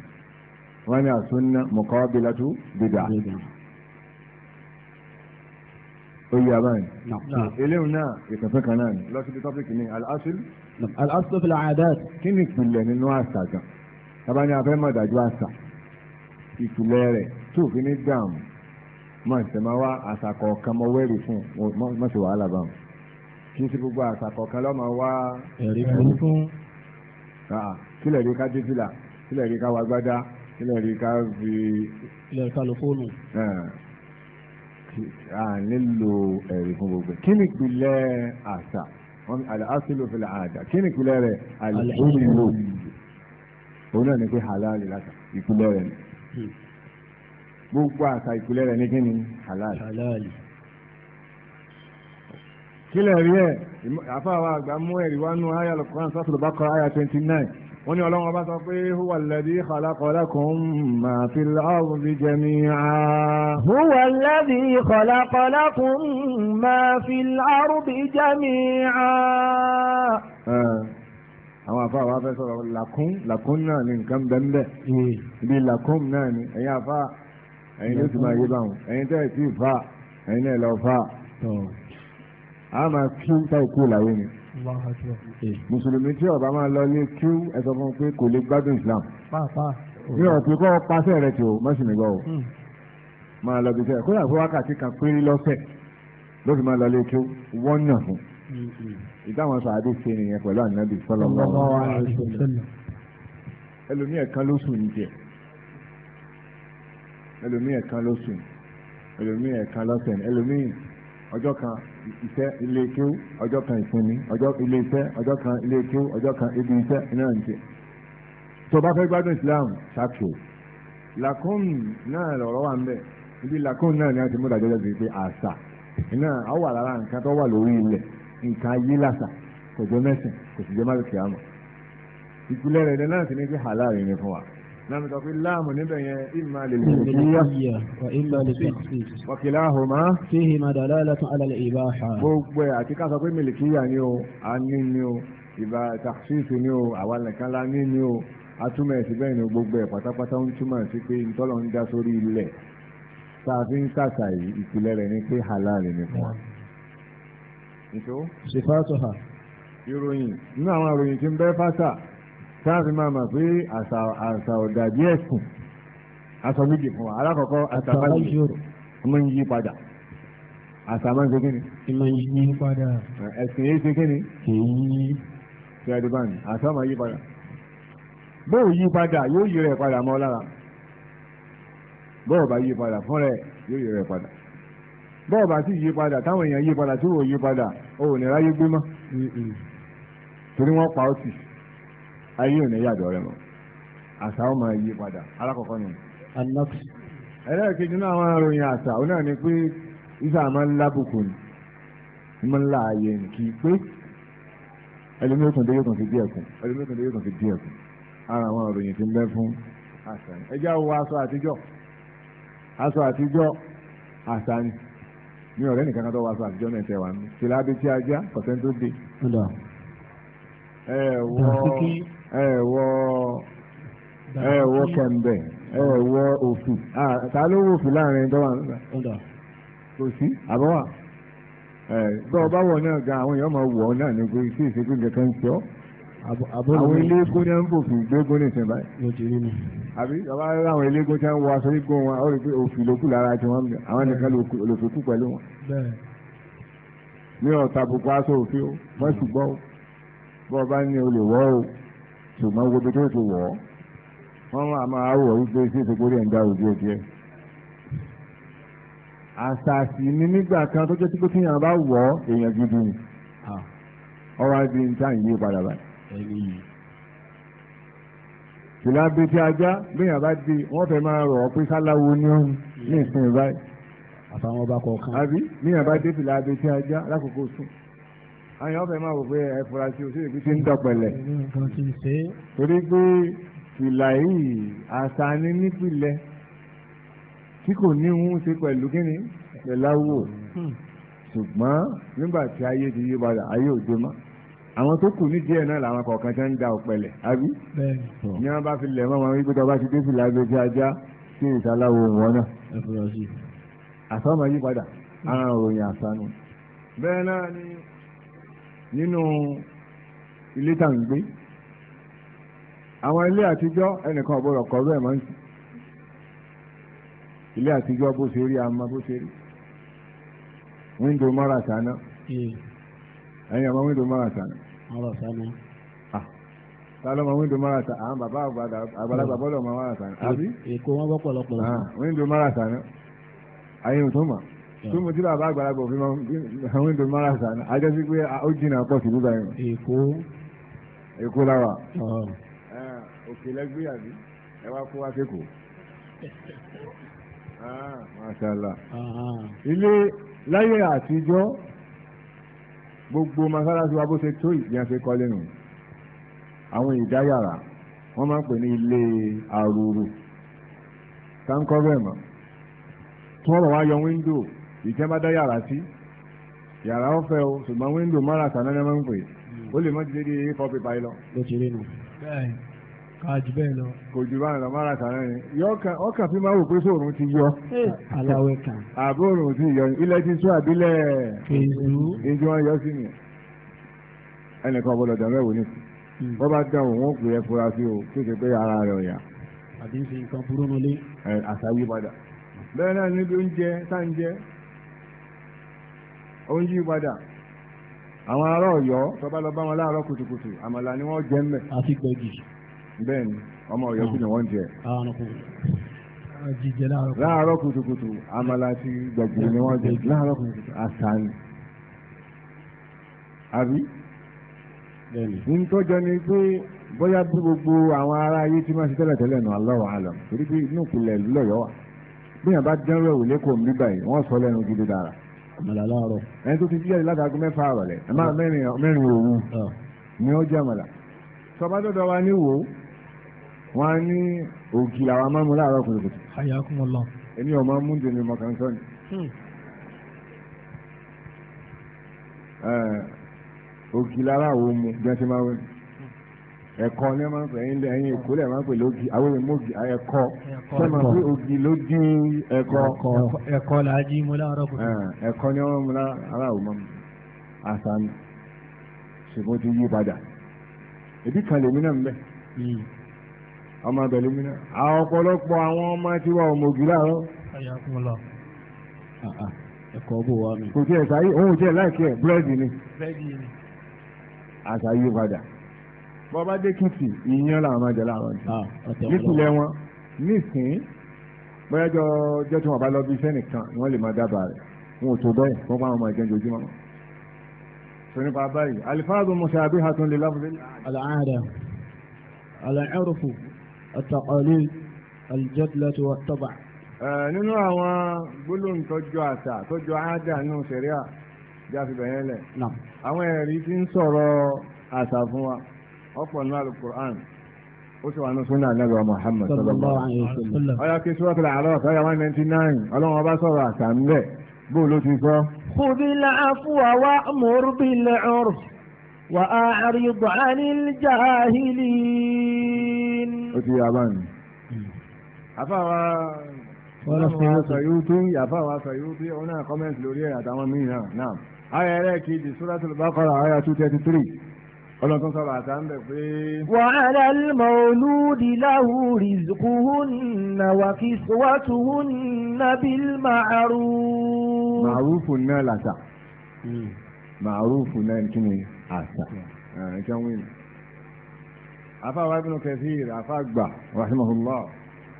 B: wọ́n ní àsunna muqabilatu bid'ah oyi abayin eléyìí náà ìkànfẹ́ kan náà lọ síbi tọ́pìkì ni al-asl al-asl fil-'adat kí ni ìpìlẹ̀ nínú àṣà gan tabani afẹ́ mọ̀ dájú àṣà ìpìlẹ̀ rẹ̀ tó fi ní dààmú mọ̀ ìsẹ̀mọ́ wá àṣàkọ̀ kan mọ wẹ́rì fún mọ̀ sí wàhálà bá wọn kí n ti gbogbo àṣàkọ̀ kan lọ́mọ wá ẹ̀rí fún kílẹ̀ rí ká dídìlà kílẹ̀ rí ká wá gbádá kílẹ̀ rí ká fi. kílẹ̀ ká lọ fóònù. a nílò ẹ̀rí fún gbogbo kí ni ìpìlẹ̀ àṣà àlàáfíà fìlà àdá kí ni ìpìlẹ̀ rẹ̀ àlùfóònù òun náà ni pé halal ìlàṣà ìpìlẹ̀ rẹ̀ ni gbogbo àṣà ìpìlẹ̀ rẹ̀ ní kí ni halal. halal. kílẹ̀ rí ẹ̀ àfàwọ̀ àgbà mú ẹ̀rí wá nú àyà Al-Qur'an Suratul Baqara àyà twenty nine wọ́n ní ọlọ́run ọba sọ pé huwa alladhi khalaqa lakum ma fil ardi jami'a. huwa alladhi khalaqa lakum ma fil àwọn àfa àwọn afẹ́ sọ̀rọ̀ làkún làkún náà ni nǹkan bẹ́ńbẹ́ ibi làkún náà ni ẹ̀yin àfa ẹ̀yin ló ti máa yé báwọn ẹ̀yin tẹ́ ẹ̀ tí ì fa ẹ̀yin náà lọ fa a máa kí táì kú làwé ni mùsùlùmí tí ọba máa lọ lé kí ẹ sọ fún un pé kò lè gbádùn Islam ní ọ̀pẹ kọ́ pàṣẹ rẹ tí o má sì mí gbọ́ o máa lọ bí sẹ́yìn kó yà wákàtí kan péré lọ́sẹ̀ ló fi máa lọ lé kí wọ́n yàn fún un. Mm-hmm. ìdáwọn sàádé ṣe nìyẹn pẹ̀lú ànábì sallallahu alaihi wasallam ẹlòmí ẹ̀kan ló sùn jẹ ẹlòmí ẹ̀kan ló sùn ẹlòmí ẹ̀kan lọ́sẹ̀ ẹlòmí ọjọ́ kan iṣẹ́ ilé kíw ọjọ́ kan ìsinmi ọjọ́ ilé iṣẹ́ ọjọ́ kan ilé kíw ọjọ́ kan ibi iṣẹ́ iná ń jẹ tó bá fẹ́ gbádùn Islam ṣáàtò làkún náà lọ̀rọ̀ wà ń bẹ̀ ibi làkún náà ni a ti mú ìdájọ́ jẹ́ pé àṣà iná àwọ̀ àlára nǹkan tó wà lórí ilẹ̀ nǹkan ayé làṣà kò jọ mẹ́sìn kò sì jọ má lè kíyàmọ̀ ìpìlẹ̀ rẹ̀ dẹ́ náà ní pé halal ni fún wa láàmì sọ pé láàmù níbẹ̀ yẹn ìmà lè lè ṣèṣìyà wà ìmà lè ṣèṣìyà wa kilahuma. fihi ma dalalatu ala al-ibaha. gbogbo ẹ̀ àti ká sọ pé mìlìkìyà ni o àní ni o ìbá tàṣíṣù ni o àwa nìkan la ní ni o atúmọ̀ ẹ̀sìn bẹ́ẹ̀ ni gbogbo ẹ̀ pátápátá ń túmọ̀ sí pé ntọ́lọ́ ń dá sórí ilẹ̀ tá a fi ń rẹ̀ ni pé halal ni fún wa nítorí. sèfàtò ha. ìròyìn nínú àwọn àròyìn tí ń bẹ fásà táàfì máa mà pé àṣà àṣà ọ̀dà díẹ̀ kù aṣọ méjì fún wa alákọ̀ọ́kọ́ àṣà máa ń yí máa ń yí padà àṣà máa ń ṣe kíni. ìmọ̀ yí padà. ẹ̀sìn yìí ṣe kíni. kìí ṣe ẹ̀dùbọ̀n àṣà máa yí padà bóò yí padà yóò yí rẹ̀ padà mọ́ lára bóò bá yí padà fún rẹ̀ yóò yí rẹ̀ padà bóò bá sì yí padà táwọn èèyàn yí padà tí wò yí padà o ò ní ráyé gbé mọ́ torí wọ́n pa ó tì ayé ò ní yàdọ̀ rẹ̀ mọ́ àṣà ó máa yí padà alákọ̀ọ́kọ́ nù. ẹlẹ́ẹ̀kejì náà wọ́n á ròyìn àṣà ó náà ni pé isa máa ń lábùkù ni máa ń la ààyè kì í pé òkùn ti ń bẹ́ fún àṣà ni ẹjẹ́ wo aṣọ àtijọ́ aṣọ àtijọ́ àṣà ni. mi ò rẹ́ nìkan kan tó wá sọ àtijọ́ náà tẹ̀ wá ní tìlá bí tí a já kọ̀sẹ́ tó dé. ẹ wọ ẹ wọ ẹ wọ kẹ̀mbẹ̀ ẹ wọ òfì ta ló wọ òfì láàrin tó wà nígbà kò sí àbọ̀ wà. ẹ bọ́ọ̀ bá wọ̀ náà gan àwọn èèyàn máa wọ̀ ọ́ náà ní pé sí ìṣègùn kankan ń ṣe àwọn eléégún ní à ń bòfin gbégún ní ìsìn báyìí. àbí bàbá rẹ àwọn eléégún tí wọ́n wọ aṣọ igbó wọn ó rí pé òfin ló kù lára tí wọ́n àwọn nìkan lòfin kù pẹ̀lú wọn. ní ọ̀tà bùkún aṣọ òfin o wọ́n sì o bọ́ ọ bá ní olè wọ́ o ṣùgbọ́n gbogbo tó ti wọ̀ ọ́ wọ́n máa máa wọ̀ wípé sí ìsopọ̀ rẹ̀ ń dá òjò díẹ̀ àṣàṣì ni nígbà kan tó jẹ́ tí kò tíyàn bá wọ̀ ọ́ èèyàn gidi ni ọwọ́ á di ní táyì ẹ̀yìn ìlà abẹ́tí ajá bẹ́yìn àbá di wọ́n fẹ́ máa rọ̀ ọ́ pé sáláwo ni ó ní ìsìn báyìí. àtàwọn ọba kọ̀ọ̀kan. àbí bẹ́yìn àbá dé fìlà abẹ́tí ajá lákòókò sùn. àyàn ọ̀fẹ́ máa wò pé ẹ̀fọ́rasí òṣèlú ìpín ti ń dọ̀pẹ̀lẹ̀. torí pé fìlà yìí àṣà ni nípìnlẹ̀ tí kò ní ń ṣe pẹ̀lú kíni pẹ̀láwò. Hmm. ṣùgbọ́n nígbà tí ayé ti yí padà ayé òde máa àwọn tó kù nídìí ẹ̀ náà làwọn kọ̀ọ̀kan ṣe ń da ọ̀pẹ̀lẹ̀ àbí. ní wọn bá fi lẹ̀ mọ́ wọn wípé tó bá ti dé fìlà gbé sí ajá sí ìsaláwo wọn náà. àsọmọ yí padà ara òròyìn àsánú. bẹ́ẹ̀ náà ni nínú ilé tá à ń gbé àwọn ilé àtijọ́ ẹnìkan ọ̀bọ̀rọ̀ kọ́ bẹ́ẹ̀ máa ń sìn ilé àtijọ́ bó ṣe rí àmọ́ bó ṣe rí wíńdò mọ́ra sáná ẹ̀yin ọmọ wíńdò marathon. marathon ni. ta ló mọ wíńdò marathon àwọn bàbá àgbàlagbà bọ́lọ̀ mọ marathon àbí. èkó wọn bọ́ pọ̀lọpọ̀. wíńdò marathon ayé ò tó mọ̀ tó mo ti bàbá àgbàlagbà òfin mọ wíńdò marathon ajá sí pé ó jìnnà pọ̀ sí bíbá yẹn. èkó. èkó lára òkè lẹ́gbẹ́ àbí ẹ wá kó wá sékòó. Ah, Masha Allah. Ilé láyé àtijọ́ gbogbo masalasi wa bó ṣe tó ìdí àti kọ́lé nù àwọn ìdáyàrá wọ́n máa ń pè ní ilé arúrú táǹkọ́ bẹ́ẹ̀ mọ̀ tí wọ́n bọ̀ wá yọ wíńdò ìjẹ́ bá dá yàrá sí yàrá ó o ṣùgbọ́n wíńdò máràtà náà ni wọ́n máa ń pè ó lè má ti dé dé four paper lọ káàjù bẹ́ẹ̀ lọ. kò jù báyìí lọ mara kan náà ni ọkàn fi máa wò pé sóòrùn ti yọ. Eh, aláwẹ̀ kan. àbóòrùn ti yọ ilẹ̀ ti sún àbílẹ̀. èzú. èzú wọn yọ sí mi. ẹnìkan ọbọdọ dàn mẹ́wòó ní. wọ́n hmm. bá dán òun ó pè é fura sí o kéde pé ara rẹ̀ ọ̀yà. àbí ń fi nǹkan burú nulẹ̀. ẹ àṣàyí padà. bẹ́ẹ̀ náà níbi oúnjẹ tá ń jẹ oúnjẹ padà àwọn ará Ọ̀yọ́ tó lọ bá wọn láàárọ̀ kùtùkùtù àmàlà ni wọn jẹ ń bẹ. àfi gbẹ̀gì bẹ́ẹ̀ni ọmọ Ọ̀yọ́ kùnà wọn jẹ. Ah, ah, láàárọ̀ kùtùkùtù àmàlà àti gbàgbé ni wọn jẹ láàárọ̀ kùtùkùtù àṣàlẹ àbí. nítọ́jọ́ ni pé bóyá bí gbogbo àwọn ará ayé tí máa ṣe tẹ́lẹ̀ tẹ́lẹ̀ nù aláwọ̀ àlọ́ torí pé inú ìpìlẹ̀ lọ́yọ̀ wà bí yàn bá dẹ́rù ẹ̀wò lẹ́kọ̀ọ́ mi báyìí wọ́n sọ lẹ́nu gidi dára. àmàlà láàárọ̀. ẹni tó ti jíjẹ́ látàgọ́ mẹ́fà àrọ̀lẹ́ ẹ̀ máa ah. mẹ́rin òru ni ó jẹ́ àmàlà. sọ bá dọ́dọ̀ wa ní wo wọ́n á ní ògì làwọn máa mú láàárọ̀ kùtùkùtù.
C: Hayyakumullah.
B: èmi ò máa mú dèmi mọ̀ kàn sọ́ni. Hmm. ògì lára àwo mu bí wọ́n ti máa wẹ̀ ẹ̀kọ́ ní máa ń pè ẹ̀yin lẹ́yìn èkó lẹ́ẹ̀ máa ń pè lógi àwọn èèyàn mọ́gi ẹ̀kọ́ ṣé máa fi ògì lógi ẹ̀kọ́.
C: ẹ̀kọ́ là á jí mu láàárọ̀ kùtù.
B: ẹ̀kọ́ ni wọ́n mu lára àwọn ọmọ àṣà mi ṣùgbọ́n ti yí padà èbí kan lèmi náà ń bẹ̀. Hmm ọmọ abẹ̀lú mi náà àwọn ọ̀pọ̀lọpọ̀ àwọn ọmọ tí wà ọmọ ògì láàárọ̀. Ah, ah. ẹ̀kọ́ bò wá mi. kò tí ẹ̀ sáyé òun ò tí ẹ̀ láìkí ẹ̀ búrẹ́dì ni. búrẹ́dì ni. àṣà yí padà bọ́ba dé kìtì ìyẹn làwọn máa jẹ láàárọ̀ ni. Ah, nípìnlẹ̀ wọn nísìn bóyá jọ jẹ́ tí wọ́n bá lọ bí iṣẹ́ nìkan wọ́n lè máa dábàá rẹ̀ wọn ò tó bẹ́ẹ̀ wọ́n bá wọn máa jẹun jojúmọ́ sonipa báyìí alifáàdùn musa abihatun lè lábúlé. àlàáda àlàárufu التقاليد الجدلة والطبع nínú àwọn gbólóhùn tọ́jú àṣà tọ́jú àádà nínú sẹ̀ríà bí a fi bẹ̀rẹ̀ lẹ̀. àwọn ẹ̀rí tí ń sọ̀rọ̀ àṣà fún wa ọ̀pọ̀ nínú alukur'an ó sì wà ní sunna anabi wa muhammad sallallahu alayhi wa sallam. ọ̀yà kí suratul a'raf ọ̀yà one ninety nine ọlọ́run ti sọ.
A: khudil afwa wa'mur bil 'urf wa a'rid 'anil jahilin
B: ó ti yá báyìí. àfàwà sọ̀yútì àfàwà sọ̀yútì òun náà kọ́mẹ́ǹtì lórí ẹ̀ àtàwọn míì náà náà. ayé ẹlẹ́ẹ̀kejì Suratul Baqara ayé two thirty three ọlọ́tún sọ̀rọ̀ àtà ń bẹ̀ pé.
A: wàhálà ìmọ̀lúdi láwù rìzùkúhùnà wà kí sọ́wọ́tùhùnà bíl màárù.
B: màrúfù náà làṣà màrúfù náà kí ni àṣà hmm. ah, ẹ̀ẹ́dẹ́gbẹ̀rún afáwa ibn kathir afágbà rahimahullah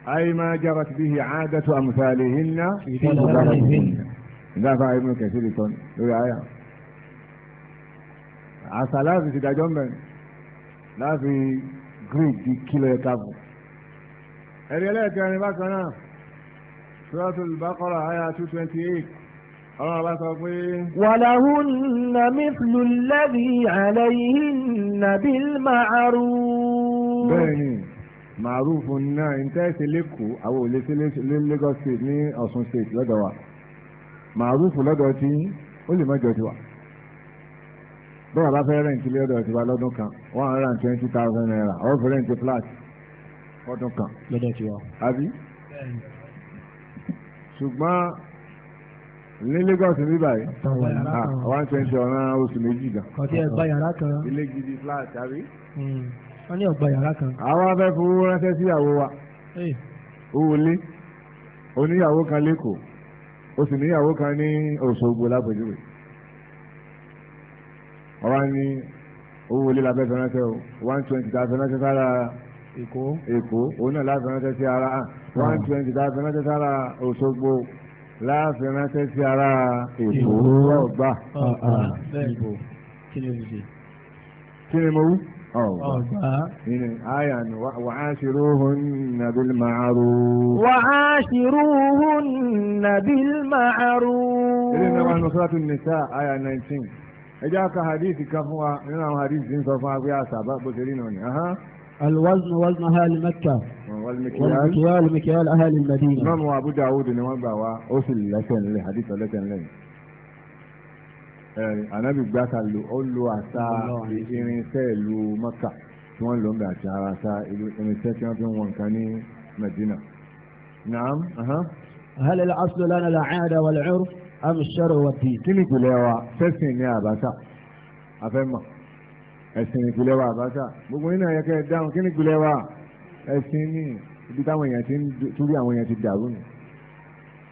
B: ayé máa jábà ti bíhi àádọ́tò àmùsàlẹ̀ hinna ìdáfà ibn kathir kan lórí àyà àṣà láti ti dájọ́ mẹ́rin láti gírígì kílọ̀ ẹ̀ka bù ẹ̀rí ẹlẹ́ẹ̀kẹrin bákan náà suratul baqara àyà two twenty eight ọlọ́run ọba sọ pé. wàlàhùn
A: mithlu alladhi alayhinna bil ma'ruf. bẹ́ẹ̀ni
B: màrúfù náà ń tẹ́sí lẹ́kọ̀ọ́ àwọn ò lè sí Lagos state ní Ọ̀ṣun state lọ́dọ̀ wa màrúfù lọ́dọ̀ tí ó lè mọ́jọ tiwa bẹ́ẹ̀ bá fẹ́ rẹ̀ǹtì lọ́dọ̀ tiwa lọ́dún kan one hundred and twenty thousand naira ọ̀ fẹ́ rẹ̀ǹtì flat ọdún kan lọ́dọ̀ tiwa. àbí ṣùgbọ́n ní Lagos ní báyìí ah, one twenty ọ̀nà oṣù méjì gan. ọtí ẹ gba yàrá kan. ilé gidi flat àbí. Hmm. wọ́n ní ọgbà yàrá kan. àwa fẹ́ fowó ránṣẹ́ síyàwó wa. owó lé oníyàwó kan lẹ́kọ̀ọ́ o sì níyàwó kan ní Òṣogbo lápẹ̀jùwẹ̀. àwa ní owó lé la fẹ́ o one twenty ta fẹ́ ránṣẹ́ sára Èkó Èkó òun náà la fẹ́ ránṣẹ́ sí ara ah, one hmm. twenty ta fẹ́ ránṣẹ́ sára Òṣogbo. láàfin ránṣẹ́ sí ara èbó ọgbà ah, ah. kí ni mo wú ọgbà nínú àyà ni wà á ṣirò hun nàbí màárù. 19 ẹ jẹ́ àka hadith kan fún wa nínú hadith ń sọ الوزن وزن اهل مكه والمكيال مكيال اهل المدينه امام ابو داوود ان وضع واصل لكن الحديث لكن لين يعني انا بيبقى قال له اول لو اسا في سيلو مكه وان لو بقى جارا سا الو امسيتيون بين وان كاني مدينه نعم اها هل الاصل لنا العاده والعرف ام الشرع والدين كلمه لو سيسني ابا سا افهمك ẹ̀sìn ìpìlẹ̀ wa àbáṣà gbogbo nínú ẹ̀yẹ́kẹ́ dáhùn kí ni ìpìlẹ̀ wa ẹ̀sìn ní ibi táwọn èèyàn ti ń torí àwọn èèyàn ti dàrú nù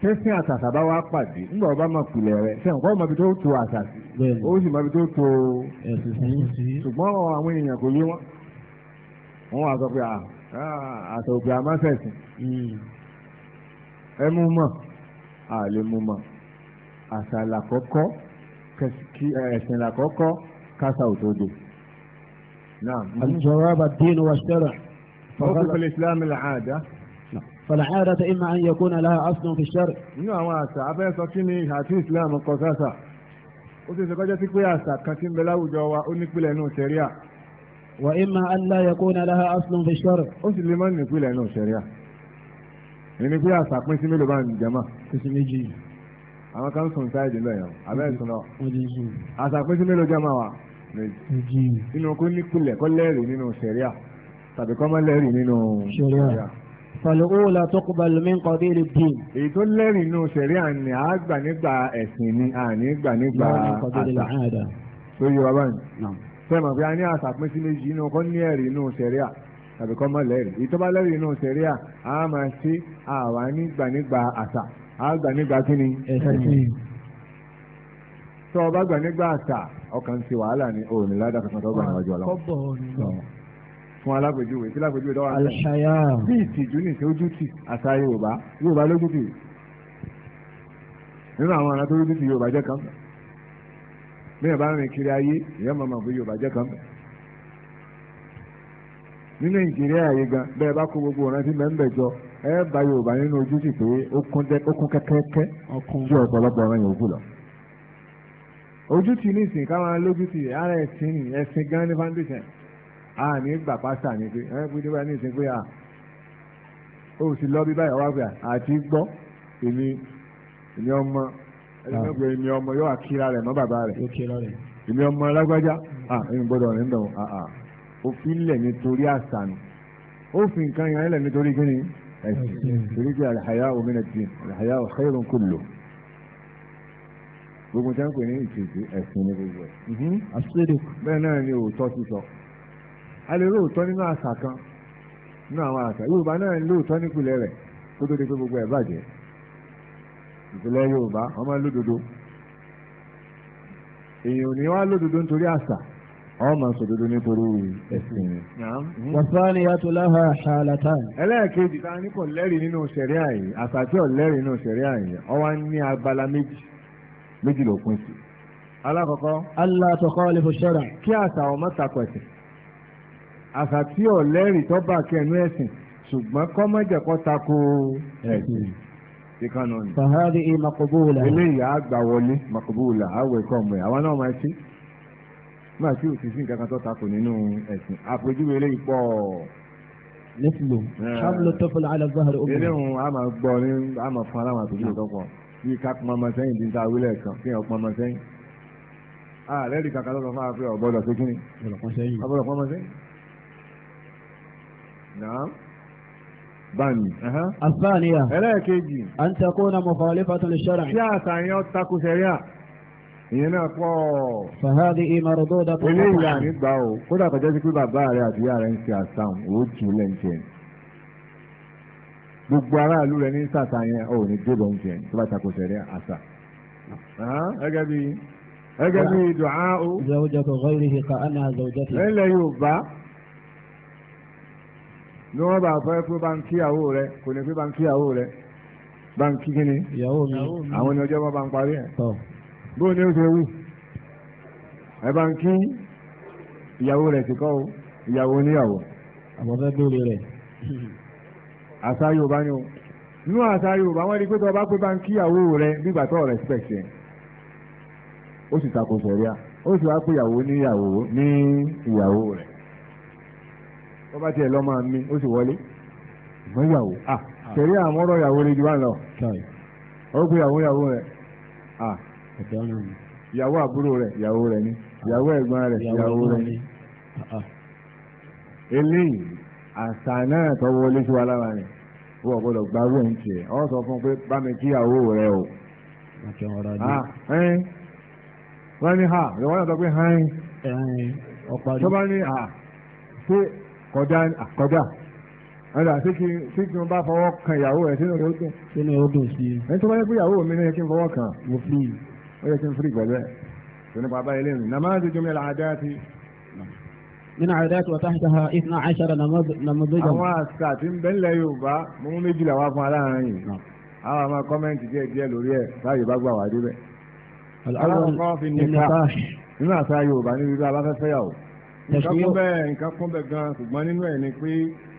B: tẹ́sán àtàtà bá wá pàdé nígbà wọn máa pìlẹ̀ rẹ̀ sẹ́wọ̀n kọ́ mọ̀bi tó to àṣà sí ó sì mọ̀bi tó to ẹ̀sìn sí ṣùgbọ́n àwọn èèyàn kò yé wọn wọn wà sọ pé ah, ah, àṣà òkè àmásẹ̀sìn hmm. ẹ mú mọ̀ àlè mú mọ̀ àṣà làkọ́kọ́ ẹ̀sìn làkọ́kọ́ kásá òtòdó. نعم الجواب الدين والشرع حكم الإسلام العادة فالعادة إما أن يكون لها أصل في الشرع نعم واسع أبي سكيني هاتي إسلام قصاصة وتسي قد تكوي أسا كتن بلاو جوا أنك بلا نو شريع وإما أن لا يكون لها أصل في الشرع أسي لمن نكوي لأنو شريع ẹni pé àsàpín sí mélòó bá ń jẹmọ́. kìsì méjì. àwọn kan sùn sáyẹ̀dì lọ́yọ̀ abẹ́ ìsúná. àsàpín sí mélòó jẹmọ́ wa
C: méjì
B: nínú kó nípìnlẹ̀ kó lẹ́rìí nínú sẹ̀ríà tàbí kó má lẹ́rìí nínú sẹ̀ríà. فالأولى تقبل من قبيل الدين èyí tó lẹ́rìí nínú sẹ̀ríà ni a gbà nígbà ẹ̀sìn ni a ní gbà nígbà àṣà tó yẹ wá báyìí sẹ́mi pé a ní àṣà pín sí méjì nínú kó ní ẹ̀rí nínú sẹ̀ríà tàbí kó má lẹ́rìí èyí tó bá lẹ́rìí nínú sẹ̀ríà a máa ṣe àwa nígbà nígbà àṣà a gbà nígbà kí ẹ̀sìn tó o bá gbà nígbà àṣà ọkàn ti wàhálà ni o ní ládàá kankan tó gbà níwájú ọlọ́run fún alágbèjúwe tí alágbèjúwe dọ́wọ́ àlùfáà bí ìtìjú ní ìṣe ojú tì àṣà yorùbá yorùbá lójú tì nínú àwọn ará tó lójú tì yorùbá jẹ́ kan bí ẹ bá rìn kiri ayé ìyá màmá fún yorùbá jẹ́ kan ní nàìjíríà yìí gan bẹ́ẹ̀ bá kó gbogbo ọ̀ràn tí mẹ́ńbẹ̀ jọ ẹ bá yorùbá nínú ojú tì pé ó kún kẹ́kẹ́kẹ́ ju ọ̀pọ̀lọpọ̀ ọ̀ràn yòókù lọ ojú ti ní ìsìn káwọn lójú ti ara ẹ̀sìn ni ẹ̀sìn gan ní foundation a ní gbà pásítà ní pé ẹ gbé wá ní ìsìn pé a ó sì lọ bí báyìí wá pé àti gbọ́ èmi èmi ọmọ ẹlẹ́gbẹ́ èmi ọmọ yóò àkíra rẹ̀ mọ́ bàbá rẹ̀ èmi ọmọ alágbájá a èmi gbọ́dọ̀ rẹ̀ ń dàn áà òfin lẹ̀ nítorí àṣà ni òfin kan yẹn lẹ̀ nítorí kí ni torí pé àlàyé omi nà dín àlàyé khairu kullu gbogbo tí wọn pè ní ìṣèjú ẹ̀sìn ní gbogbo ẹ̀. Mm-hmm. àṣírí. bẹ́ẹ̀ náà ni òótọ́ sísọ. a lè rí òótọ́ nínú àṣà kan nínú àwọn àṣà yorùbá náà ní lóòótọ́ nípìnlẹ̀ rẹ̀ kó tó di pé gbogbo ẹ̀ bàjẹ́. ìpìlẹ̀ yorùbá wọ́n máa lódodo. èèyàn ò ní wá lódodo nítorí àṣà wọ́n máa sòdodo nítorí ẹ̀sìn ni. wàsáni atúláhà a ẹlẹ́ẹ̀kejì ta ni kò lẹ́rìí nínú ṣẹ̀ríà yìí àṣà tí ò lẹ́rìí nínú ṣẹ̀ríà yìí ó wà ní abala méjì méjì ló pín sí. alákọ̀ọ́kọ́. allah tukhalifu shar'a. kí àṣà ọmọ takọ̀ ẹ̀sìn. àṣà tí ò lẹ́rìí tó bá kẹnu ẹ̀sìn ṣùgbọ́n kọ́mọ́jẹ̀kọ́ tako ẹ̀sìn. ìkànnà ni. fahadi i makobula. eléyìí àgbà wọlé makobula àwọ̀ ẹ̀kọ́ ọmọ ẹ̀ àwọn náà máa ṣe. máa ṣe òṣìṣẹ́ nǹkan kan tó tako nínú ẹ̀sìn àpèjúwe eléyìí pọ̀ eh. nífìlò. ṣáàbùlù tó fọlọ́ àlọ́ bí ká pọnmọ sẹ́yìn bí n ta wílẹ̀ kan kí èèyàn pọnmọ sẹ́yìn a rí kàkà lọ́dọ̀ fún àfẹ́ ọ̀gbọ́dọ̀ tó kí ni ọ̀gbọ́dọ̀ pọnmọ sẹ́yìn. naam bani. asaniya. ẹlẹ́ẹ̀kejì. à ń takó na mukhalifatan li shar'i. tí àṣàyàn takò sẹ́ríà ìyẹn náà pọ̀. fàhádì ìmọ̀ràn tó dàtọ̀. eléyìí ànígbà o kódà kọjá sí pé bàbá rẹ àti ìyá rẹ ń ṣe àṣà òun ó gbogbo aráàlú rẹ ní sàtà yẹn ò ní débọ̀ ń jẹ tó bá takò sẹ̀rí àṣà. gẹ́gẹ́ bí gẹ́gẹ́ bí dùá o. zawjatu ghayrihi ka ana zawjati. ilẹ̀ yorùbá ni wọ́n bá fẹ́ pé bá ń kíyàwó rẹ kò ní pé bá ń kíyàwó rẹ bá ń kí kíni. ìyàwó mi àwọn ni ọjọ́ wọn bá ń parí ẹ̀. bó ni ó ṣe wù ẹ bá ìyàwó rẹ̀ ti kọ́ o ìyàwó oníyàwó. àmọ́ fẹ́ bèrè rẹ̀. àṣà yorùbá ni o nínú àṣà yorùbá wọ́n rí pé tó o bá pé báńkì ìyàwó rẹ nígbà tó o respect yẹn ó sì takò sẹ̀ríà ó sì wá pé ìyàwó ní ìyàwó ní ìyàwó rẹ̀ tó bá tiẹ̀ lọ́mọ mi ó sì wọlé ìmọ̀ ìyàwó à sẹ̀rí àmọ́rọ̀ ìyàwó rẹ̀ jù wá lọ ó pé ìyàwó ìyàwó rẹ̀ à ìyàwó àbúrò rẹ̀ ìyàwó rẹ̀ ni ìyàwó ẹ̀gbọ́n rẹ̀ ìyàwó rẹ̀ ni eléyìí àṣà náà tó wọlé sí wa lára rẹ̀ wọ́n gbọ́dọ̀ gba owó ń tiẹ̀ ọ́ sọ fún un pé bá mi kíyàwó rẹ o. Ah, wọ́n ní ha ìwọ́n náà sọ pé hàn tó bá ní ha ṣé kọjá ah, kọjá ọ̀dà tí kí n bá fọwọ́ kan ìyàwó rẹ̀ sínú rẹ̀ ó dùn. sínú rẹ̀ ó dùn sí i. ẹni tó bá yẹ kó ìyàwó mi ní yẹ kí n fọwọ́ kan. mo fi ó yẹ kí n firi pẹ̀lú ẹ̀. tó nípa abáyé lẹ́nu nàmáàzì jùmọ̀ ẹ̀ nínú àdáyàtì wọ́tá ṣáà ìfúnná àṣàrà nàmọ́dọ́jà. àwọn àṣà tí ń bẹ́ńlẹ̀ yorùbá mú méjìlá wá fún aláàárín yìí àwọn àmọ́ kọ́mẹ́ǹtì díẹ̀ díẹ̀ lórí ẹ̀ báyìí bá gbà wá débẹ̀. alákọ̀ọ́kọ́ fi nìka nínú àṣà yorùbá níbi bí abáfẹ́fẹ́ yàwó nǹkan kún bẹ́ẹ̀ nǹkan kún bẹ́ẹ̀ gan ṣùgbọ́n nínú ẹ̀ ni pé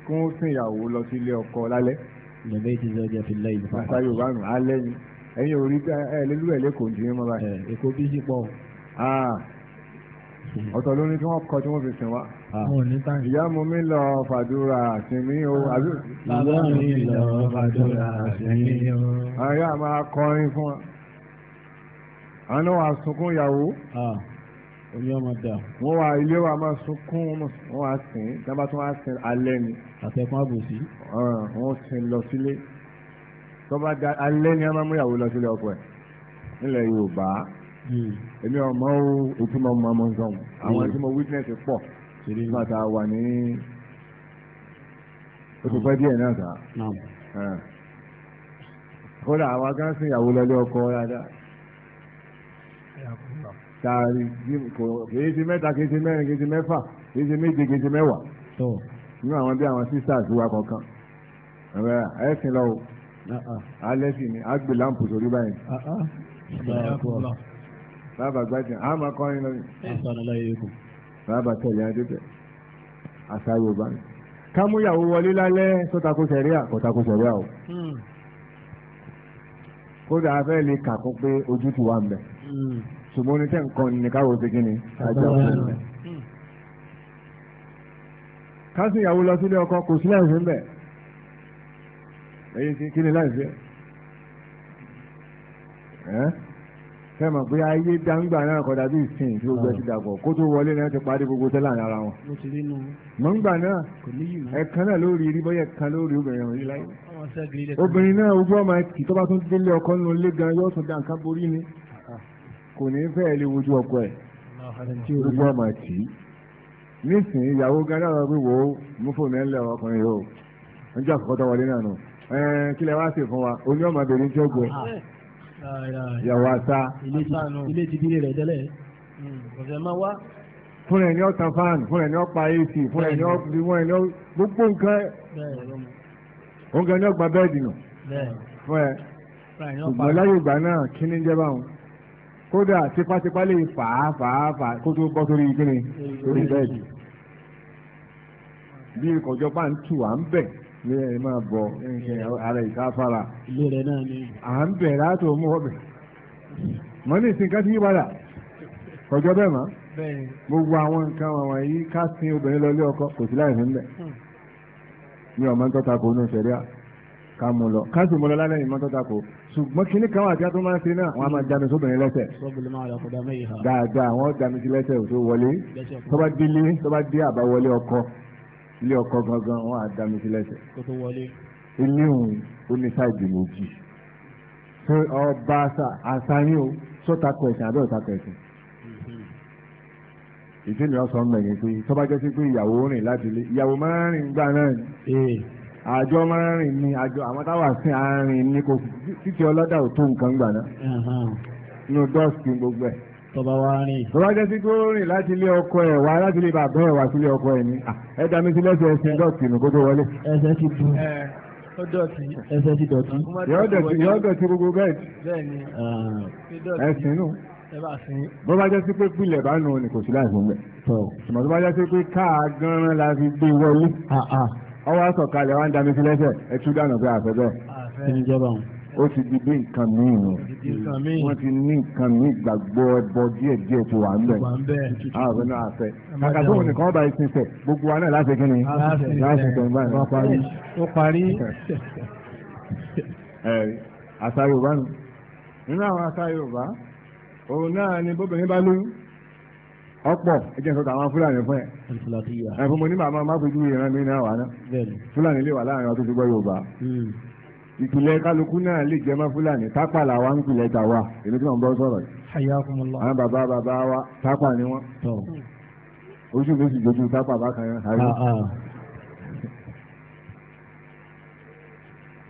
B: kó ń sìn ìyàwó lọ sí ilé ọkọ lálẹ́. lẹ́lẹ́ ti zọ́jà fi lẹ́yìn nípa. àṣà yorùbá nù alẹ́ ni ẹ̀yin ò rí ẹ̀ lélúwẹ̀ lẹ́kọ̀ọ́ Mm-hmm. ọ̀tọ̀ ló ní kí wọ́n kọ tí wọ́n fi sìn wá. Ah. ìyá mu mi lọ fàdúrà àtìmí o. Ah. bàbá mi lọ fàdúrà àtìmí o. àyà máa kọrin fún wa. àná wa sunkún ìyàwó. Ah. omi ọmọ dà. wọ́n wá ilé wa máa sunkún wọ́n wá sìn dábàá tó wá sìn alẹ́ ni. àtẹkùn àbòsí. wọ́n sìn lọ sílé. tọ́ba alẹ́ ni a máa mú ìyàwó lọ sílé ọkọ ẹ̀ nílẹ̀ Yorùbá. Hmm. èmi ọmọ o òtún mọ ọmọ nǹkan àwọn hmm. mo witness pọ̀ nígbà tá a wà ní oṣù hmm. pẹ́ díẹ̀ náà sá kódà àwọn agánsìn ìyàwó ọkọ dáadáa taari kìí ti mẹ́ta kìí ti mẹ́rin kìí ti mẹ́fà kìí ti méje kìí ti nínú àwọn bí àwọn sisters wa kankan ẹ̀sìn lọ o ah, ah. alẹ́ sì ni àgbè sórí báyìí. Ah, sábà gbájá a máa kọ́ yín lọ́yìn. sábà tẹ̀lé adébẹ̀ àṣà yorùbá ni. kámúyàwó wọlé lálẹ́ sọ́takó sẹ̀ríà kọ́takó sẹ̀ríà o. Hmm. kódà afẹ́ lè kà pé ojú ti wà mbẹ̀. Hmm. ṣùgbọ́n ní tẹ̀ǹkan ní káwọ́ ṣe kí ni. kásìyàwó hmm. lọ sílé ọkọ kò sílẹ̀ ìfún bẹ̀. ẹ̀yin kí ni láì fẹ́ sẹ́mọ̀ pé ayé dáńgbà náà kọ̀dà bí ìsìn tí ó gbẹ ti dàpọ̀ kó tó wọlé náà ti parí gbogbo tẹ́lá lára wọn. mo ti rí nu. mọ̀ngbà náà ẹ̀kan náà lórí rí bọ́yẹ̀ kan lórí obìnrin òní láyé. obìnrin náà ojú ọmọ ẹtì tó bá tún délé ọkọ nínú ilé gan yóò tún da nǹkan borí ni kò ní fẹ́ lè wojú ọkọ ẹ̀ ojú ọmọ ẹtì. nísìnyí ìyàwó gan náà wọ́n wò ó mú fòmí ọkùnrin
C: yàwó ata.
B: ilé ti bílẹ̀ rẹ̀ tẹ́lẹ̀
C: hmm, ọ̀sẹ̀ máa wá.
B: fúnra ẹni ọ̀tàn fan fúnra ẹni ọ̀pa ac fúnra ẹni ọ̀gbìmọ̀ ẹni gbogbo nǹkan òun gan ọgbà bẹ́ẹ̀dì nù fún ẹ
C: ṣùgbọ́n láyé ìgbà
B: náà kí ni jẹ́ báwọn kódà tipátipá lè fà á fà á fà á kó tó bọ́ sórí kíni lórí bẹ́ẹ̀dì bí ìkọ̀jọba ń tù à ń bẹ̀ bí ẹ máa bọ̀ nǹkan ara ìkáfara. ilé rẹ náà ni. à ń bẹ̀ láti òun mọ̀ bẹ̀. mọ ní ìsìn kan ti yí padà kọjọ bẹ́ẹ̀ mọ́. gbogbo àwọn nǹkan àwọn yìí ká sin obìnrin lọ ilé ọkọ kò sí láì fún bẹ́ẹ̀. Hmm. mi ò máa ń tọ́ta kó nù sẹ́ríà ká mú lọ ká sì mú lọ lálẹ́ ìmọ̀ tọ́ta kó ṣùgbọ́n kíní kan wà tí a tún máa ń ṣe náà wọ́n á máa dami sóbìnrin lẹ́sẹ̀. dáadáa wọ́n dami sí lẹ́sẹ̀ tó wọlé tó ilé ọkọ gangan wọn á dá mi sí lẹ́sẹ̀. ilé òun ó ní sáìdì méjì ṣé ọba àṣàyàn o sọ́takọ̀ ẹ̀sìn àbẹ́ òtakọ̀ ẹ̀sìn.
C: Mm-hmm.
B: ìdí ni wọ́n sọ mọ̀ ní pé tọ́ba jẹ́ sí pé ìyàwó rìn láti ilé ìyàwó máa rìn gbà náà ni eh. àjọ máa ń rìn ní àjọ àwọn táwa sí àárín ní kò títí ọlọ́dà ò tó nǹkan gbà náà nínú dọ́ọ̀sì gbogbo ẹ̀ tọba wa rìn. tọba jẹ́ sí kó rìn láti ilé ọkọ ẹ̀ wá láti ilé bàbá ẹ̀ wá sílé ọkọ ẹ̀ ni ẹ dá mi sí lẹ́sẹ̀ ẹ̀sìn dọ̀tí nù kó tó wọlé. ẹsẹ̀ ti dùn
C: ó dọ̀tí ẹsẹ̀ ti
B: dọ̀tí. yọ dọ̀tí gbogbo bẹ́ẹ̀dì.
C: bẹ́ẹ̀ni ẹ̀sìn nù.
B: bó bá jẹ́ sí pé pilẹ̀ bá nù ni kò sí láì fún bẹ́ẹ̀. tọ́ tó bá jẹ́ sí pé káà gan-an la fi gbé wọlé. ọwọ́ sọ̀kalẹ̀ wa ń dá mi sí lẹ́sẹ̀ ẹ̀ ó ti di bí nǹkan míì wọ́n ti ní nǹkan míì gbàgbọ́ ẹbọ díẹ̀ díẹ̀ tó wà ń bẹ̀ àwọn náà àfẹ́ kàkà tó wọn nìkan ọba ìsìn sẹ̀ gbogbo wa náà láti kí ni láti sẹ̀ nígbà yẹn wọ́n parí. ó parí. àṣà yorùbá nù nínú àwọn àṣà yorùbá òun náà ni bóbìnrin bá lóyún ọ̀pọ̀ ẹjẹ sọ tàwọn fúlàní fún ẹ ẹ fún mo ní màmá má fojú ìran mi náà wà náà fúlàní lè wà láàrin ọtún tó gbọ́ yorùbá hmm ìpìlẹ̀ kálukú náà lè jẹ́ mọ́ fúlàní tápà làwa ń pìlẹ̀ tà wa èmi tí wọ́n bọ́ sọ̀rọ̀
C: yìí. àwọn
B: bàbá bàbá wa tápà ni wọ́n. oṣù méjì lójú tápà bákan yẹn harí. Ah, ah.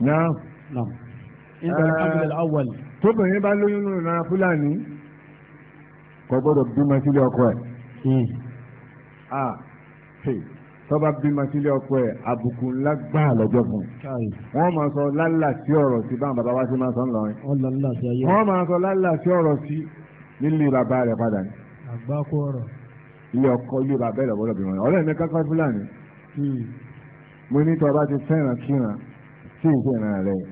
B: náà
C: eh,
B: tóbìnrin bá lóyún nínú náà fúlàní kò gbọ́dọ̀ bímọ sílé ọkọ ẹ̀. Hmm. Ah, tọ́ba bímọ sílé ọkọ ẹ̀ àbùkù ńlá gbà lọ́jọ́ fún un. wọ́n máa sọ lálà sí ọ̀rọ̀ sí báwọn bàbá wa ṣe máa sọ ńlọrin. wọ́n máa sọ lálà sí ọ̀rọ̀ sí nílé bàbá rẹ̀ padà ní. àgbákò ọ̀rọ̀. ilé ọkọ ilé bàbá rẹ̀ gbọ́dọ̀ bímọ ọ̀rẹ́ mi kákọ́ fúlàní. Hmm. mo ní tọ́ba ti fẹ́ràn kíran tí ì rẹ̀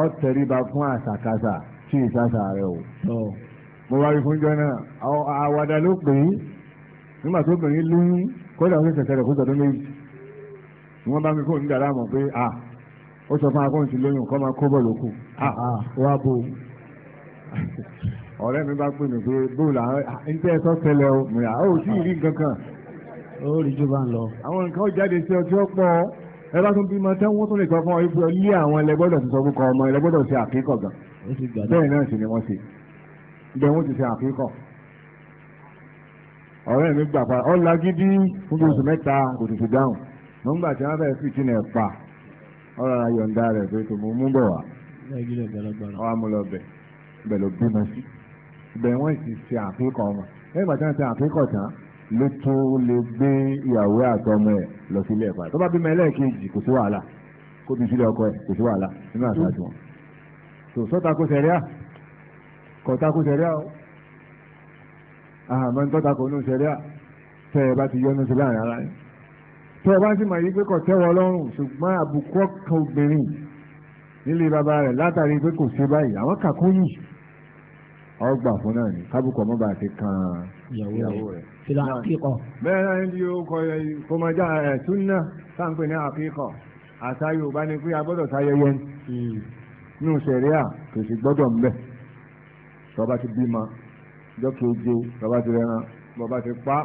B: ọ́ tẹríba fún àṣàkáṣà tí ì kódà wọ́n ṣẹ̀ṣẹ̀ rẹ̀ kó sọdún méjì wọ́n bá mi kó nígbà láàmú pé à ó sọ fún akóhùn sí lóyún kọ́ máa kó bọ̀ lókù wá bò ó ọ̀rẹ́ mi bá pè mí pé bóòlù àwọn ń tẹ́ ẹ o mìíràn ó sì rí nǹkan kan ó rí jù bá ń lọ. àwọn nǹkan ó jáde sí ọtí ọ̀pọ̀ ẹ bá tún bímọ tán wọn tún lè sọ fún ọ ibi ilé àwọn ẹlẹgbọdọ ti sọ fún kọ ọmọ ẹlẹgbọdọ ṣe àkíkọ gan. bẹ́ẹ̀ náà sì ni wọ́n ṣe bẹ́ẹ̀ wọ́n ti ṣe àkíkọ ọ̀rẹ́ mi gbà pa ọ̀la gidi fún oṣù mẹ́ta kò tètè dáhùn nígbà tí wọ́n fẹ́ fi tí nẹ̀ pa ọ̀rọ̀ ayọ̀ ń dá rẹ̀ pé kò mú mú bọ̀ wá. ọ̀rọ̀ amúlọ bẹ̀ bẹ̀ ló bímọ sí bẹ̀ wọ́n sì ṣe àfikọ̀ wọn lẹ́yìn pàtàkì ṣe àfikọ̀ tán ló tó lè gbé ìyàwó àtọmọ ẹ̀ lọ sí ilé ẹ̀kọ́ tó bá bímọ ẹlẹ́ẹ̀kejì kò sí wàhálà kó bí sílẹ̀ ọkọ ẹ̀ kò sí wàhálà nínú àṣà tiwọn. sọ́ta kó sẹ̀ríà kọ̀ta kó sẹ̀ríà o àmọ́ ń tọ́ta kò ní ìṣẹ̀lẹ̀ à tẹ́ ẹ bá ti yọ́nú sí láàrin ara yẹn tẹ́ ẹ bá sì mọ̀ yí pé kò tẹ́wọ́ lọ́rùn ṣùgbọ́n àbùkù ọkàn obìnrin nílé bàbá rẹ̀ látàrí pé kò ṣe báyìí àwọn kàkún yìí ọgbà fún náà ni kábùkù ọmọ bá ti kan ìyàwó rẹ̀ fìlà àkíkọ. o kọ kọmọjá ẹ̀ túnná sáǹpé ní àkíkọ àṣà yorùbá ni pé a gbọ́dọ̀ sáyẹyẹ ní hmm. òṣèré à kò sì gbọ́dọ̀ ń bẹ̀ ti bímọ jọ́ keje bàbá ti rẹran bàbá ti pa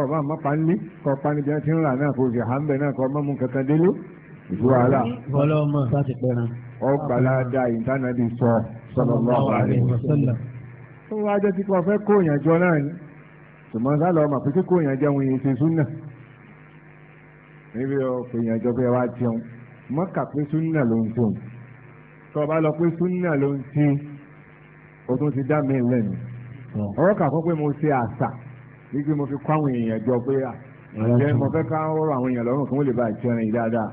B: ọba àmọ́ panlé kọ́ panijì àti ńlá náà kò sì hàn bẹ́ẹ̀ náà kọ́ mọ́mú kankan délé ìṣú wàhálà. bọ́lá ọmọ bá ti pẹ́ ran. ọgbàlá da ìtànàbí sọ sallallahu alaihi wasallam. ó wá jẹ́ kíkọ́ fẹ́ kó òyìn àjọ náà ni ṣùgbọ́n sálọ ọmọ pé kíkó òyìn àjọ òyìn ṣe súnà. níbi ọ̀pọ̀ òyìn àjọ pé wá jẹun mọ́kà pé súnà ló ń tó. tọ́ o tún ti dá mi lẹ́nu ọ̀rọ̀ kà kọ́ pé mo ṣe àṣà wípé mo fi kọ́ àwọn èèyàn jọ pé àjẹ́ mo fẹ́ ká ọ̀rọ̀ àwọn èèyàn lọ́rùn kí wọ́n lè bá ìtura yìí dáadáa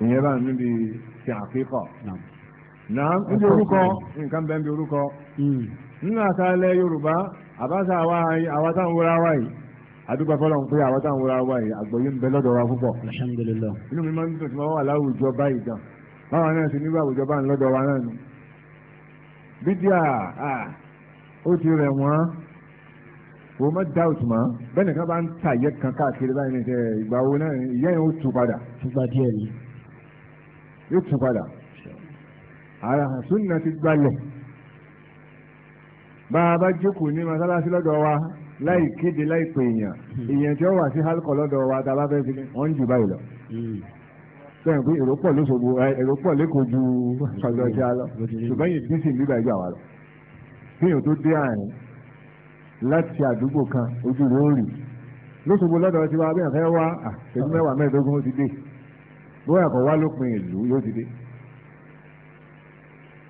B: ìyẹn bá mi bi ṣe àfikọ́ náà níbi orúkọ nǹkan bẹ́ẹ̀ níbi orúkọ hmm. nínú àtàlẹ́ Yorùbá àbáṣà àwa táwọn wúra wa yìí adúgbò fọlọ́n pé àwa táwọn wúra wa yìí àgbọ̀yé ń bẹ lọ́dọ̀ wa púpọ̀ inú mi máa ń dùn tí wọ́n wà láwùjọ báyìí gan-an báwọn náà ti nígbà àwùjọ bá ń lọ́dọ̀ wa náà nù bídíà ó ti rẹ̀ wọ́n kò má doubt mọ́ bẹ́ẹ̀ nìkan bá ń ta ìyẹ́ kan káàkiri báyìí nìkẹ́ ìgbà wo náà ìyẹ́ yẹn ó tù padà. ìgbà díẹ̀ ni. yóò tù padà. ara sunna ti gbalẹ̀ bá a bá jókòó ní masalasi lọ́dọ̀ wa láì kéde láì pè èèyàn hmm. èèyàn tí ó wà sí halkọ lọ́dọ̀ wa tá a bá fẹ́ fi wọ́n jù báyìí lọ. Hmm sọ̀rọ̀ pé èrò pọ̀ lóṣogbo èrò pọ̀ lẹ́kọ̀ọ́ ju ọ̀dọ̀jà lọ ṣùgbọ́n yìí bí sì ń bíbá ìjà wà lọ. fíyàn tó dé àárín láti àdúgbò kan ojú rẹ̀ ó rì lóṣogbo lọ́dọ̀ ti wá bí àfẹ́ wá àṣẹjú mẹ́wàá mẹ́ẹ̀ẹ́dógún ó ti dé bóyá kò wá lópin ìlú yóò ti dé.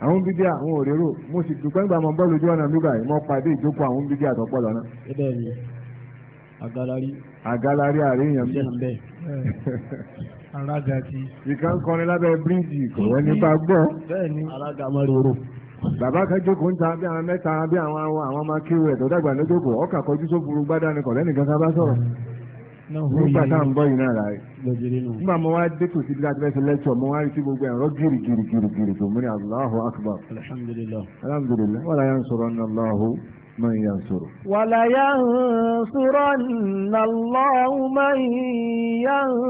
B: àwọn bídíà àwọn òrérò mo sì dúpẹ́ nígbà mọ́ bọ́ọ̀lù ojú ọ̀nà bíbá yìí mo pàdé ìjókòó àwọn bídíà tó pọ̀ lọ́nà. ni àgàlárí. àgàlárí alágàtì. ìkan kọrin lábẹ́ bíríìjì kò wọ́n nípa gbọ́. bẹ́ẹ̀ni alága máa rí oró. bàbá kan jókòó ń ta bí àwọn mẹ́ta bí àwọn àwọn ọmọ akéwì ẹ̀ tó dàgbà ló jókòó ọkà kọjú sófuru gbádà ni kọ̀lẹ́ nìkan ká bá sọ̀rọ̀.
C: nígbà tá à ń bọ̀ yìí
B: náà láàyè. nígbà mo wá dé tòsí bí láti fẹ́ ṣe lẹ́tọ̀ mo wá rí sí gbogbo ẹ̀rọ gírì gírì gírì tó múni Allahu akbar. alhamdulillah. alhamdulillah wàlàyé ń sọ̀rọ̀ ní Allahu. من ينصره
A: ولينصرن الله من ينصره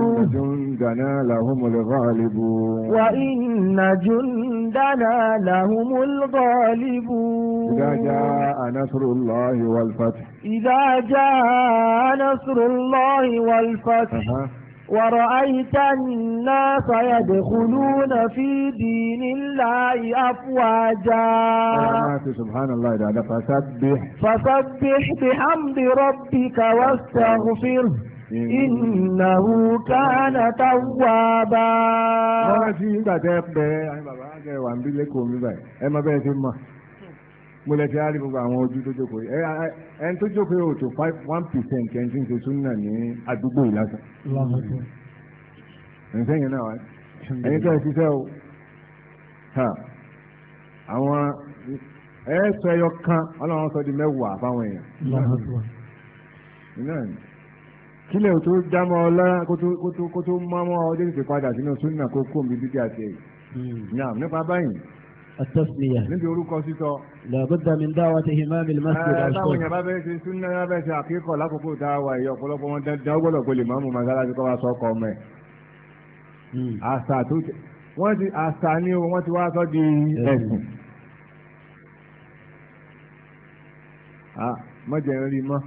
A: وإن
B: جندنا لهم الغالبون
A: وإن جندنا لهم الغالبون إذا جاء
B: نصر الله والفتح
A: إذا جاء نصر الله والفتح أه. ورأيت الناس يدخلون في دين الله أفواجا
B: سبحان الله إذا فسبح
A: فسبح بحمد ربك واستغفره
B: إنه كان توابا. Wọ́n mo lẹ ti á rí gbogbo àwọn ojú tó jókòó ẹ ẹni tó jókòó ò tó five one percent ẹni tí ń ṣe súnà ní àdúgbò ìlàsà. ǹsẹ́ yẹn náà wá ẹni tó ẹ ṣiṣẹ́ o àwọn ẹ sọ ẹyọ kan ọlọ́run sọ di mẹ́wàá fáwọn èèyàn kílẹ̀ tó dámọ́ ọlá kó tó mọ́mọ́ ọdún ìpèpadà sínú súnà kó kó mi dídí àti ẹ̀yìn hmm. nípa báyìí. التسمية نبي أروك سيتو لابد من دعوة إمام المسجد أو شيخ táwọn yàrá bẹ́ẹ̀ ṣe súnná yàrá bẹ́ẹ̀ ṣe àkíkọ̀ lákòókò tá a wà yìí ọ̀pọ̀lọpọ̀ wọn dandan gbọ́dọ̀ pé lè máa mú masalasi kọ́ wa sọ ọkọ̀ ọmọ ẹ̀. Hmm. àṣà tó tẹ wọ́n ti àṣà ni o wọ́n ti wá sọ di ẹ̀sìn. mọ̀jẹ̀ ń rí mọ́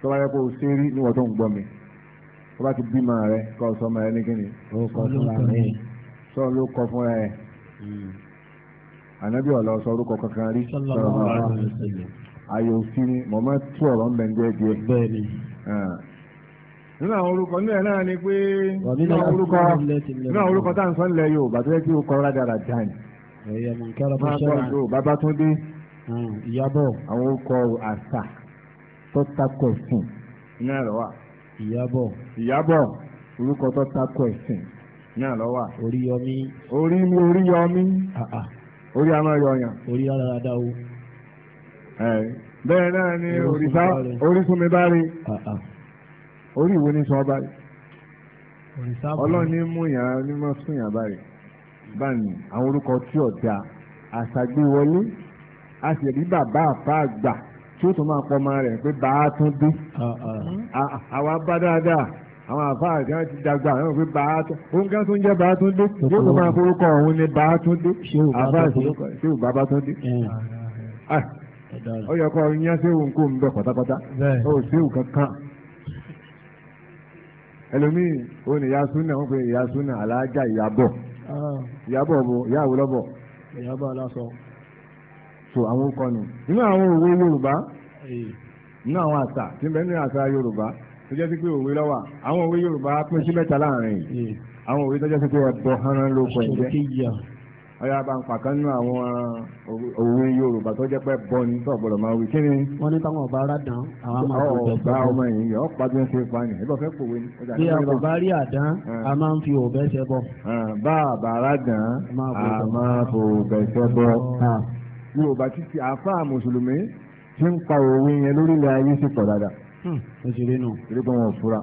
B: tó bá yẹ kó o ṣe rí níwọ̀n tó ń gbọ́ mi tó bá ti bímọ rẹ kọ́ ọ sọmọ rẹ ní kíni. ó kọ fúnra rẹ sọ ló kọ fúnra rẹ. Hmm ànábì ọ̀la ọ̀sọ́ orúkọ kankan rí ayò òfin ni mo máa tú ọ̀rọ̀ ń bẹ̀ ń jẹ́ díẹ̀ ah. nínú àwọn orúkọ nínú ẹ̀ náà ni pé nínú àwọn orúkọ nínú àwọn orúkọ tá à ń sọ nílẹ̀ Yorùbá tó yẹ kí o kọ́ rádára dáì máa tọ́ ìlú Babátúndé hmm, Ìyábọ̀ àwọn orúkọ àṣà tó takò ẹ̀sìn ní ẹ̀rọ wa Ìyábọ̀ Ìyábọ̀ orúkọ tó takò ẹ̀sìn ní ẹ̀rọ wa Oríyọmí orí mi Oríyọmí ah, ah orí àmọ́ yọyàn. orí ara dá o. bẹ́ẹ̀ náà ni òrìṣà orísunmi bá rí ah, ah. orí ìwo ní sọ bá rí ọlọ́ọ̀ni mú yàn ní mọ́ fún yàn báyìí báyìí àwọn orúkọ tí ọ̀dà àṣàgbéwọlé a sì rí bàbá àfa àgbà tí ó tún máa pọ̀ ọmọ rẹ̀ pé bàá tún dé ah, àwa bá dáadáa àwọn àfáà kan ti dàgbà àwọn òfin Bàátún òun kan tó ń jẹ́ Bàátúndé yóò tó máa forúkọ òun ni Bàátúndé àfáà sí ò bàbá tó dé ó yẹ kó yẹn séwù ń kó ń bẹ pátápátá ó séwù kankan ẹlòmíì ó ní ìyá súnà wọn pe ìyá súnà alájà ìyàbọ ah. ìyàbọ bò ìyàwó lọbọ. ìyàbọ aláṣọ. so àwọn kọnu nínú àwọn òwe Yorùbá nínú àwọn àṣà tí tó jẹ́ sí pé òwe lọ́wà àwọn òwe Yorùbá pín sí mẹ́ta láàrin yìí àwọn òwe tó jẹ́ sí pé ọ̀dọ̀ hánà ló pọ̀ jẹ́ ọyá bá ń pàkan nínú àwọn òwe Yorùbá tó jẹ́ pé bọ́ ní tó gbọ́dọ̀ máa wí kí ni. wọ́n ní táwọn ọba ara dán àwọn máa kó jẹ gbọ́dọ̀. ọba ọmọ yìí yọ ọ̀pá tó ń ṣe pa ni ẹgbẹ́ fẹ́ pòwe ni. bí a kò bá rí àdán ah. a máa ń fi òbẹ́ ṣẹ bọ. Ah, bá a bá ara dán a máa fò òbẹ́ ṣẹ bọ. Ah. Yorùbá títí àáfàá mùsùlùmí ti ń pa òwe yẹn lórílẹ̀ ayé sí pọ̀ dáadáa òṣèré hmm, nù. torí pé wọn ò fura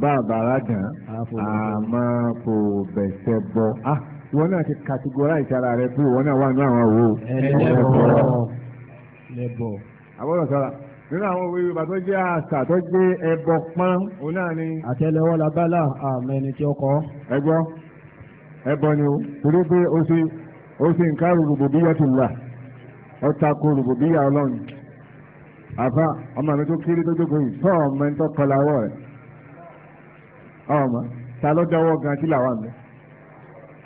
B: bá a bàrà dàn àmọ́ kò bẹ̀sẹ̀ bọ́ ah, wọn náà ti categorize ara rẹ pé wọn náà wà ní àwọn òwò. ẹlẹ́bọ̀ lẹ́bọ̀. àbọ̀dọ̀ sọ̀rọ̀ nínú àwọn òwe yorùbá tó jẹ́ àṣà tó jẹ́ ẹbọ pọ́n òun náà ni. àtẹ́lẹwọ́ labala àmọ́ ẹni tí ó kọ. ẹ gbọ́ ẹbọ ni o torí pé o ṣe o ṣe nǹkan rògbòdìyà tó wà ọ̀tà kò rògbòdìyà ọlọ́run àfa ọmọ mi tó kéré tó jókòó yìí sọ ọmọ ẹni tó kọlà ọwọ́ rẹ̀ ọmọ ta ló dáwọ́ gan kí làwọn mi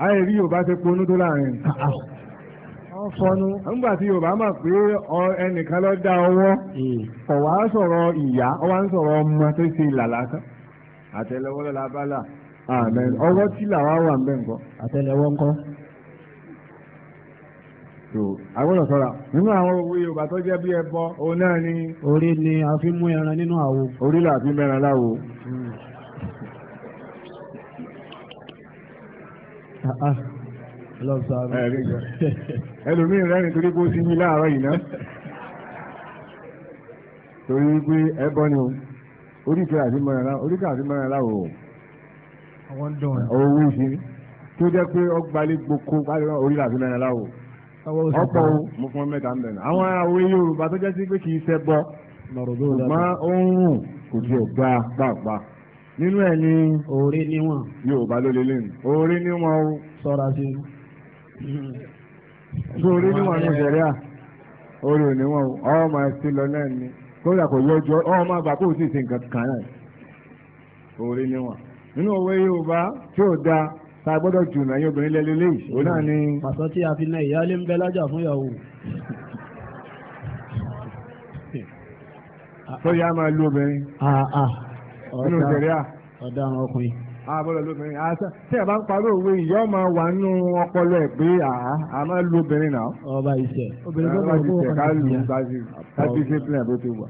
B: ayé rí yorùbá ti ponú tó láàrin fọnú. nígbà tí yorùbá mọ̀ pé ẹnìkan ló dá ọwọ́ kò wá sọ̀rọ̀ ìyá ó wá ń sọ̀rọ̀ ọmọ tó ṣe ìlà lásán. àtẹ́lẹwọ́ bá là ọwọ́ tí làwa wà ń bẹ̀ ńkọ́. àtẹ́lẹwọ́ ńkọ́ so agbọ́dọ̀ sọ́ra nínú àwọn owó yorùbá tó jẹ́ bí ẹbọ òun náà ni. orí ni a fi mú ẹran nínú àwo. orí là fi mẹ́ran láwo. Ah, ah. ẹlòmíì rẹ́rìn torí kó sí mi yìí náà torí pé ẹbọ ni o orí kí àfi mẹ́ran láwo orí kí àfi mẹ́ran láwo
C: àwọn dùn ẹ. owó
B: ìṣe tó jẹ́ pé ọgbàlẹ̀ gboko orí là fi mẹ́ran láwo ọ̀pọ̀ o mo fún mẹ́ta ń bẹ̀rẹ̀ àwọn àwọ̀ Yorùbá tó jẹ́ sí pé kì í ṣe bọ́ ṣùgbọ́n oorun kò tí ò gbà gbàgbà nínú ẹ̀ ni oore níwọ̀n Yorùbá ló lélẹ̀ ní oore níwọ̀n o sọ́ra sí
C: i tó oore níwọ̀n ní ìṣẹ̀lẹ̀ à
B: oore níwọ̀n o ọmọ ẹ̀ ti lọ náà ni kódà kò yọjọ ọmọ àgbà kò sì ṣe nǹkan kan náà oore níwọ̀n nínú òwe Yorùbá tí ò dáa tá a gbọ́dọ̀ jù náà yín obìnrin lẹ́lẹ́ léyìí òun náà ni. pàṣọ tí a fi na ìyáálé ń bẹ lájà fún ìyàwó. tó yá máa lu obìnrin. nínú ìṣẹ̀rí à. ọ̀daràn ọkùnrin. àbọ̀dọ̀ lóbìnrin àṣà tí a bá ń parí òwe ìyá ọmọ wà nínú ọpọlọ ẹ̀ pé a máa lu obìnrin náà. ọba ìṣẹ̀. obìnrin tó bá kó ọkàn ìṣẹ̀ ká ti ṣe plan bó ti wà.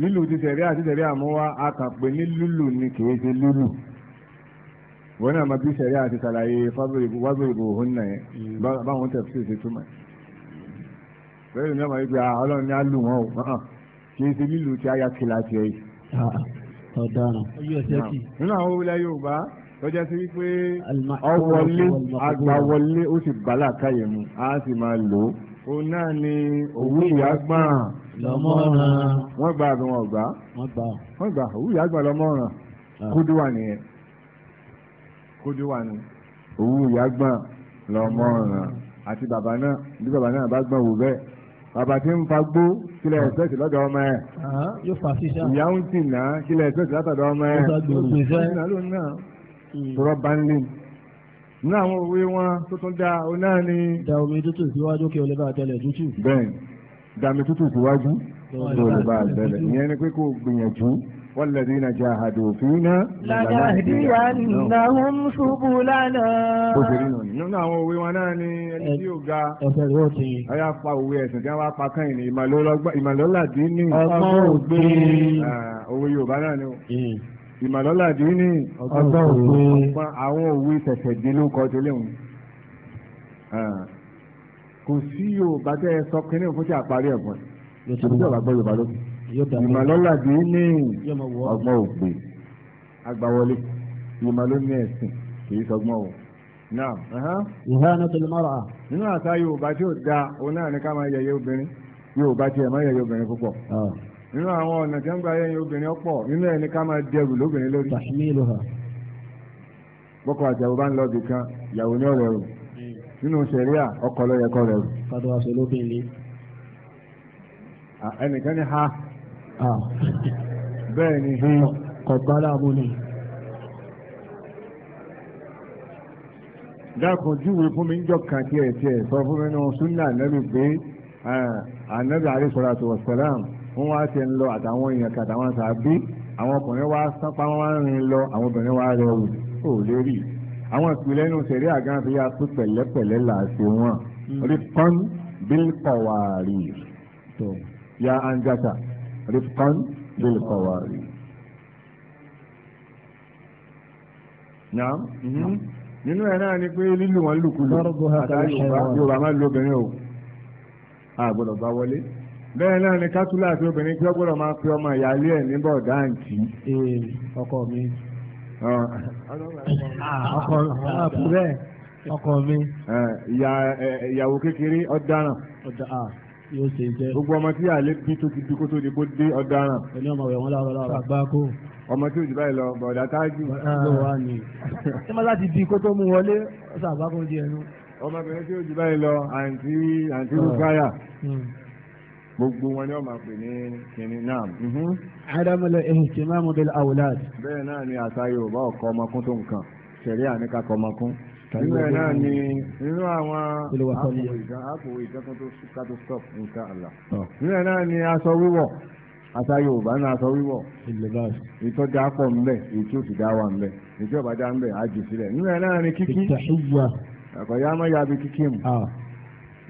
B: lílù ti ṣẹ̀rí àti ṣẹ̀rí àmúwá a kàn pé ní lúlù ni kì í ṣe lúlù wọn náà máa bí sẹ̀rí àti sàlàyé wábìrìbò òhun náà yẹn mm. báwọn tẹ̀ sí ṣe túmọ̀ bẹ́ẹ̀ ni ọmọ yìí pé ọlọ́run ní á lù wọ́n o kì í ṣe lílù tí a yà kí láti ẹ̀ yìí. ọ̀daràn nínú àwọn olùlẹ̀ Yorùbá lọ́jà sí wípé ọwọ́lé agbawọlé ó sì bàlá káyè mu á sì máa lò ó. òun náà ni òwú ìyá gbọ́n lọ́mọ́ràn. wọ́n gbà àbí wọ́n gbà. wọ́n gbà òwú ìyá gbọ́n lọ́mọ́ràn ah. kúdùwà nìyẹn kójú wà ní òwú ìyá gbọ̀n lọ́mọ ọ̀ràn àti bàbá náà bí bàbá náà bá gbọ̀n wò bẹ́ẹ̀ bàbá tí ń fa gbó kílẹ̀ ẹ̀sẹ̀sì ah. lọ́dọ̀ ọmọ ẹ̀ ah, ìyá ń tì náà kílẹ̀ ẹ̀sẹ̀sì látọ̀dọ̀ ọmọ ẹ̀ tọrọ bá ń lé ní àwọn òwe wọn tó tún dá o náà ni. da omi tútù síwájú kí o lè bá tẹlẹ tútù. bẹ́ẹ̀ dami tútù síwájú kí o lè bá tẹlẹ ìyẹn ni pé kó gbìyànjú والذين جاهدوا فينا لنهدينهم سبلنا bóṣerínà ni nínú àwọn òwe wọn náà ni ẹni tí yóò ga ẹsẹ̀ rẹ̀ ó ti ọyá pa òwe ẹ̀sìn tí wọ́n bá pa kẹ́yìn ní ìmọ̀lọ́ládì ní ọgbọ́n ògbé òwe Yorùbá náà ni o ìmọ̀lọ́ládì ní ọgbọ́n ògbé àwọn òwe tẹ̀sẹ̀dínlókọ̀ tó léwu kò sí Yorùbá tẹ́ ẹ sọ kínní òfin tí a parí ẹ̀gbọ́n ló ti rí Yorùbá gbọ́ Yorùbá lókè ìmọ̀lọ́làdì ní ọgbọ́n ògbè agbawọlé ìmọ̀lómi ẹ̀sìn kì í sọgbọ́n o. Ihanatul mar'a. nínú àṣà Yorùbá tí ò da òun náà ní ká máa yẹyẹ obìnrin Yorùbá tiẹ̀ máa yẹyẹ obìnrin púpọ̀ ah. nínú àwọn ọ̀nà tí wọ́n gba yẹyẹ obìnrin ọ̀pọ̀ nínú ẹ̀ ní ká máa dẹrù lóbìnrin lórí. tahmiluha. bọ́kọ àjàwó bá ń lọ bì kan ìyàwó ní ọ̀rẹ́ rò nínú sẹ̀ríà ọkọ lọ́yẹ̀kọ́ rẹ̀ rò. kádọ́ aṣọ lóbìnrin. ẹnìkan ní ha Ah. bẹ́ẹ̀ ni ọ̀gbálá mú ni. dákun júwe fún mi ń jọ kan tiẹ̀ tiẹ̀ sọ fún mi nínú súnà ànábì pé ànábì àríṣọ́ra tó wọ̀sálàm wọ́n wá ti ń lọ àtàwọn èèyàn kan àtàwọn sàbí àwọn ọkùnrin wá sápá wọn wá rìn lọ àwọn obìnrin wá rẹwù ó lérí àwọn ìpìlẹ̀ inú sẹ̀rí àgán fi yá pé pẹ̀lẹ́pẹ̀lẹ́ là á ṣe wọn rí pọ́n mm. bílkọ̀wárì yá anjata rifkan bil kọwari. nínú ẹ̀ náà ni pé lílù wọn lùkulù yorùbá máa lu obìnrin o àgbọ̀dọ̀ bá wọlé bẹ́ẹ̀ náà ni kátúlà àti obìnrin pé ọgbọ́dọ̀ máa fi ọmọ ìyáálé ẹ̀ níbọ̀ dáǹtì. ọkọ mi
C: ọkọ mi
B: ọkọ mi. ìyàwó kékeré ọ̀daràn yóò ṣe jẹ́. gbogbo ọmọ tí àlè bí tó ti dúkó tó di bó dé ọ̀daràn. ẹni ọmọ rẹ̀ wọ́n lára lára. àgbákò. ọmọ tí òjì báyìí lọ bọ̀dà táájú. ló wà ní. ṣé má láti di kó tó mú wọlé ọ̀sán àgbákò di ẹnu. ọmọbìnrin tí òjì báyìí lọ àǹtí àǹtí hmm. rúkáyà. Hmm. gbogbo wọn ni wọn máa pè ní kìnìún náà. àdàmọ̀lẹ̀ mhm. ihtimamu bil awlad. bẹ́ẹ̀ náà ni àṣà Yorùbá ọkọ̀ ọmọkún tó nǹkan ìgbà náà ni nínú àwọn àpòwé ìkẹ́kọ̀ọ́ tó ká tó stop nǹkan àlà. nígbà náà ni aṣọ ata yorùbá náà aṣọ ìtọ́jà pọ̀ dá wà á jù sílẹ̀. náà ni kíkí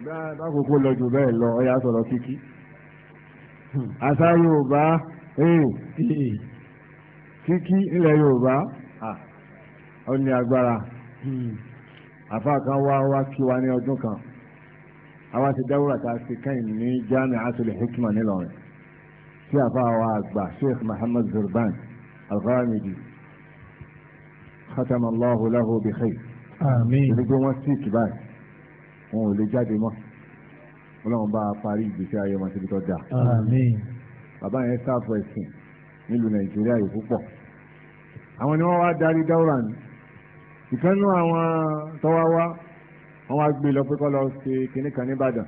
B: má lọ jù bẹ́ẹ̀ lọ ọ̀yà sọ̀rọ̀ kíkí. Hmm. yorùbá kíkí ilẹ̀ yorùbá ní agbára. Hmm. àfa kan wá wá kí wa ní ọdún kan àwa ti dáwúrà tá a ti kẹ́yìn ní Jami'atul Hikma nílọrin tí àfa wa àgbà Sheikh Muhammad Zurban Al-Ghamidi khatama Allahu lahu bi khair. àmín. ìdílé wọn sí ìtìbáyì wọn ò lè jáde mọ́ ọlọ́run bá a parí ìgbésí ayé wọn síbi tó dáa. àmín. bàbá yẹn sáfù ẹ̀sìn nílùú Nàìjíríà yìí púpọ̀ àwọn ni wọ́n wá darí dáwúrà ni ìkànnú àwọn tọ́wáwá wọ́n wá gbé lọ pé kọ́ lọ ṣe kinní kan nìbàdàn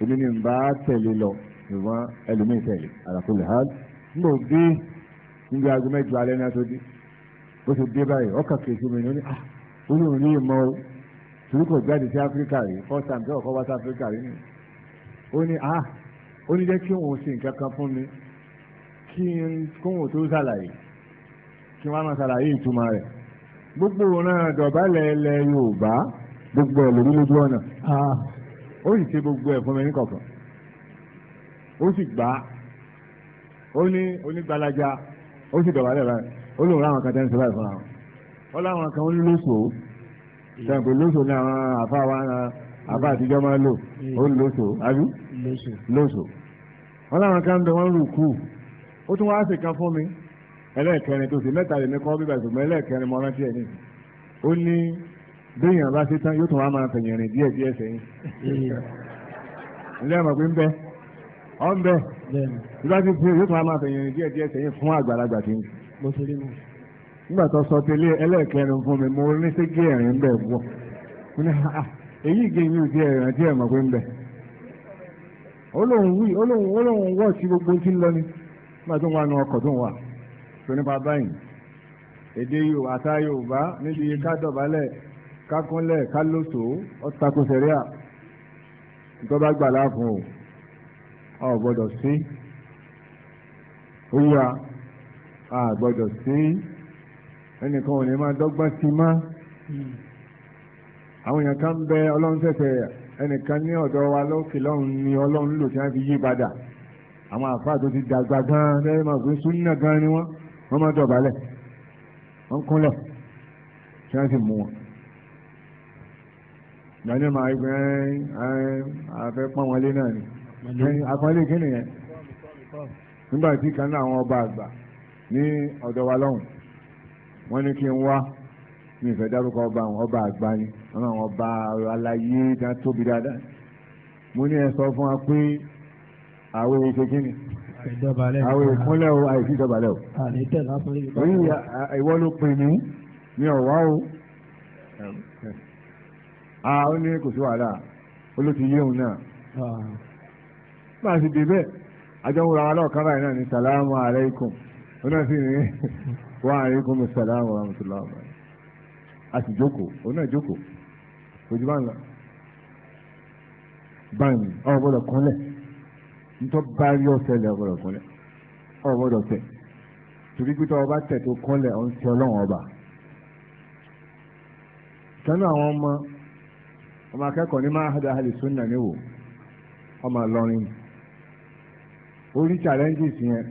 B: èmi ni n bá tẹ̀lé lọ ìwọ́n ẹlòmíì tẹ̀lé àlàkùnlé hàn nígbà òbí níbi aago mẹ́jọ alẹ́ náà tó bó ti dé báyìí ọkà kejì mi ni ó ní ah olóòrùn ní ìmọ̀ o torí kò jáde sí áfíríkà rí first time tí wá sí áfíríkà rí ni ó ní ah ó ní jẹ́ kí òun ṣe nǹkan kan fún mi kí n kóhùn tó ṣàlàyé kí wọ́n máa ṣàlàyé ìtumọ̀ rẹ̀ gbogbo náà dọ̀bálẹ̀ ilẹ̀ Yorùbá gbogbo ẹ̀ lórí lójú ọ̀nà ah. ó sì ṣe gbogbo ẹ̀ fún mi ní kọ̀ọ̀kan ó sì gbà á ó ní onígbàlájà ó sì dọ̀bálẹ̀ báyìí ó lòun láwọn kan tẹ́ ń sọ báyìí fún àwọn ó láwọn kan hmm. hmm. ó ní lóṣòó sẹ́ǹpé lóṣòó ní àwọn àfa wa àfa àtijọ́ máa lò ó lóṣòó àbí lóṣòó wọ́n láwọn kan ń bẹ wọ́n rù kú ó tún wá ṣèkan fún mi ẹlẹ́ẹ̀kẹrin tó sì mẹ́ta lè mi kọ́ bíbá ìṣùgbọ́n ẹlẹ́ẹ̀kẹrin mọ́ rántí ẹ̀ ní. ó ní béèyàn bá ṣe tán yóò tún wá máa tẹ̀yìn rìn díẹ̀ díẹ̀ sẹ́yìn. ilé ọmọ pé ń bẹ ọ ń bẹ ìbá ti fi yóò tún wá máa tẹ̀yìn rìn díẹ̀ díẹ̀ sẹ́yìn fún àgbàlagbà tí ń. nígbà tó sọ tẹ́lẹ̀ ẹlẹ́ẹ̀kẹrin fún mi mo ní sí gé ẹ̀rín ń bẹ̀ wọ̀ èyí gé tó nípa báyìí èdè yorùbá àtà yorùbá níbi ká dọ̀bálẹ̀ ká kúnlẹ̀ ká lóso ọ̀tako sẹ̀ríà tó bá gbà láàfún o ọ̀ gbọ́dọ̀ sí òwúra a gbọ́dọ̀ sí ẹnìkan ò ní máa dọ́gbọ́n sí má àwọn èèyàn kan bẹ ọlọ́run tẹ̀sẹ̀ ẹnìkan ní ọ̀dọ̀ wa lókè lọ́run ni ọlọ́run lò tí wọ́n fi yí padà àwọn àfáà tó ti dàgbà gan-an lẹ́yìn máa fi súnà gan-an ni wọ́n wọ́n máa dọ̀bálẹ̀ wọ́n kúnlẹ̀ tí wọ́n sì mú wọn. ìdájọ́ máa ń gbẹ́ afẹ́ pọ́n wọlé náà ni àpọ́nlé kí nìyẹn nígbà tí kan náà àwọn ọba àgbà ní ọ̀dọ̀ wa lọ́hùn wọ́n ní kí n wá ní ìfẹ́ dárúkọ ọba àwọn ọba àgbà ni wọ́n àwọn ọba aláyé tí wọ́n tóbi dáadáa mo ní ẹ sọ fún wa pé àwọn èyí ṣe kí ni
C: àwọn ìkúnlẹ̀
B: o àìsí ìdọ̀bálẹ̀ o. èyí ìwọ ló pè mí mi ò wá o. ó ní kò sí wàhálà ó ló ti yé òun náà. máa sì dé bẹ́ẹ̀ àjọwò ra wa lọ́ọ̀kan báyìí náà ní salamu alaykum ó náà sì ní wa alaykum salamu wa rahmatulah a sì jókòó ó náà jókòó kò bá ń lọ. báyìí ọ̀ gbọ́dọ̀ kúnlẹ̀ ntọ́ bá rí ọ̀sẹ̀ lẹ̀ ọ̀gbọ̀dọ̀ kúnlẹ̀ ọ̀gbọ̀dọ̀ tẹ̀ torí pé tọ́ ọba tẹ̀ tó kúnlẹ̀ ọ̀n ti ọlọ́run ọba. sanu àwọn ọmọ ọmọ akẹ́kọ̀ọ́ ní máa hada hali sunna ní wò ọmọ lọ́rin orí challenges yẹn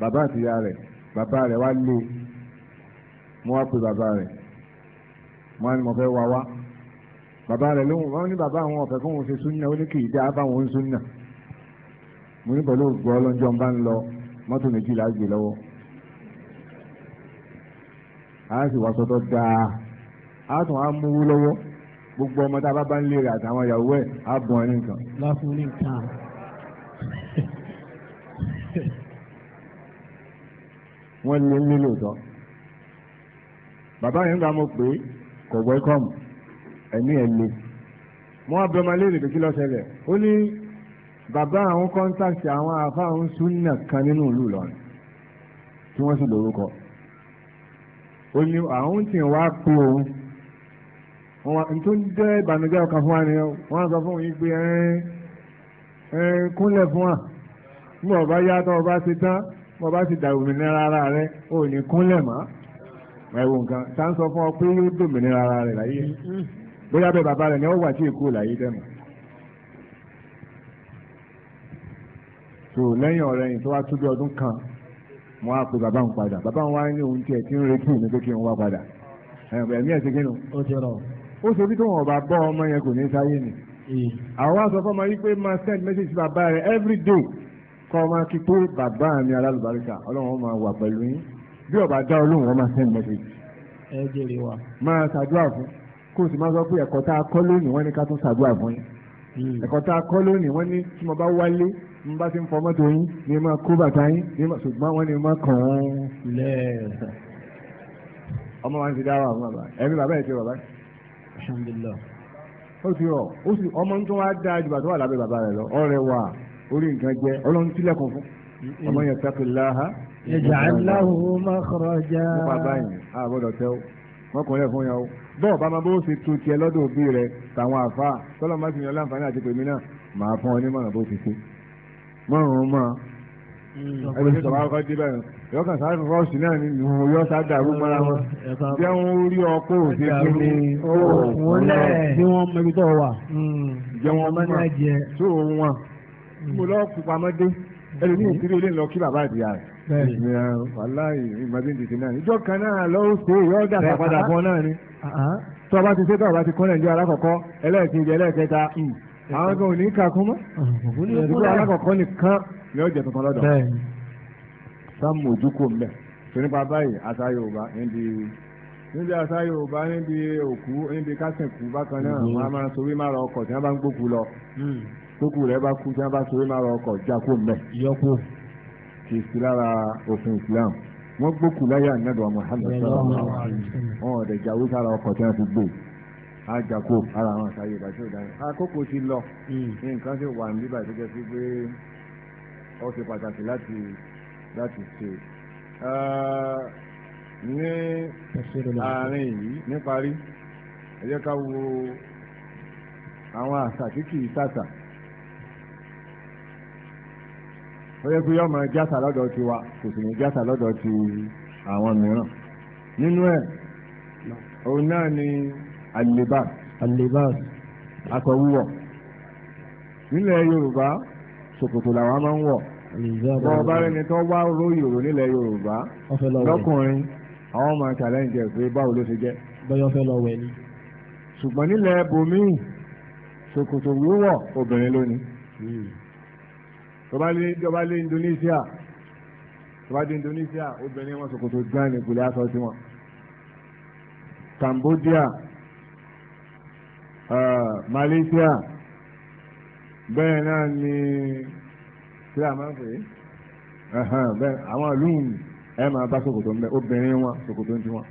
B: bàbá àtìyá rẹ̀ bàbá rẹ̀ wá lé mo wá pe bàbá rẹ̀ mo wá ní mo fẹ́ wá wá bàbá rẹ̀ lóhùn wọn ní bàbá àwọn ọ̀fẹ́ fún òun ṣe sunna ó ní kì í dá báwọn ń sunna mo ní pẹ̀lú ògbó ọlọ́njọ́ ń bá ń lọ mọ́tò méjìlá gbé lọ́wọ́ a sì wá sọ́tọ́ dáa a tún á múwú lọ́wọ́ gbogbo ọmọ tá a bá bá ń lé rẹ̀ àtàwọn ìyàwó ẹ̀ á bọ̀ ẹ́ nìkan.
C: láfún ní nǹkan.
B: wọ́n lé ní lóòótọ́ bàbá yẹn ń gbà pé kò wẹ́kọ̀mù ẹ̀mí ẹ̀ lé wọ́n á bẹ ọmọ léèrè pé kí ló ṣẹlẹ̀ ó ní bàbá àwọn kọ́ńtàkì àwọn àfa àwọn súnà kan nínú ìlú Ìlọrin tí wọ́n sì lórúkọ ó ní àwọn tí wàá pé òun wọn tó ń jẹ́ ìbànújẹ́ ọkàn fún wa ni wọ́n sọ fún yín pé kúnlẹ̀ fún wa bí ọba yàtọ̀ ọba ti tán bọ́ba ti dà òmìnira ara rẹ ò ní kúnlẹ̀ mọ́ ẹ̀wò nǹkan tá ń sọ fún ọ pé yóò dòmìnira ara rẹ láyé bóyá bẹ́ẹ̀ bàbá rẹ̀ ni ó wà tí ì kú láyé dẹ́mọ̀. so lẹ́yìn ọ̀rẹ́ yìí tó wá tó bí ọdún kan wọ́n á pe bàbá òun padà bàbá òun wá ní ohun tiẹ̀ tí ń retí mi pé kí n wá padà ẹ̀mí ẹ̀ ti kí nu. ó ti rọ. ó ṣe bí tóun ọba bọ́ ọmọ yẹn kò ní sáyé ni. àwọn wá sọ fọmọ yìí pé máa send message sí bàbá rẹ every day kọ́ ọ máa kí pé bàbá mi alálùbáríkà ọlọ́run máa wà pẹ̀lú yín bí ọba dá olóhùn wọn máa send message. ẹ jèrè wa. máa ṣàdúrà fún kó o sì máa sọ pé ẹ̀kọ́ tá a kọ́ lónìí wọ́n ní ká tún ṣàdúrà fún yín hmm. ẹ̀kọ́ tá a kọ́ lónìí wọ́n ní tí mo bá wálé n bá ti ń fọmọ́ tó yín ní ma kó bàtà yín ní ma ṣùgbọ́n wọ́n ní ma kàn án lẹ́ ọmọ wa ń ti dáwọ́ àwọn bàbá ẹ̀mí bàbá ẹ̀ ti bàbá alhamdulilayi ó ti rọ ó sì ọmọ tó wá dáa ju bàtà wà lábẹ́ bàbá rẹ̀ lọ ọ̀rẹ́ wa orí nǹkan jẹ ọlọ́run tilẹ̀kùn fún ọmọ yẹn takilaha yaj'al lahu makhraja bàbá yẹn àbọ̀dọ̀ tẹ́ o mọ́kànlẹ̀ fún yẹn o bọ́ọ̀ bá máa bó ṣe tu tiẹ̀ lọ́dọ̀ òbí rẹ̀ tàwọn àfa tọ́lọ́ máa ti yan láǹfààní àti pèmí náà màá fún ọ ní mọ̀nà bó márùn-ún máa
C: hmm. ẹni sọ̀rọ̀ akọ́
B: dé bẹ́ẹ̀ yọ kàn sáré rọ́ọ̀sì náà ni ìhun yọ sá dàrú mọ́ra wọn bí wọ́n rí ọkọ̀ òde kí ni òun náà bí
C: wọ́n mẹ́bi tó wà hmm.
B: jẹ́ wọn mọ́ tó wọn mo lọ́ọ́ kú pamọ́dé hmm. ẹlòmíì kiri olè lọ kí bàbá àdìyà
C: rẹ̀
B: wàláyé ìmọ̀bí tètè náà níjọ́ kan náà lọ́wọ́ ṣe yọ́ dàgbà padà fún ọ náà ni uh-huh. tọ́ba ti ṣe tọ́ba ti kọ́ nàìjíríà alákọ̀ọ́kọ́ ẹlẹ́ẹ̀kejì ẹlẹ́ẹ̀kẹta àwọn kan ò ní kà kún mọ́ ìdúgbò alákọ̀ọ́kọ́ nìkan ni ó jẹ tuntun lọ́dọ̀ sáàmù ojúkò ń bẹ̀ tó nípa báyìí àṣà Yorùbá níbi níbi àṣà Yorùbá níbi òkú níbi kásìnkú bákan náà mm-hmm. wọn a máa sorí máa rọ ọkọ̀ tí wọ́n bá ń gbókù lọ mm. tókù rẹ̀ bá kú tí wọ́n bá sorí máa rọ ọkọ̀ jákò ń yọkù kì í sí lára òfin Islam wọ́n gbókù láyé ànádọ́ Muhammad sọ́lá wọn ọ̀dẹ̀ jáwé sára ọkọ̀ tí wọ́n fi gbòó àjàkó ara àwọn àṣà yorùbá tí ó dáná àkókò ti lọ hmm. nǹkan ti wà níbà tó jẹ́ sí pé ó ṣe pàtàkì láti láti ṣe ní àárín yìí níparí ẹ jẹ́ ká wo àwọn àṣà tí kì í ṣàṣà ó yẹ kó yọ ọmọ jásà lọ́dọ̀ tiwa kò sì ní jásà lọ́dọ̀ ti àwọn mìíràn nínú ẹ̀ òun náà ni alibas alibas aṣọ wíwọ̀ nílẹ̀ yorùbá ṣòkòtò làwọn máa ń wọ̀ bọ́ ọba rẹni tó wá ró yòrò nílẹ̀ yorùbá lọ́kùnrin àwọn máa challenge ẹ̀ pé báwo ló ṣe jẹ́ bọ́yọ̀ fẹ́ lọ wẹ̀ ni. ṣùgbọ́n nílẹ̀ bomi ṣòkòtò wíwọ̀ obìnrin lónìí hmm. tó bá Indonesia tó Indonesia obìnrin wọn ṣòkòtò gbani kò aṣọ tiwọn Cambodia. Ah, Malaysia bẹ́ẹ̀ náà ni tí a máa ń pè é bẹ́ẹ̀ àwọn ìlú ẹ máa bá ṣòkòtò ńbẹ obìnrin wọn ṣòkòtò ń tiwọn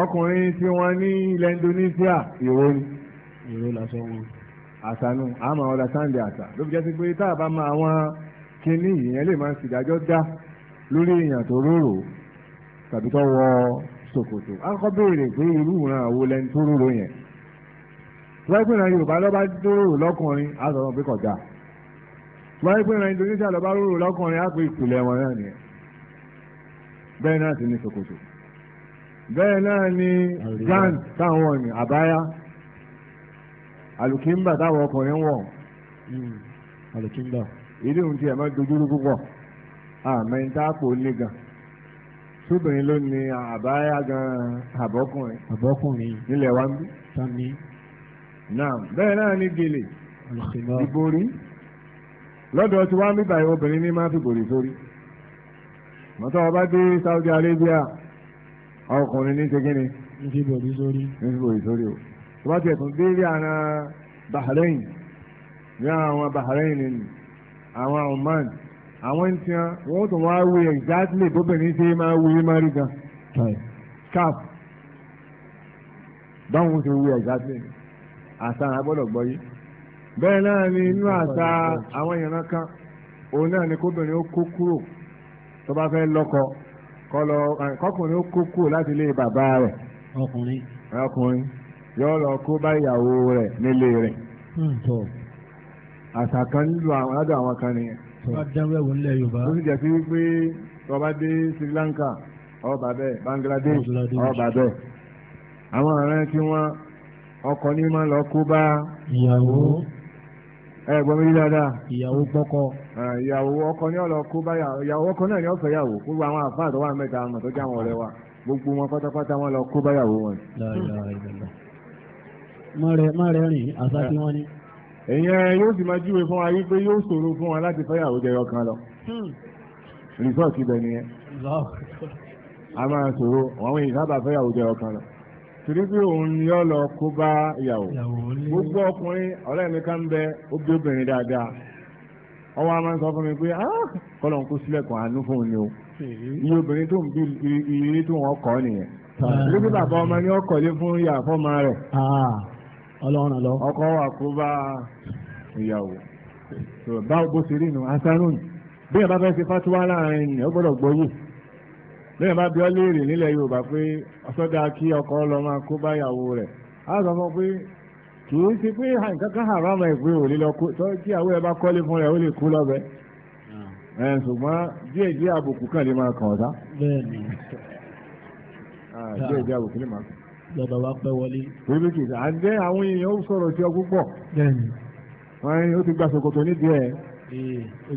B: ọkùnrin tí wọn ní ilẹ̀ Indonesia ìró ni. ìró lásán wọn. àṣànù àmọ́ ọ̀dà sànńdẹ̀ àṣà ló fi jẹ́ sí pé tá a bá máa wọn kínní ìyẹn lè máa ṣèdájọ́ dá lórí èèyàn tó rorò tàbí tó wọ ṣòkòtò. akọ́ béèrè pé irú ìran àwo lẹni tó rorò yẹn wáyépẹ̀rẹ̀ Yorùbá lọ́ba dúró lọ́kùnrin á sọ̀rọ̀ pé kọjá wáyépẹ̀rẹ̀ Indonesia lọ́ba dúró lọ́kùnrin á pé ìpìlẹ̀ wọn náà nìyẹn bẹ́ẹ̀ náà sì ní ṣòkòtò bẹ́ẹ̀ náà ni grand táwọn ní àbáyá alùkíńbà táwọn ọkùnrin wọ̀ alùkíńbà hmm. ilé ohun tí ẹ̀ máa dojúrú púpọ̀ àmẹ́ńtàpọ̀ nígan sóbìnrin ló ní àbáyá gan abọ́kùnrin abọ́kùnrin nílẹ̀ wa ń bí naam bẹ́ẹ̀ náà ni gèlè ìborí lọ́dọ̀ tí wọ́n ń bíbà obìnrin ní máa fi gòrì sórí mọ́tò ọba dé Saudi Arabia ọkùnrin ní segin ní fi gòrì sórí ní fi gòrì sórí o tí wọ́n ti ẹ̀sùn dé rí àná Bahrain ní àwọn Bahrain ni àwọn Oman àwọn ń tiẹ́ wọ́n tún wá wí exactly bóbìnrin ṣe máa wí máa rí gan scarf báwọn ṣe wí exactly. àṣà àgbọ́dọ̀ gbọ́ yìí bẹ́ẹ̀ náà ni inú àṣà àwọn èèyàn kan òun náà ni kóbìnrin ó kó kúrò tó bá fẹ́ lọ́kọ kọkùnrin ó kó kúrò láti ilé bàbá rẹ̀ ọkùnrin ọkùnrin yóò lọ kó bá ìyàwó rẹ nílé hmm, kan nílò àwọn ládùn àwọn kan nìyẹn. yorùbá. ó sì jẹ́ sí wípé tó bá dé Sri Lanka bẹ́ẹ̀ Bangladesh ọkọ ní máa lọ kó bá ìyàwó ẹ gbọ́n mi dáadáa. ìyàwó gbọ́kọ. ìyàwó ọkọ ní ọ̀lọ́ kó bá ìyàwó ọkọ náà ní ọ̀fẹ́ ìyàwó gbogbo àwọn àfáà tó wà mẹ́ta mọ̀ tó já wọn ọ̀rẹ́ wa gbogbo wọn pátápátá wọn lọ kó bá ìyàwó wọn. má rẹ rìn àṣà tí wọ́n ní. èèyàn yóò sì máa júwe fún wa wípé yóò ṣòro fún wa láti fẹ́ ìyàwó jẹyọ kan lọ. Hmm. rìsọ́ọ̀tì bẹ̀ nìyẹn. a máa ṣòro àwọn èèyàn sábà fẹ́ ìyàwó jẹyọ kan lọ torí pé òun ni ó lọ kó bá ìyàwó gbogbo ọkùnrin ọ̀rẹ́ mi kan bẹ ó bí obìnrin dáadáa ọwọ́ a máa ń sọ fún mi pé kọ́lọ̀ ń kó sílẹ̀kùn àánú fún un ni o iye obìnrin tó ń bí iye tó wọn kọ́ nìyẹn ah. torí pé bàbá ọmọ ni ó kọ̀lé fún ìyá fọ́mọ rẹ̀ ah, ọkọ wà kó bá ìyàwó báwo bó ṣe rí nu asánú bí ẹ bá fẹ́ ṣe fatuwa láàrin ẹ gbọ́dọ̀ gbọ́ yìí. lẹ́yìn bá bí ọ léèrè nílẹ̀ yorùbá pé ọ̀sọ́dà kí ọkọ lọ máa kó báyàwó rẹ̀ á sọ fún pé kì í ṣe pé nǹkan kan haram ẹ̀ pé ò lè lọ kó tọ́ tí àwọn ẹ̀ bá kọ́lé fún rẹ̀ ó lè kú lọ́bẹ̀ ah. ẹ̀ ṣùgbọ́n ah, díẹ̀ díẹ̀ àbùkù lè máa kàn ọ́ sá. díẹ̀ díẹ̀ àbùkù lè máa kàn. wa pẹ́ wọlé. kì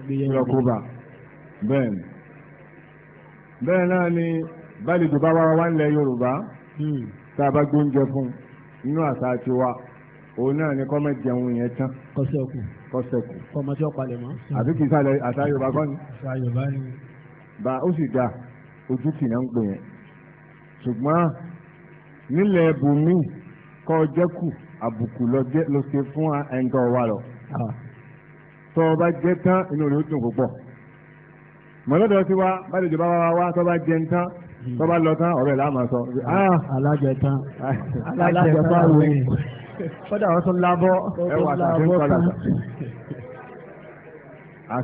B: í sá àdé bẹ́ẹ̀ náà ni báyìí tó bá wá wá nílẹ̀ yorùbá hmm. tá a bá gbóúnjẹ fún inú àṣà ti wa òun náà ni kọ́ mọ̀ jẹun yẹn tán. kọ́sẹ̀ kù kọ́sẹ̀ kù. kọ́mọ tí ó palẹ̀ mọ́. àbí kì í sálẹ̀ àṣà yorùbá kọ́ ni. àṣà yorùbá ni. bá ó sì dáa ojú kì náà ń pè yẹn ṣùgbọ́n nílẹ̀ bùnmí kọ́ jẹ́ kù àbùkù lọ ṣe fún ẹ̀ńgọ́ wa lọ. Ah. tọ́ ọ bá jẹ́ tán inú rẹ̀ ó dùn púpọ̀ mọ̀lọ́dọ̀ ti wá báyìí ìjọba wa wá tó bá jẹun tán tó bá lọ tán ọ̀rẹ́ làá máa sọ. Ah!
C: alájẹ tán
B: alájẹ tán ni kódà wọ́n tún lábọ́ ẹ wà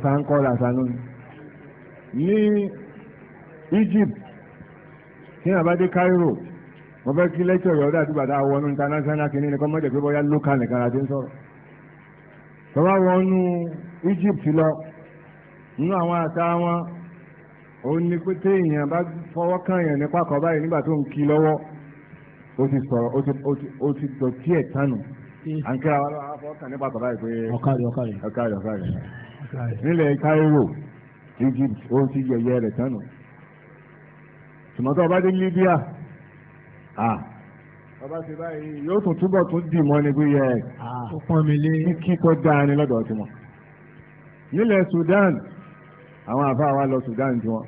B: sàn fún kọlà ní Egypt tí a bá Cairo mo fẹ́ kí lẹ́tọ̀ yọ̀ ọ́dà tí bàtà wọnú international kìíní ni kọ́ mọ́jẹ̀ pé bóyá local nìkan la ń sọ̀rọ̀. tọ́wọ́ wọnú Egypt lọ nínú àwọn àṣà wọn òun ni pé téèyàn bá fọwọ́ kàn yàn nípa kọ́ báyìí nígbà tó ń kí lọ́wọ́ ó ti sọ̀rọ̀ ó ti dọ̀tí ẹ̀ tánù à ń kíra wa lọ́wọ́ fọwọ́ kàn nípa kọ́ báyìí pé ọ̀kàrí ọ̀kàrí ọ̀kàrí ọ̀kàrí nílẹ̀ Cairo Egypt ó ti yẹ̀yẹ́ rẹ̀ tánù tùmọ̀tọ́ ọba dé Libya ọba ṣe báyìí yóò tún túbọ̀ tún dì mọ́ ni pé yẹ ẹ̀ kíkọ́ dáa ni lọ́dọ̀ ọtí mọ́ nílẹ̀ Sudan àwọn àfa wa lọ Sudan tiwọn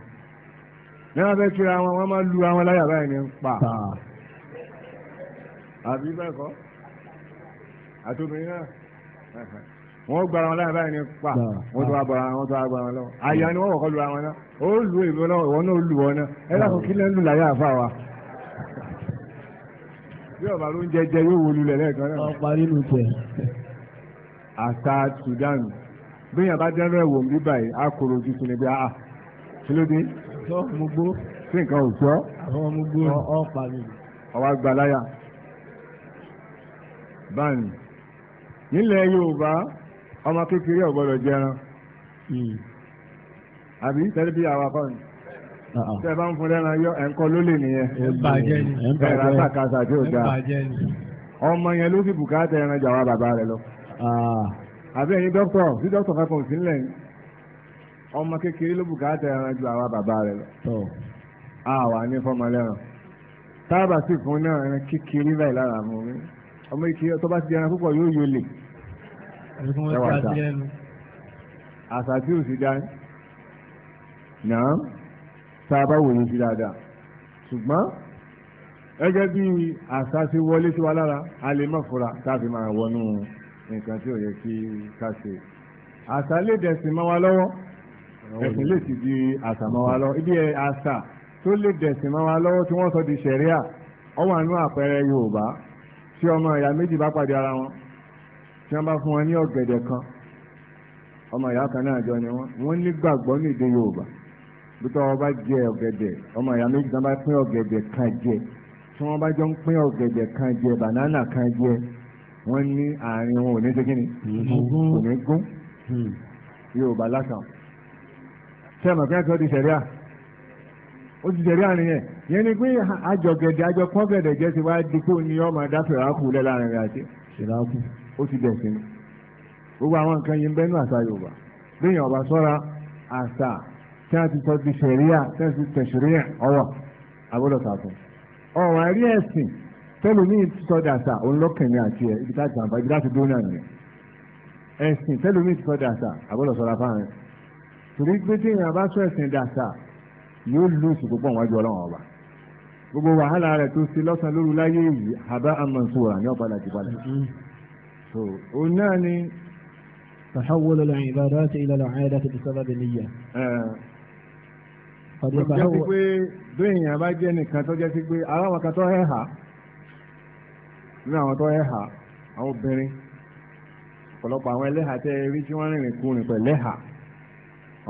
B: ní wọn fẹ́ kíra wọn wọn máa lu àwọn láyà báyìí ní pa àbí bẹ́ẹ̀ kọ́ àtòbìnrin náà wọ́n gbara wọn láyà báyìí ní pa wọ́n tó wá gbara wọn wọ́n tó wá gbara wọn lọ́wọ́ àyà ni wọ́n wọ̀kọ́ lu àwọn náà ó lu èmi náà ìwọ náà ó lu wọn náà ẹ dákun kí lẹ́nu láyà àfa wa bí ọba ló ń jẹjẹ yóò wọlú lẹ́ẹ̀kan náà. ọ̀parí nù tẹ̀. àṣà Sudan bẹ́yàn bá dẹ́rọ ẹ̀wò ń bí báyìí á kóró ojú tún ní bí a kí ló dé. ọ̀tọ́ mo gbó. sí nǹkan ò tọ́. àwọn ọmọ gbó ọ pa mi. ọwọ́ àgbà láyà. báyìí nílẹ̀ Yorùbá ọmọ kékeré ò gbọ́dọ̀ jẹran. Hmm. àbí tẹ́lẹ̀ bí àwa kọ́ ni ah, ah. tẹ bá ń fún lẹ́nu yọ ẹ̀ńkọ́ ló lè nìyẹn. ẹ̀ńbàjẹ́ ni ẹ̀ńbàjẹ́ ni ẹ̀ńbàjẹ́ ni ọmọ yẹn ló fi bùkátà ẹran jà wá bàbá rẹ lọ. Ah àbí ẹ̀yin dókítà sí dókítà kankan sí nílẹ̀ ni ọmọ kékeré ló bùkátà ẹran ju àwa bàbá rẹ lọ tó àwa ní fọmọlẹ́ràn táàbà sì fún náà ẹran kékeré báyìí lára mú mi ọmọ ìkiri tó bá ti di ẹran púpọ̀ yóò yọlẹ̀ ẹwà ta àṣà tí ò sí dání náà táàbà wòye sí dáadáa ṣùgbọ́n gẹ́gẹ́ bí àṣà ti wọlé sí wa lára a lè má fura táàbì máa wọnú nǹkan tí ò yẹ kí ká ṣe àṣà lè dẹ̀sìn mọ́ wa lọ́wọ́ ẹ̀sìn lè sì di àṣà mọ́ wa lọ́wọ́ ibi àṣà tó lè dẹ̀sìn mọ́ wa lọ́wọ́ tí wọ́n sọ di ṣẹ̀ríà ó wà nínú àpẹẹrẹ Yorùbá tí ọmọ ìyá méjì bá pàdé ara wọn tí wọ́n bá fún wọn ní ọ̀gẹ̀dẹ̀ kan ọmọ ìyá kan náà jọ ni wọ́n wọ́n nígbàgbọ́ ní èdè Yorùbá bí tọ́wọ́ bá jẹ ọ̀gẹ̀dẹ̀ ọmọ ìyá méjì tán bá pín ọ̀gẹ̀dẹ̀ kan jẹ tí wọ́n bá jọ ń pín ọ̀gẹ̀dẹ̀ kan jẹ bànánà kan jẹ wọ́n ní àárín wọn ò ní ṣekínni kò ní gún hmm. yorùbá lásán ṣé àmọ̀ kíá kí wọ́n ti ṣẹ̀ríà ó ti ṣẹ̀ríà nìyẹn yẹn ni pé àjọgẹ̀dẹ̀ àjọ kọ́gẹ̀dẹ̀ jẹ́ ti wá di pé ó ní ọmọ ẹ̀dá fìràkù lẹ́ láàrin rẹ̀ àti fìràkù ó ti dẹ̀ sínú gbogbo àwọn nǹkan yìí ń bẹ́nu àṣà yorùbá lẹ́yìn ọba sọ́ra àṣà tí a ti sọ ti ṣẹ̀ríà tí a ti tẹ̀ṣẹ̀ríà ọwọ́ àbúrò sàkó ọ̀wọ́n àrí ẹ̀sìn tẹlomi ti sọ dàtà òun lọkẹmí àti ẹ ibi tá a ti àǹfà ibi tá a ti dúró náà nìyẹn ẹsìn tẹlomi ti sọ dàtà àbọ̀dọ̀ sọ̀rọ̀ afáàrin torí pé tí èèyàn bá sọ ẹsìn dàtà yóò lù sí púpọ̀ wájú ọlọ́run ọba gbogbo wàhálà rẹ̀ tó ṣe lọ́sàn-án lóru láyé yìí àbá amansura ní ọ̀padà ti padà òun náà ni. تحول العبادات إلى العادة بسبب النية. قد يتحول. bẹ́ẹ̀ yẹn a bá jẹ́ nìkan tó jẹ́ sí pé aláwọ̀ kan tó hẹ́ ha nínú àwọn tó ẹ̀hà àwọn obìnrin ọ̀pọ̀lọpọ̀ àwọn ẹlẹ́hà tẹ́ ẹ rí tí wọ́n rìnrìn kúrin pẹ̀lú ẹ̀hà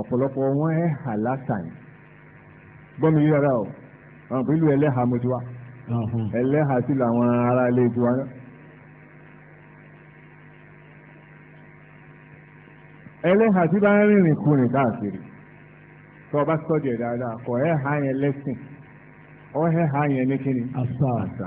B: ọ̀pọ̀lọpọ̀ wọn ẹ̀hà lásán gbọ́mi yí rárá o àwọn pẹ̀lú ẹlẹ́hà mo ti wá ẹlẹ́hà sí làwọn ará ilé tiwa náà. ẹlẹ́hà tí bá ń rìnrìn kúrin káàkiri tó o bá sọ́dì ẹ̀ dáadáa kọ̀ ẹ̀hà yẹn lẹ́sìn ọ̀ ẹ̀hà yẹn ní kíni. àṣà àṣà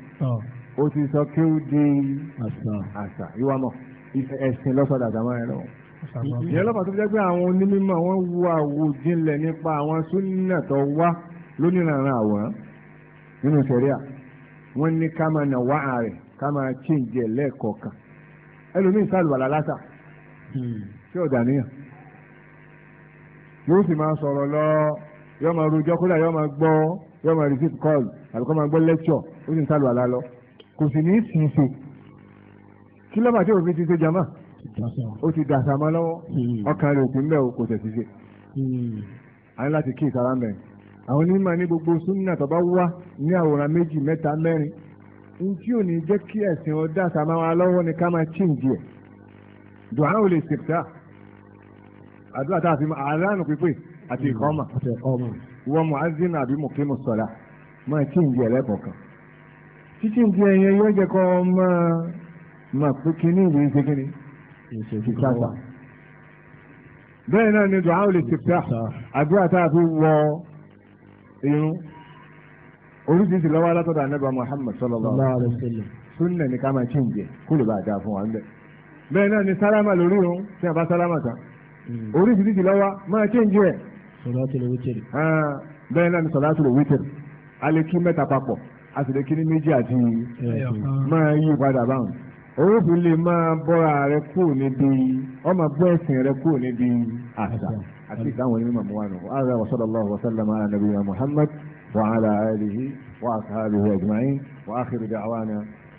B: ó ti sọ kí ó di àṣà ìwà mọ̀ ẹ̀sìn lọ́sọ̀dọ̀ àtàwọn ẹ̀rọ ìyẹn lọ́pàá tó jẹ́ pé àwọn onímọ̀ wọ́n wo àwòjinlẹ̀ nípa àwọn súnà wá lónìrànràn àwòrán nínú wọ́n ní ká máa nà wá ààrẹ ká máa chíǹjẹ lẹ́ẹ̀kọ̀ọ̀kan ẹlòmíì sàlùwàlà látà hmm. Ṣé ọ̀dà yóò sì máa sọ̀rọ̀ lọ máa rojọ́ kódà máa gbọ́ máa receive call ó sì ń sálù àlá lọ kò sì ní sùn sùn kí lọ́mà tí òfin ti ṣe jama ó ti dàṣà mọ́ lọ́wọ́ hmm. ọkàn rẹ̀ òpin bẹ́ẹ̀ kò tẹ̀sí ṣe hmm. a láti kí ìsara mẹ́rin àwọn onímọ̀ ní gbogbo súnmọ́ tó bá wá ní àwòrán méjì mẹ́ta mẹ́rin n ò ní jẹ́ kí ẹ̀sìn ọ̀dà sàmá wa lọ́wọ́ ni ká máa chíǹjì ẹ̀ dùn àwọn olè ṣèpítà àdúrà tá a fi àáránù pípé àti ìkọ́mà hmm. wọ́n mọ̀ azínà àbí mọ̀kímù sọ̀lá máa chíǹjì ẹ̀ lẹ́kọ̀ọ̀kan. títí nǹkan ẹ̀yẹ yóò jẹ́ kọ́ máa máa pé kíní ìwé ṣe kíní. bẹ́ẹ̀ náà ni dùn áwòlè ti pẹ́ àdúrà tá a fi wọ irun oríṣiríṣi lọ́wọ́ alátọ́dọ̀ anábà Muhammad súnnà ní ká máa kó lè a dáa fún wa ńbẹ. bẹ́ẹ̀ náà ni sálámà lórí irun tí a bá sálámà tán hmm. oríṣiríṣi lọ́wọ́ máa jẹ. sọlá tó lè bẹ́ẹ̀ náà ni sọlá tó lè alẹ́ kí mẹ́ta àtìlẹ́ kí ní méjì àti máa yí padà báwọn owó fi lè máa bọ́ra rẹ kú níbi ọmọ gbọ́ ẹ̀sìn rẹ kú níbi àṣà àti ìtàwọn onímọ̀ mọ́ wa nù. ara wa sallallahu wa sallama ala nabiyina muhammad wa ala alihi wa ashabihi ajma'in wa akhiru da'wana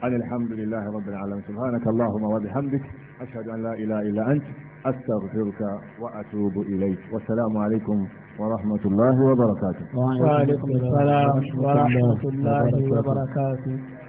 B: alhamdulillahi rabbil alamin subhanaka allahumma wa bihamdik ashhadu an la ilaha illa anta. أستغفرك وأتوب إليك والسلام عليكم ورحمة الله وبركاته وعليكم السلام ورحمة الله
C: وبركاته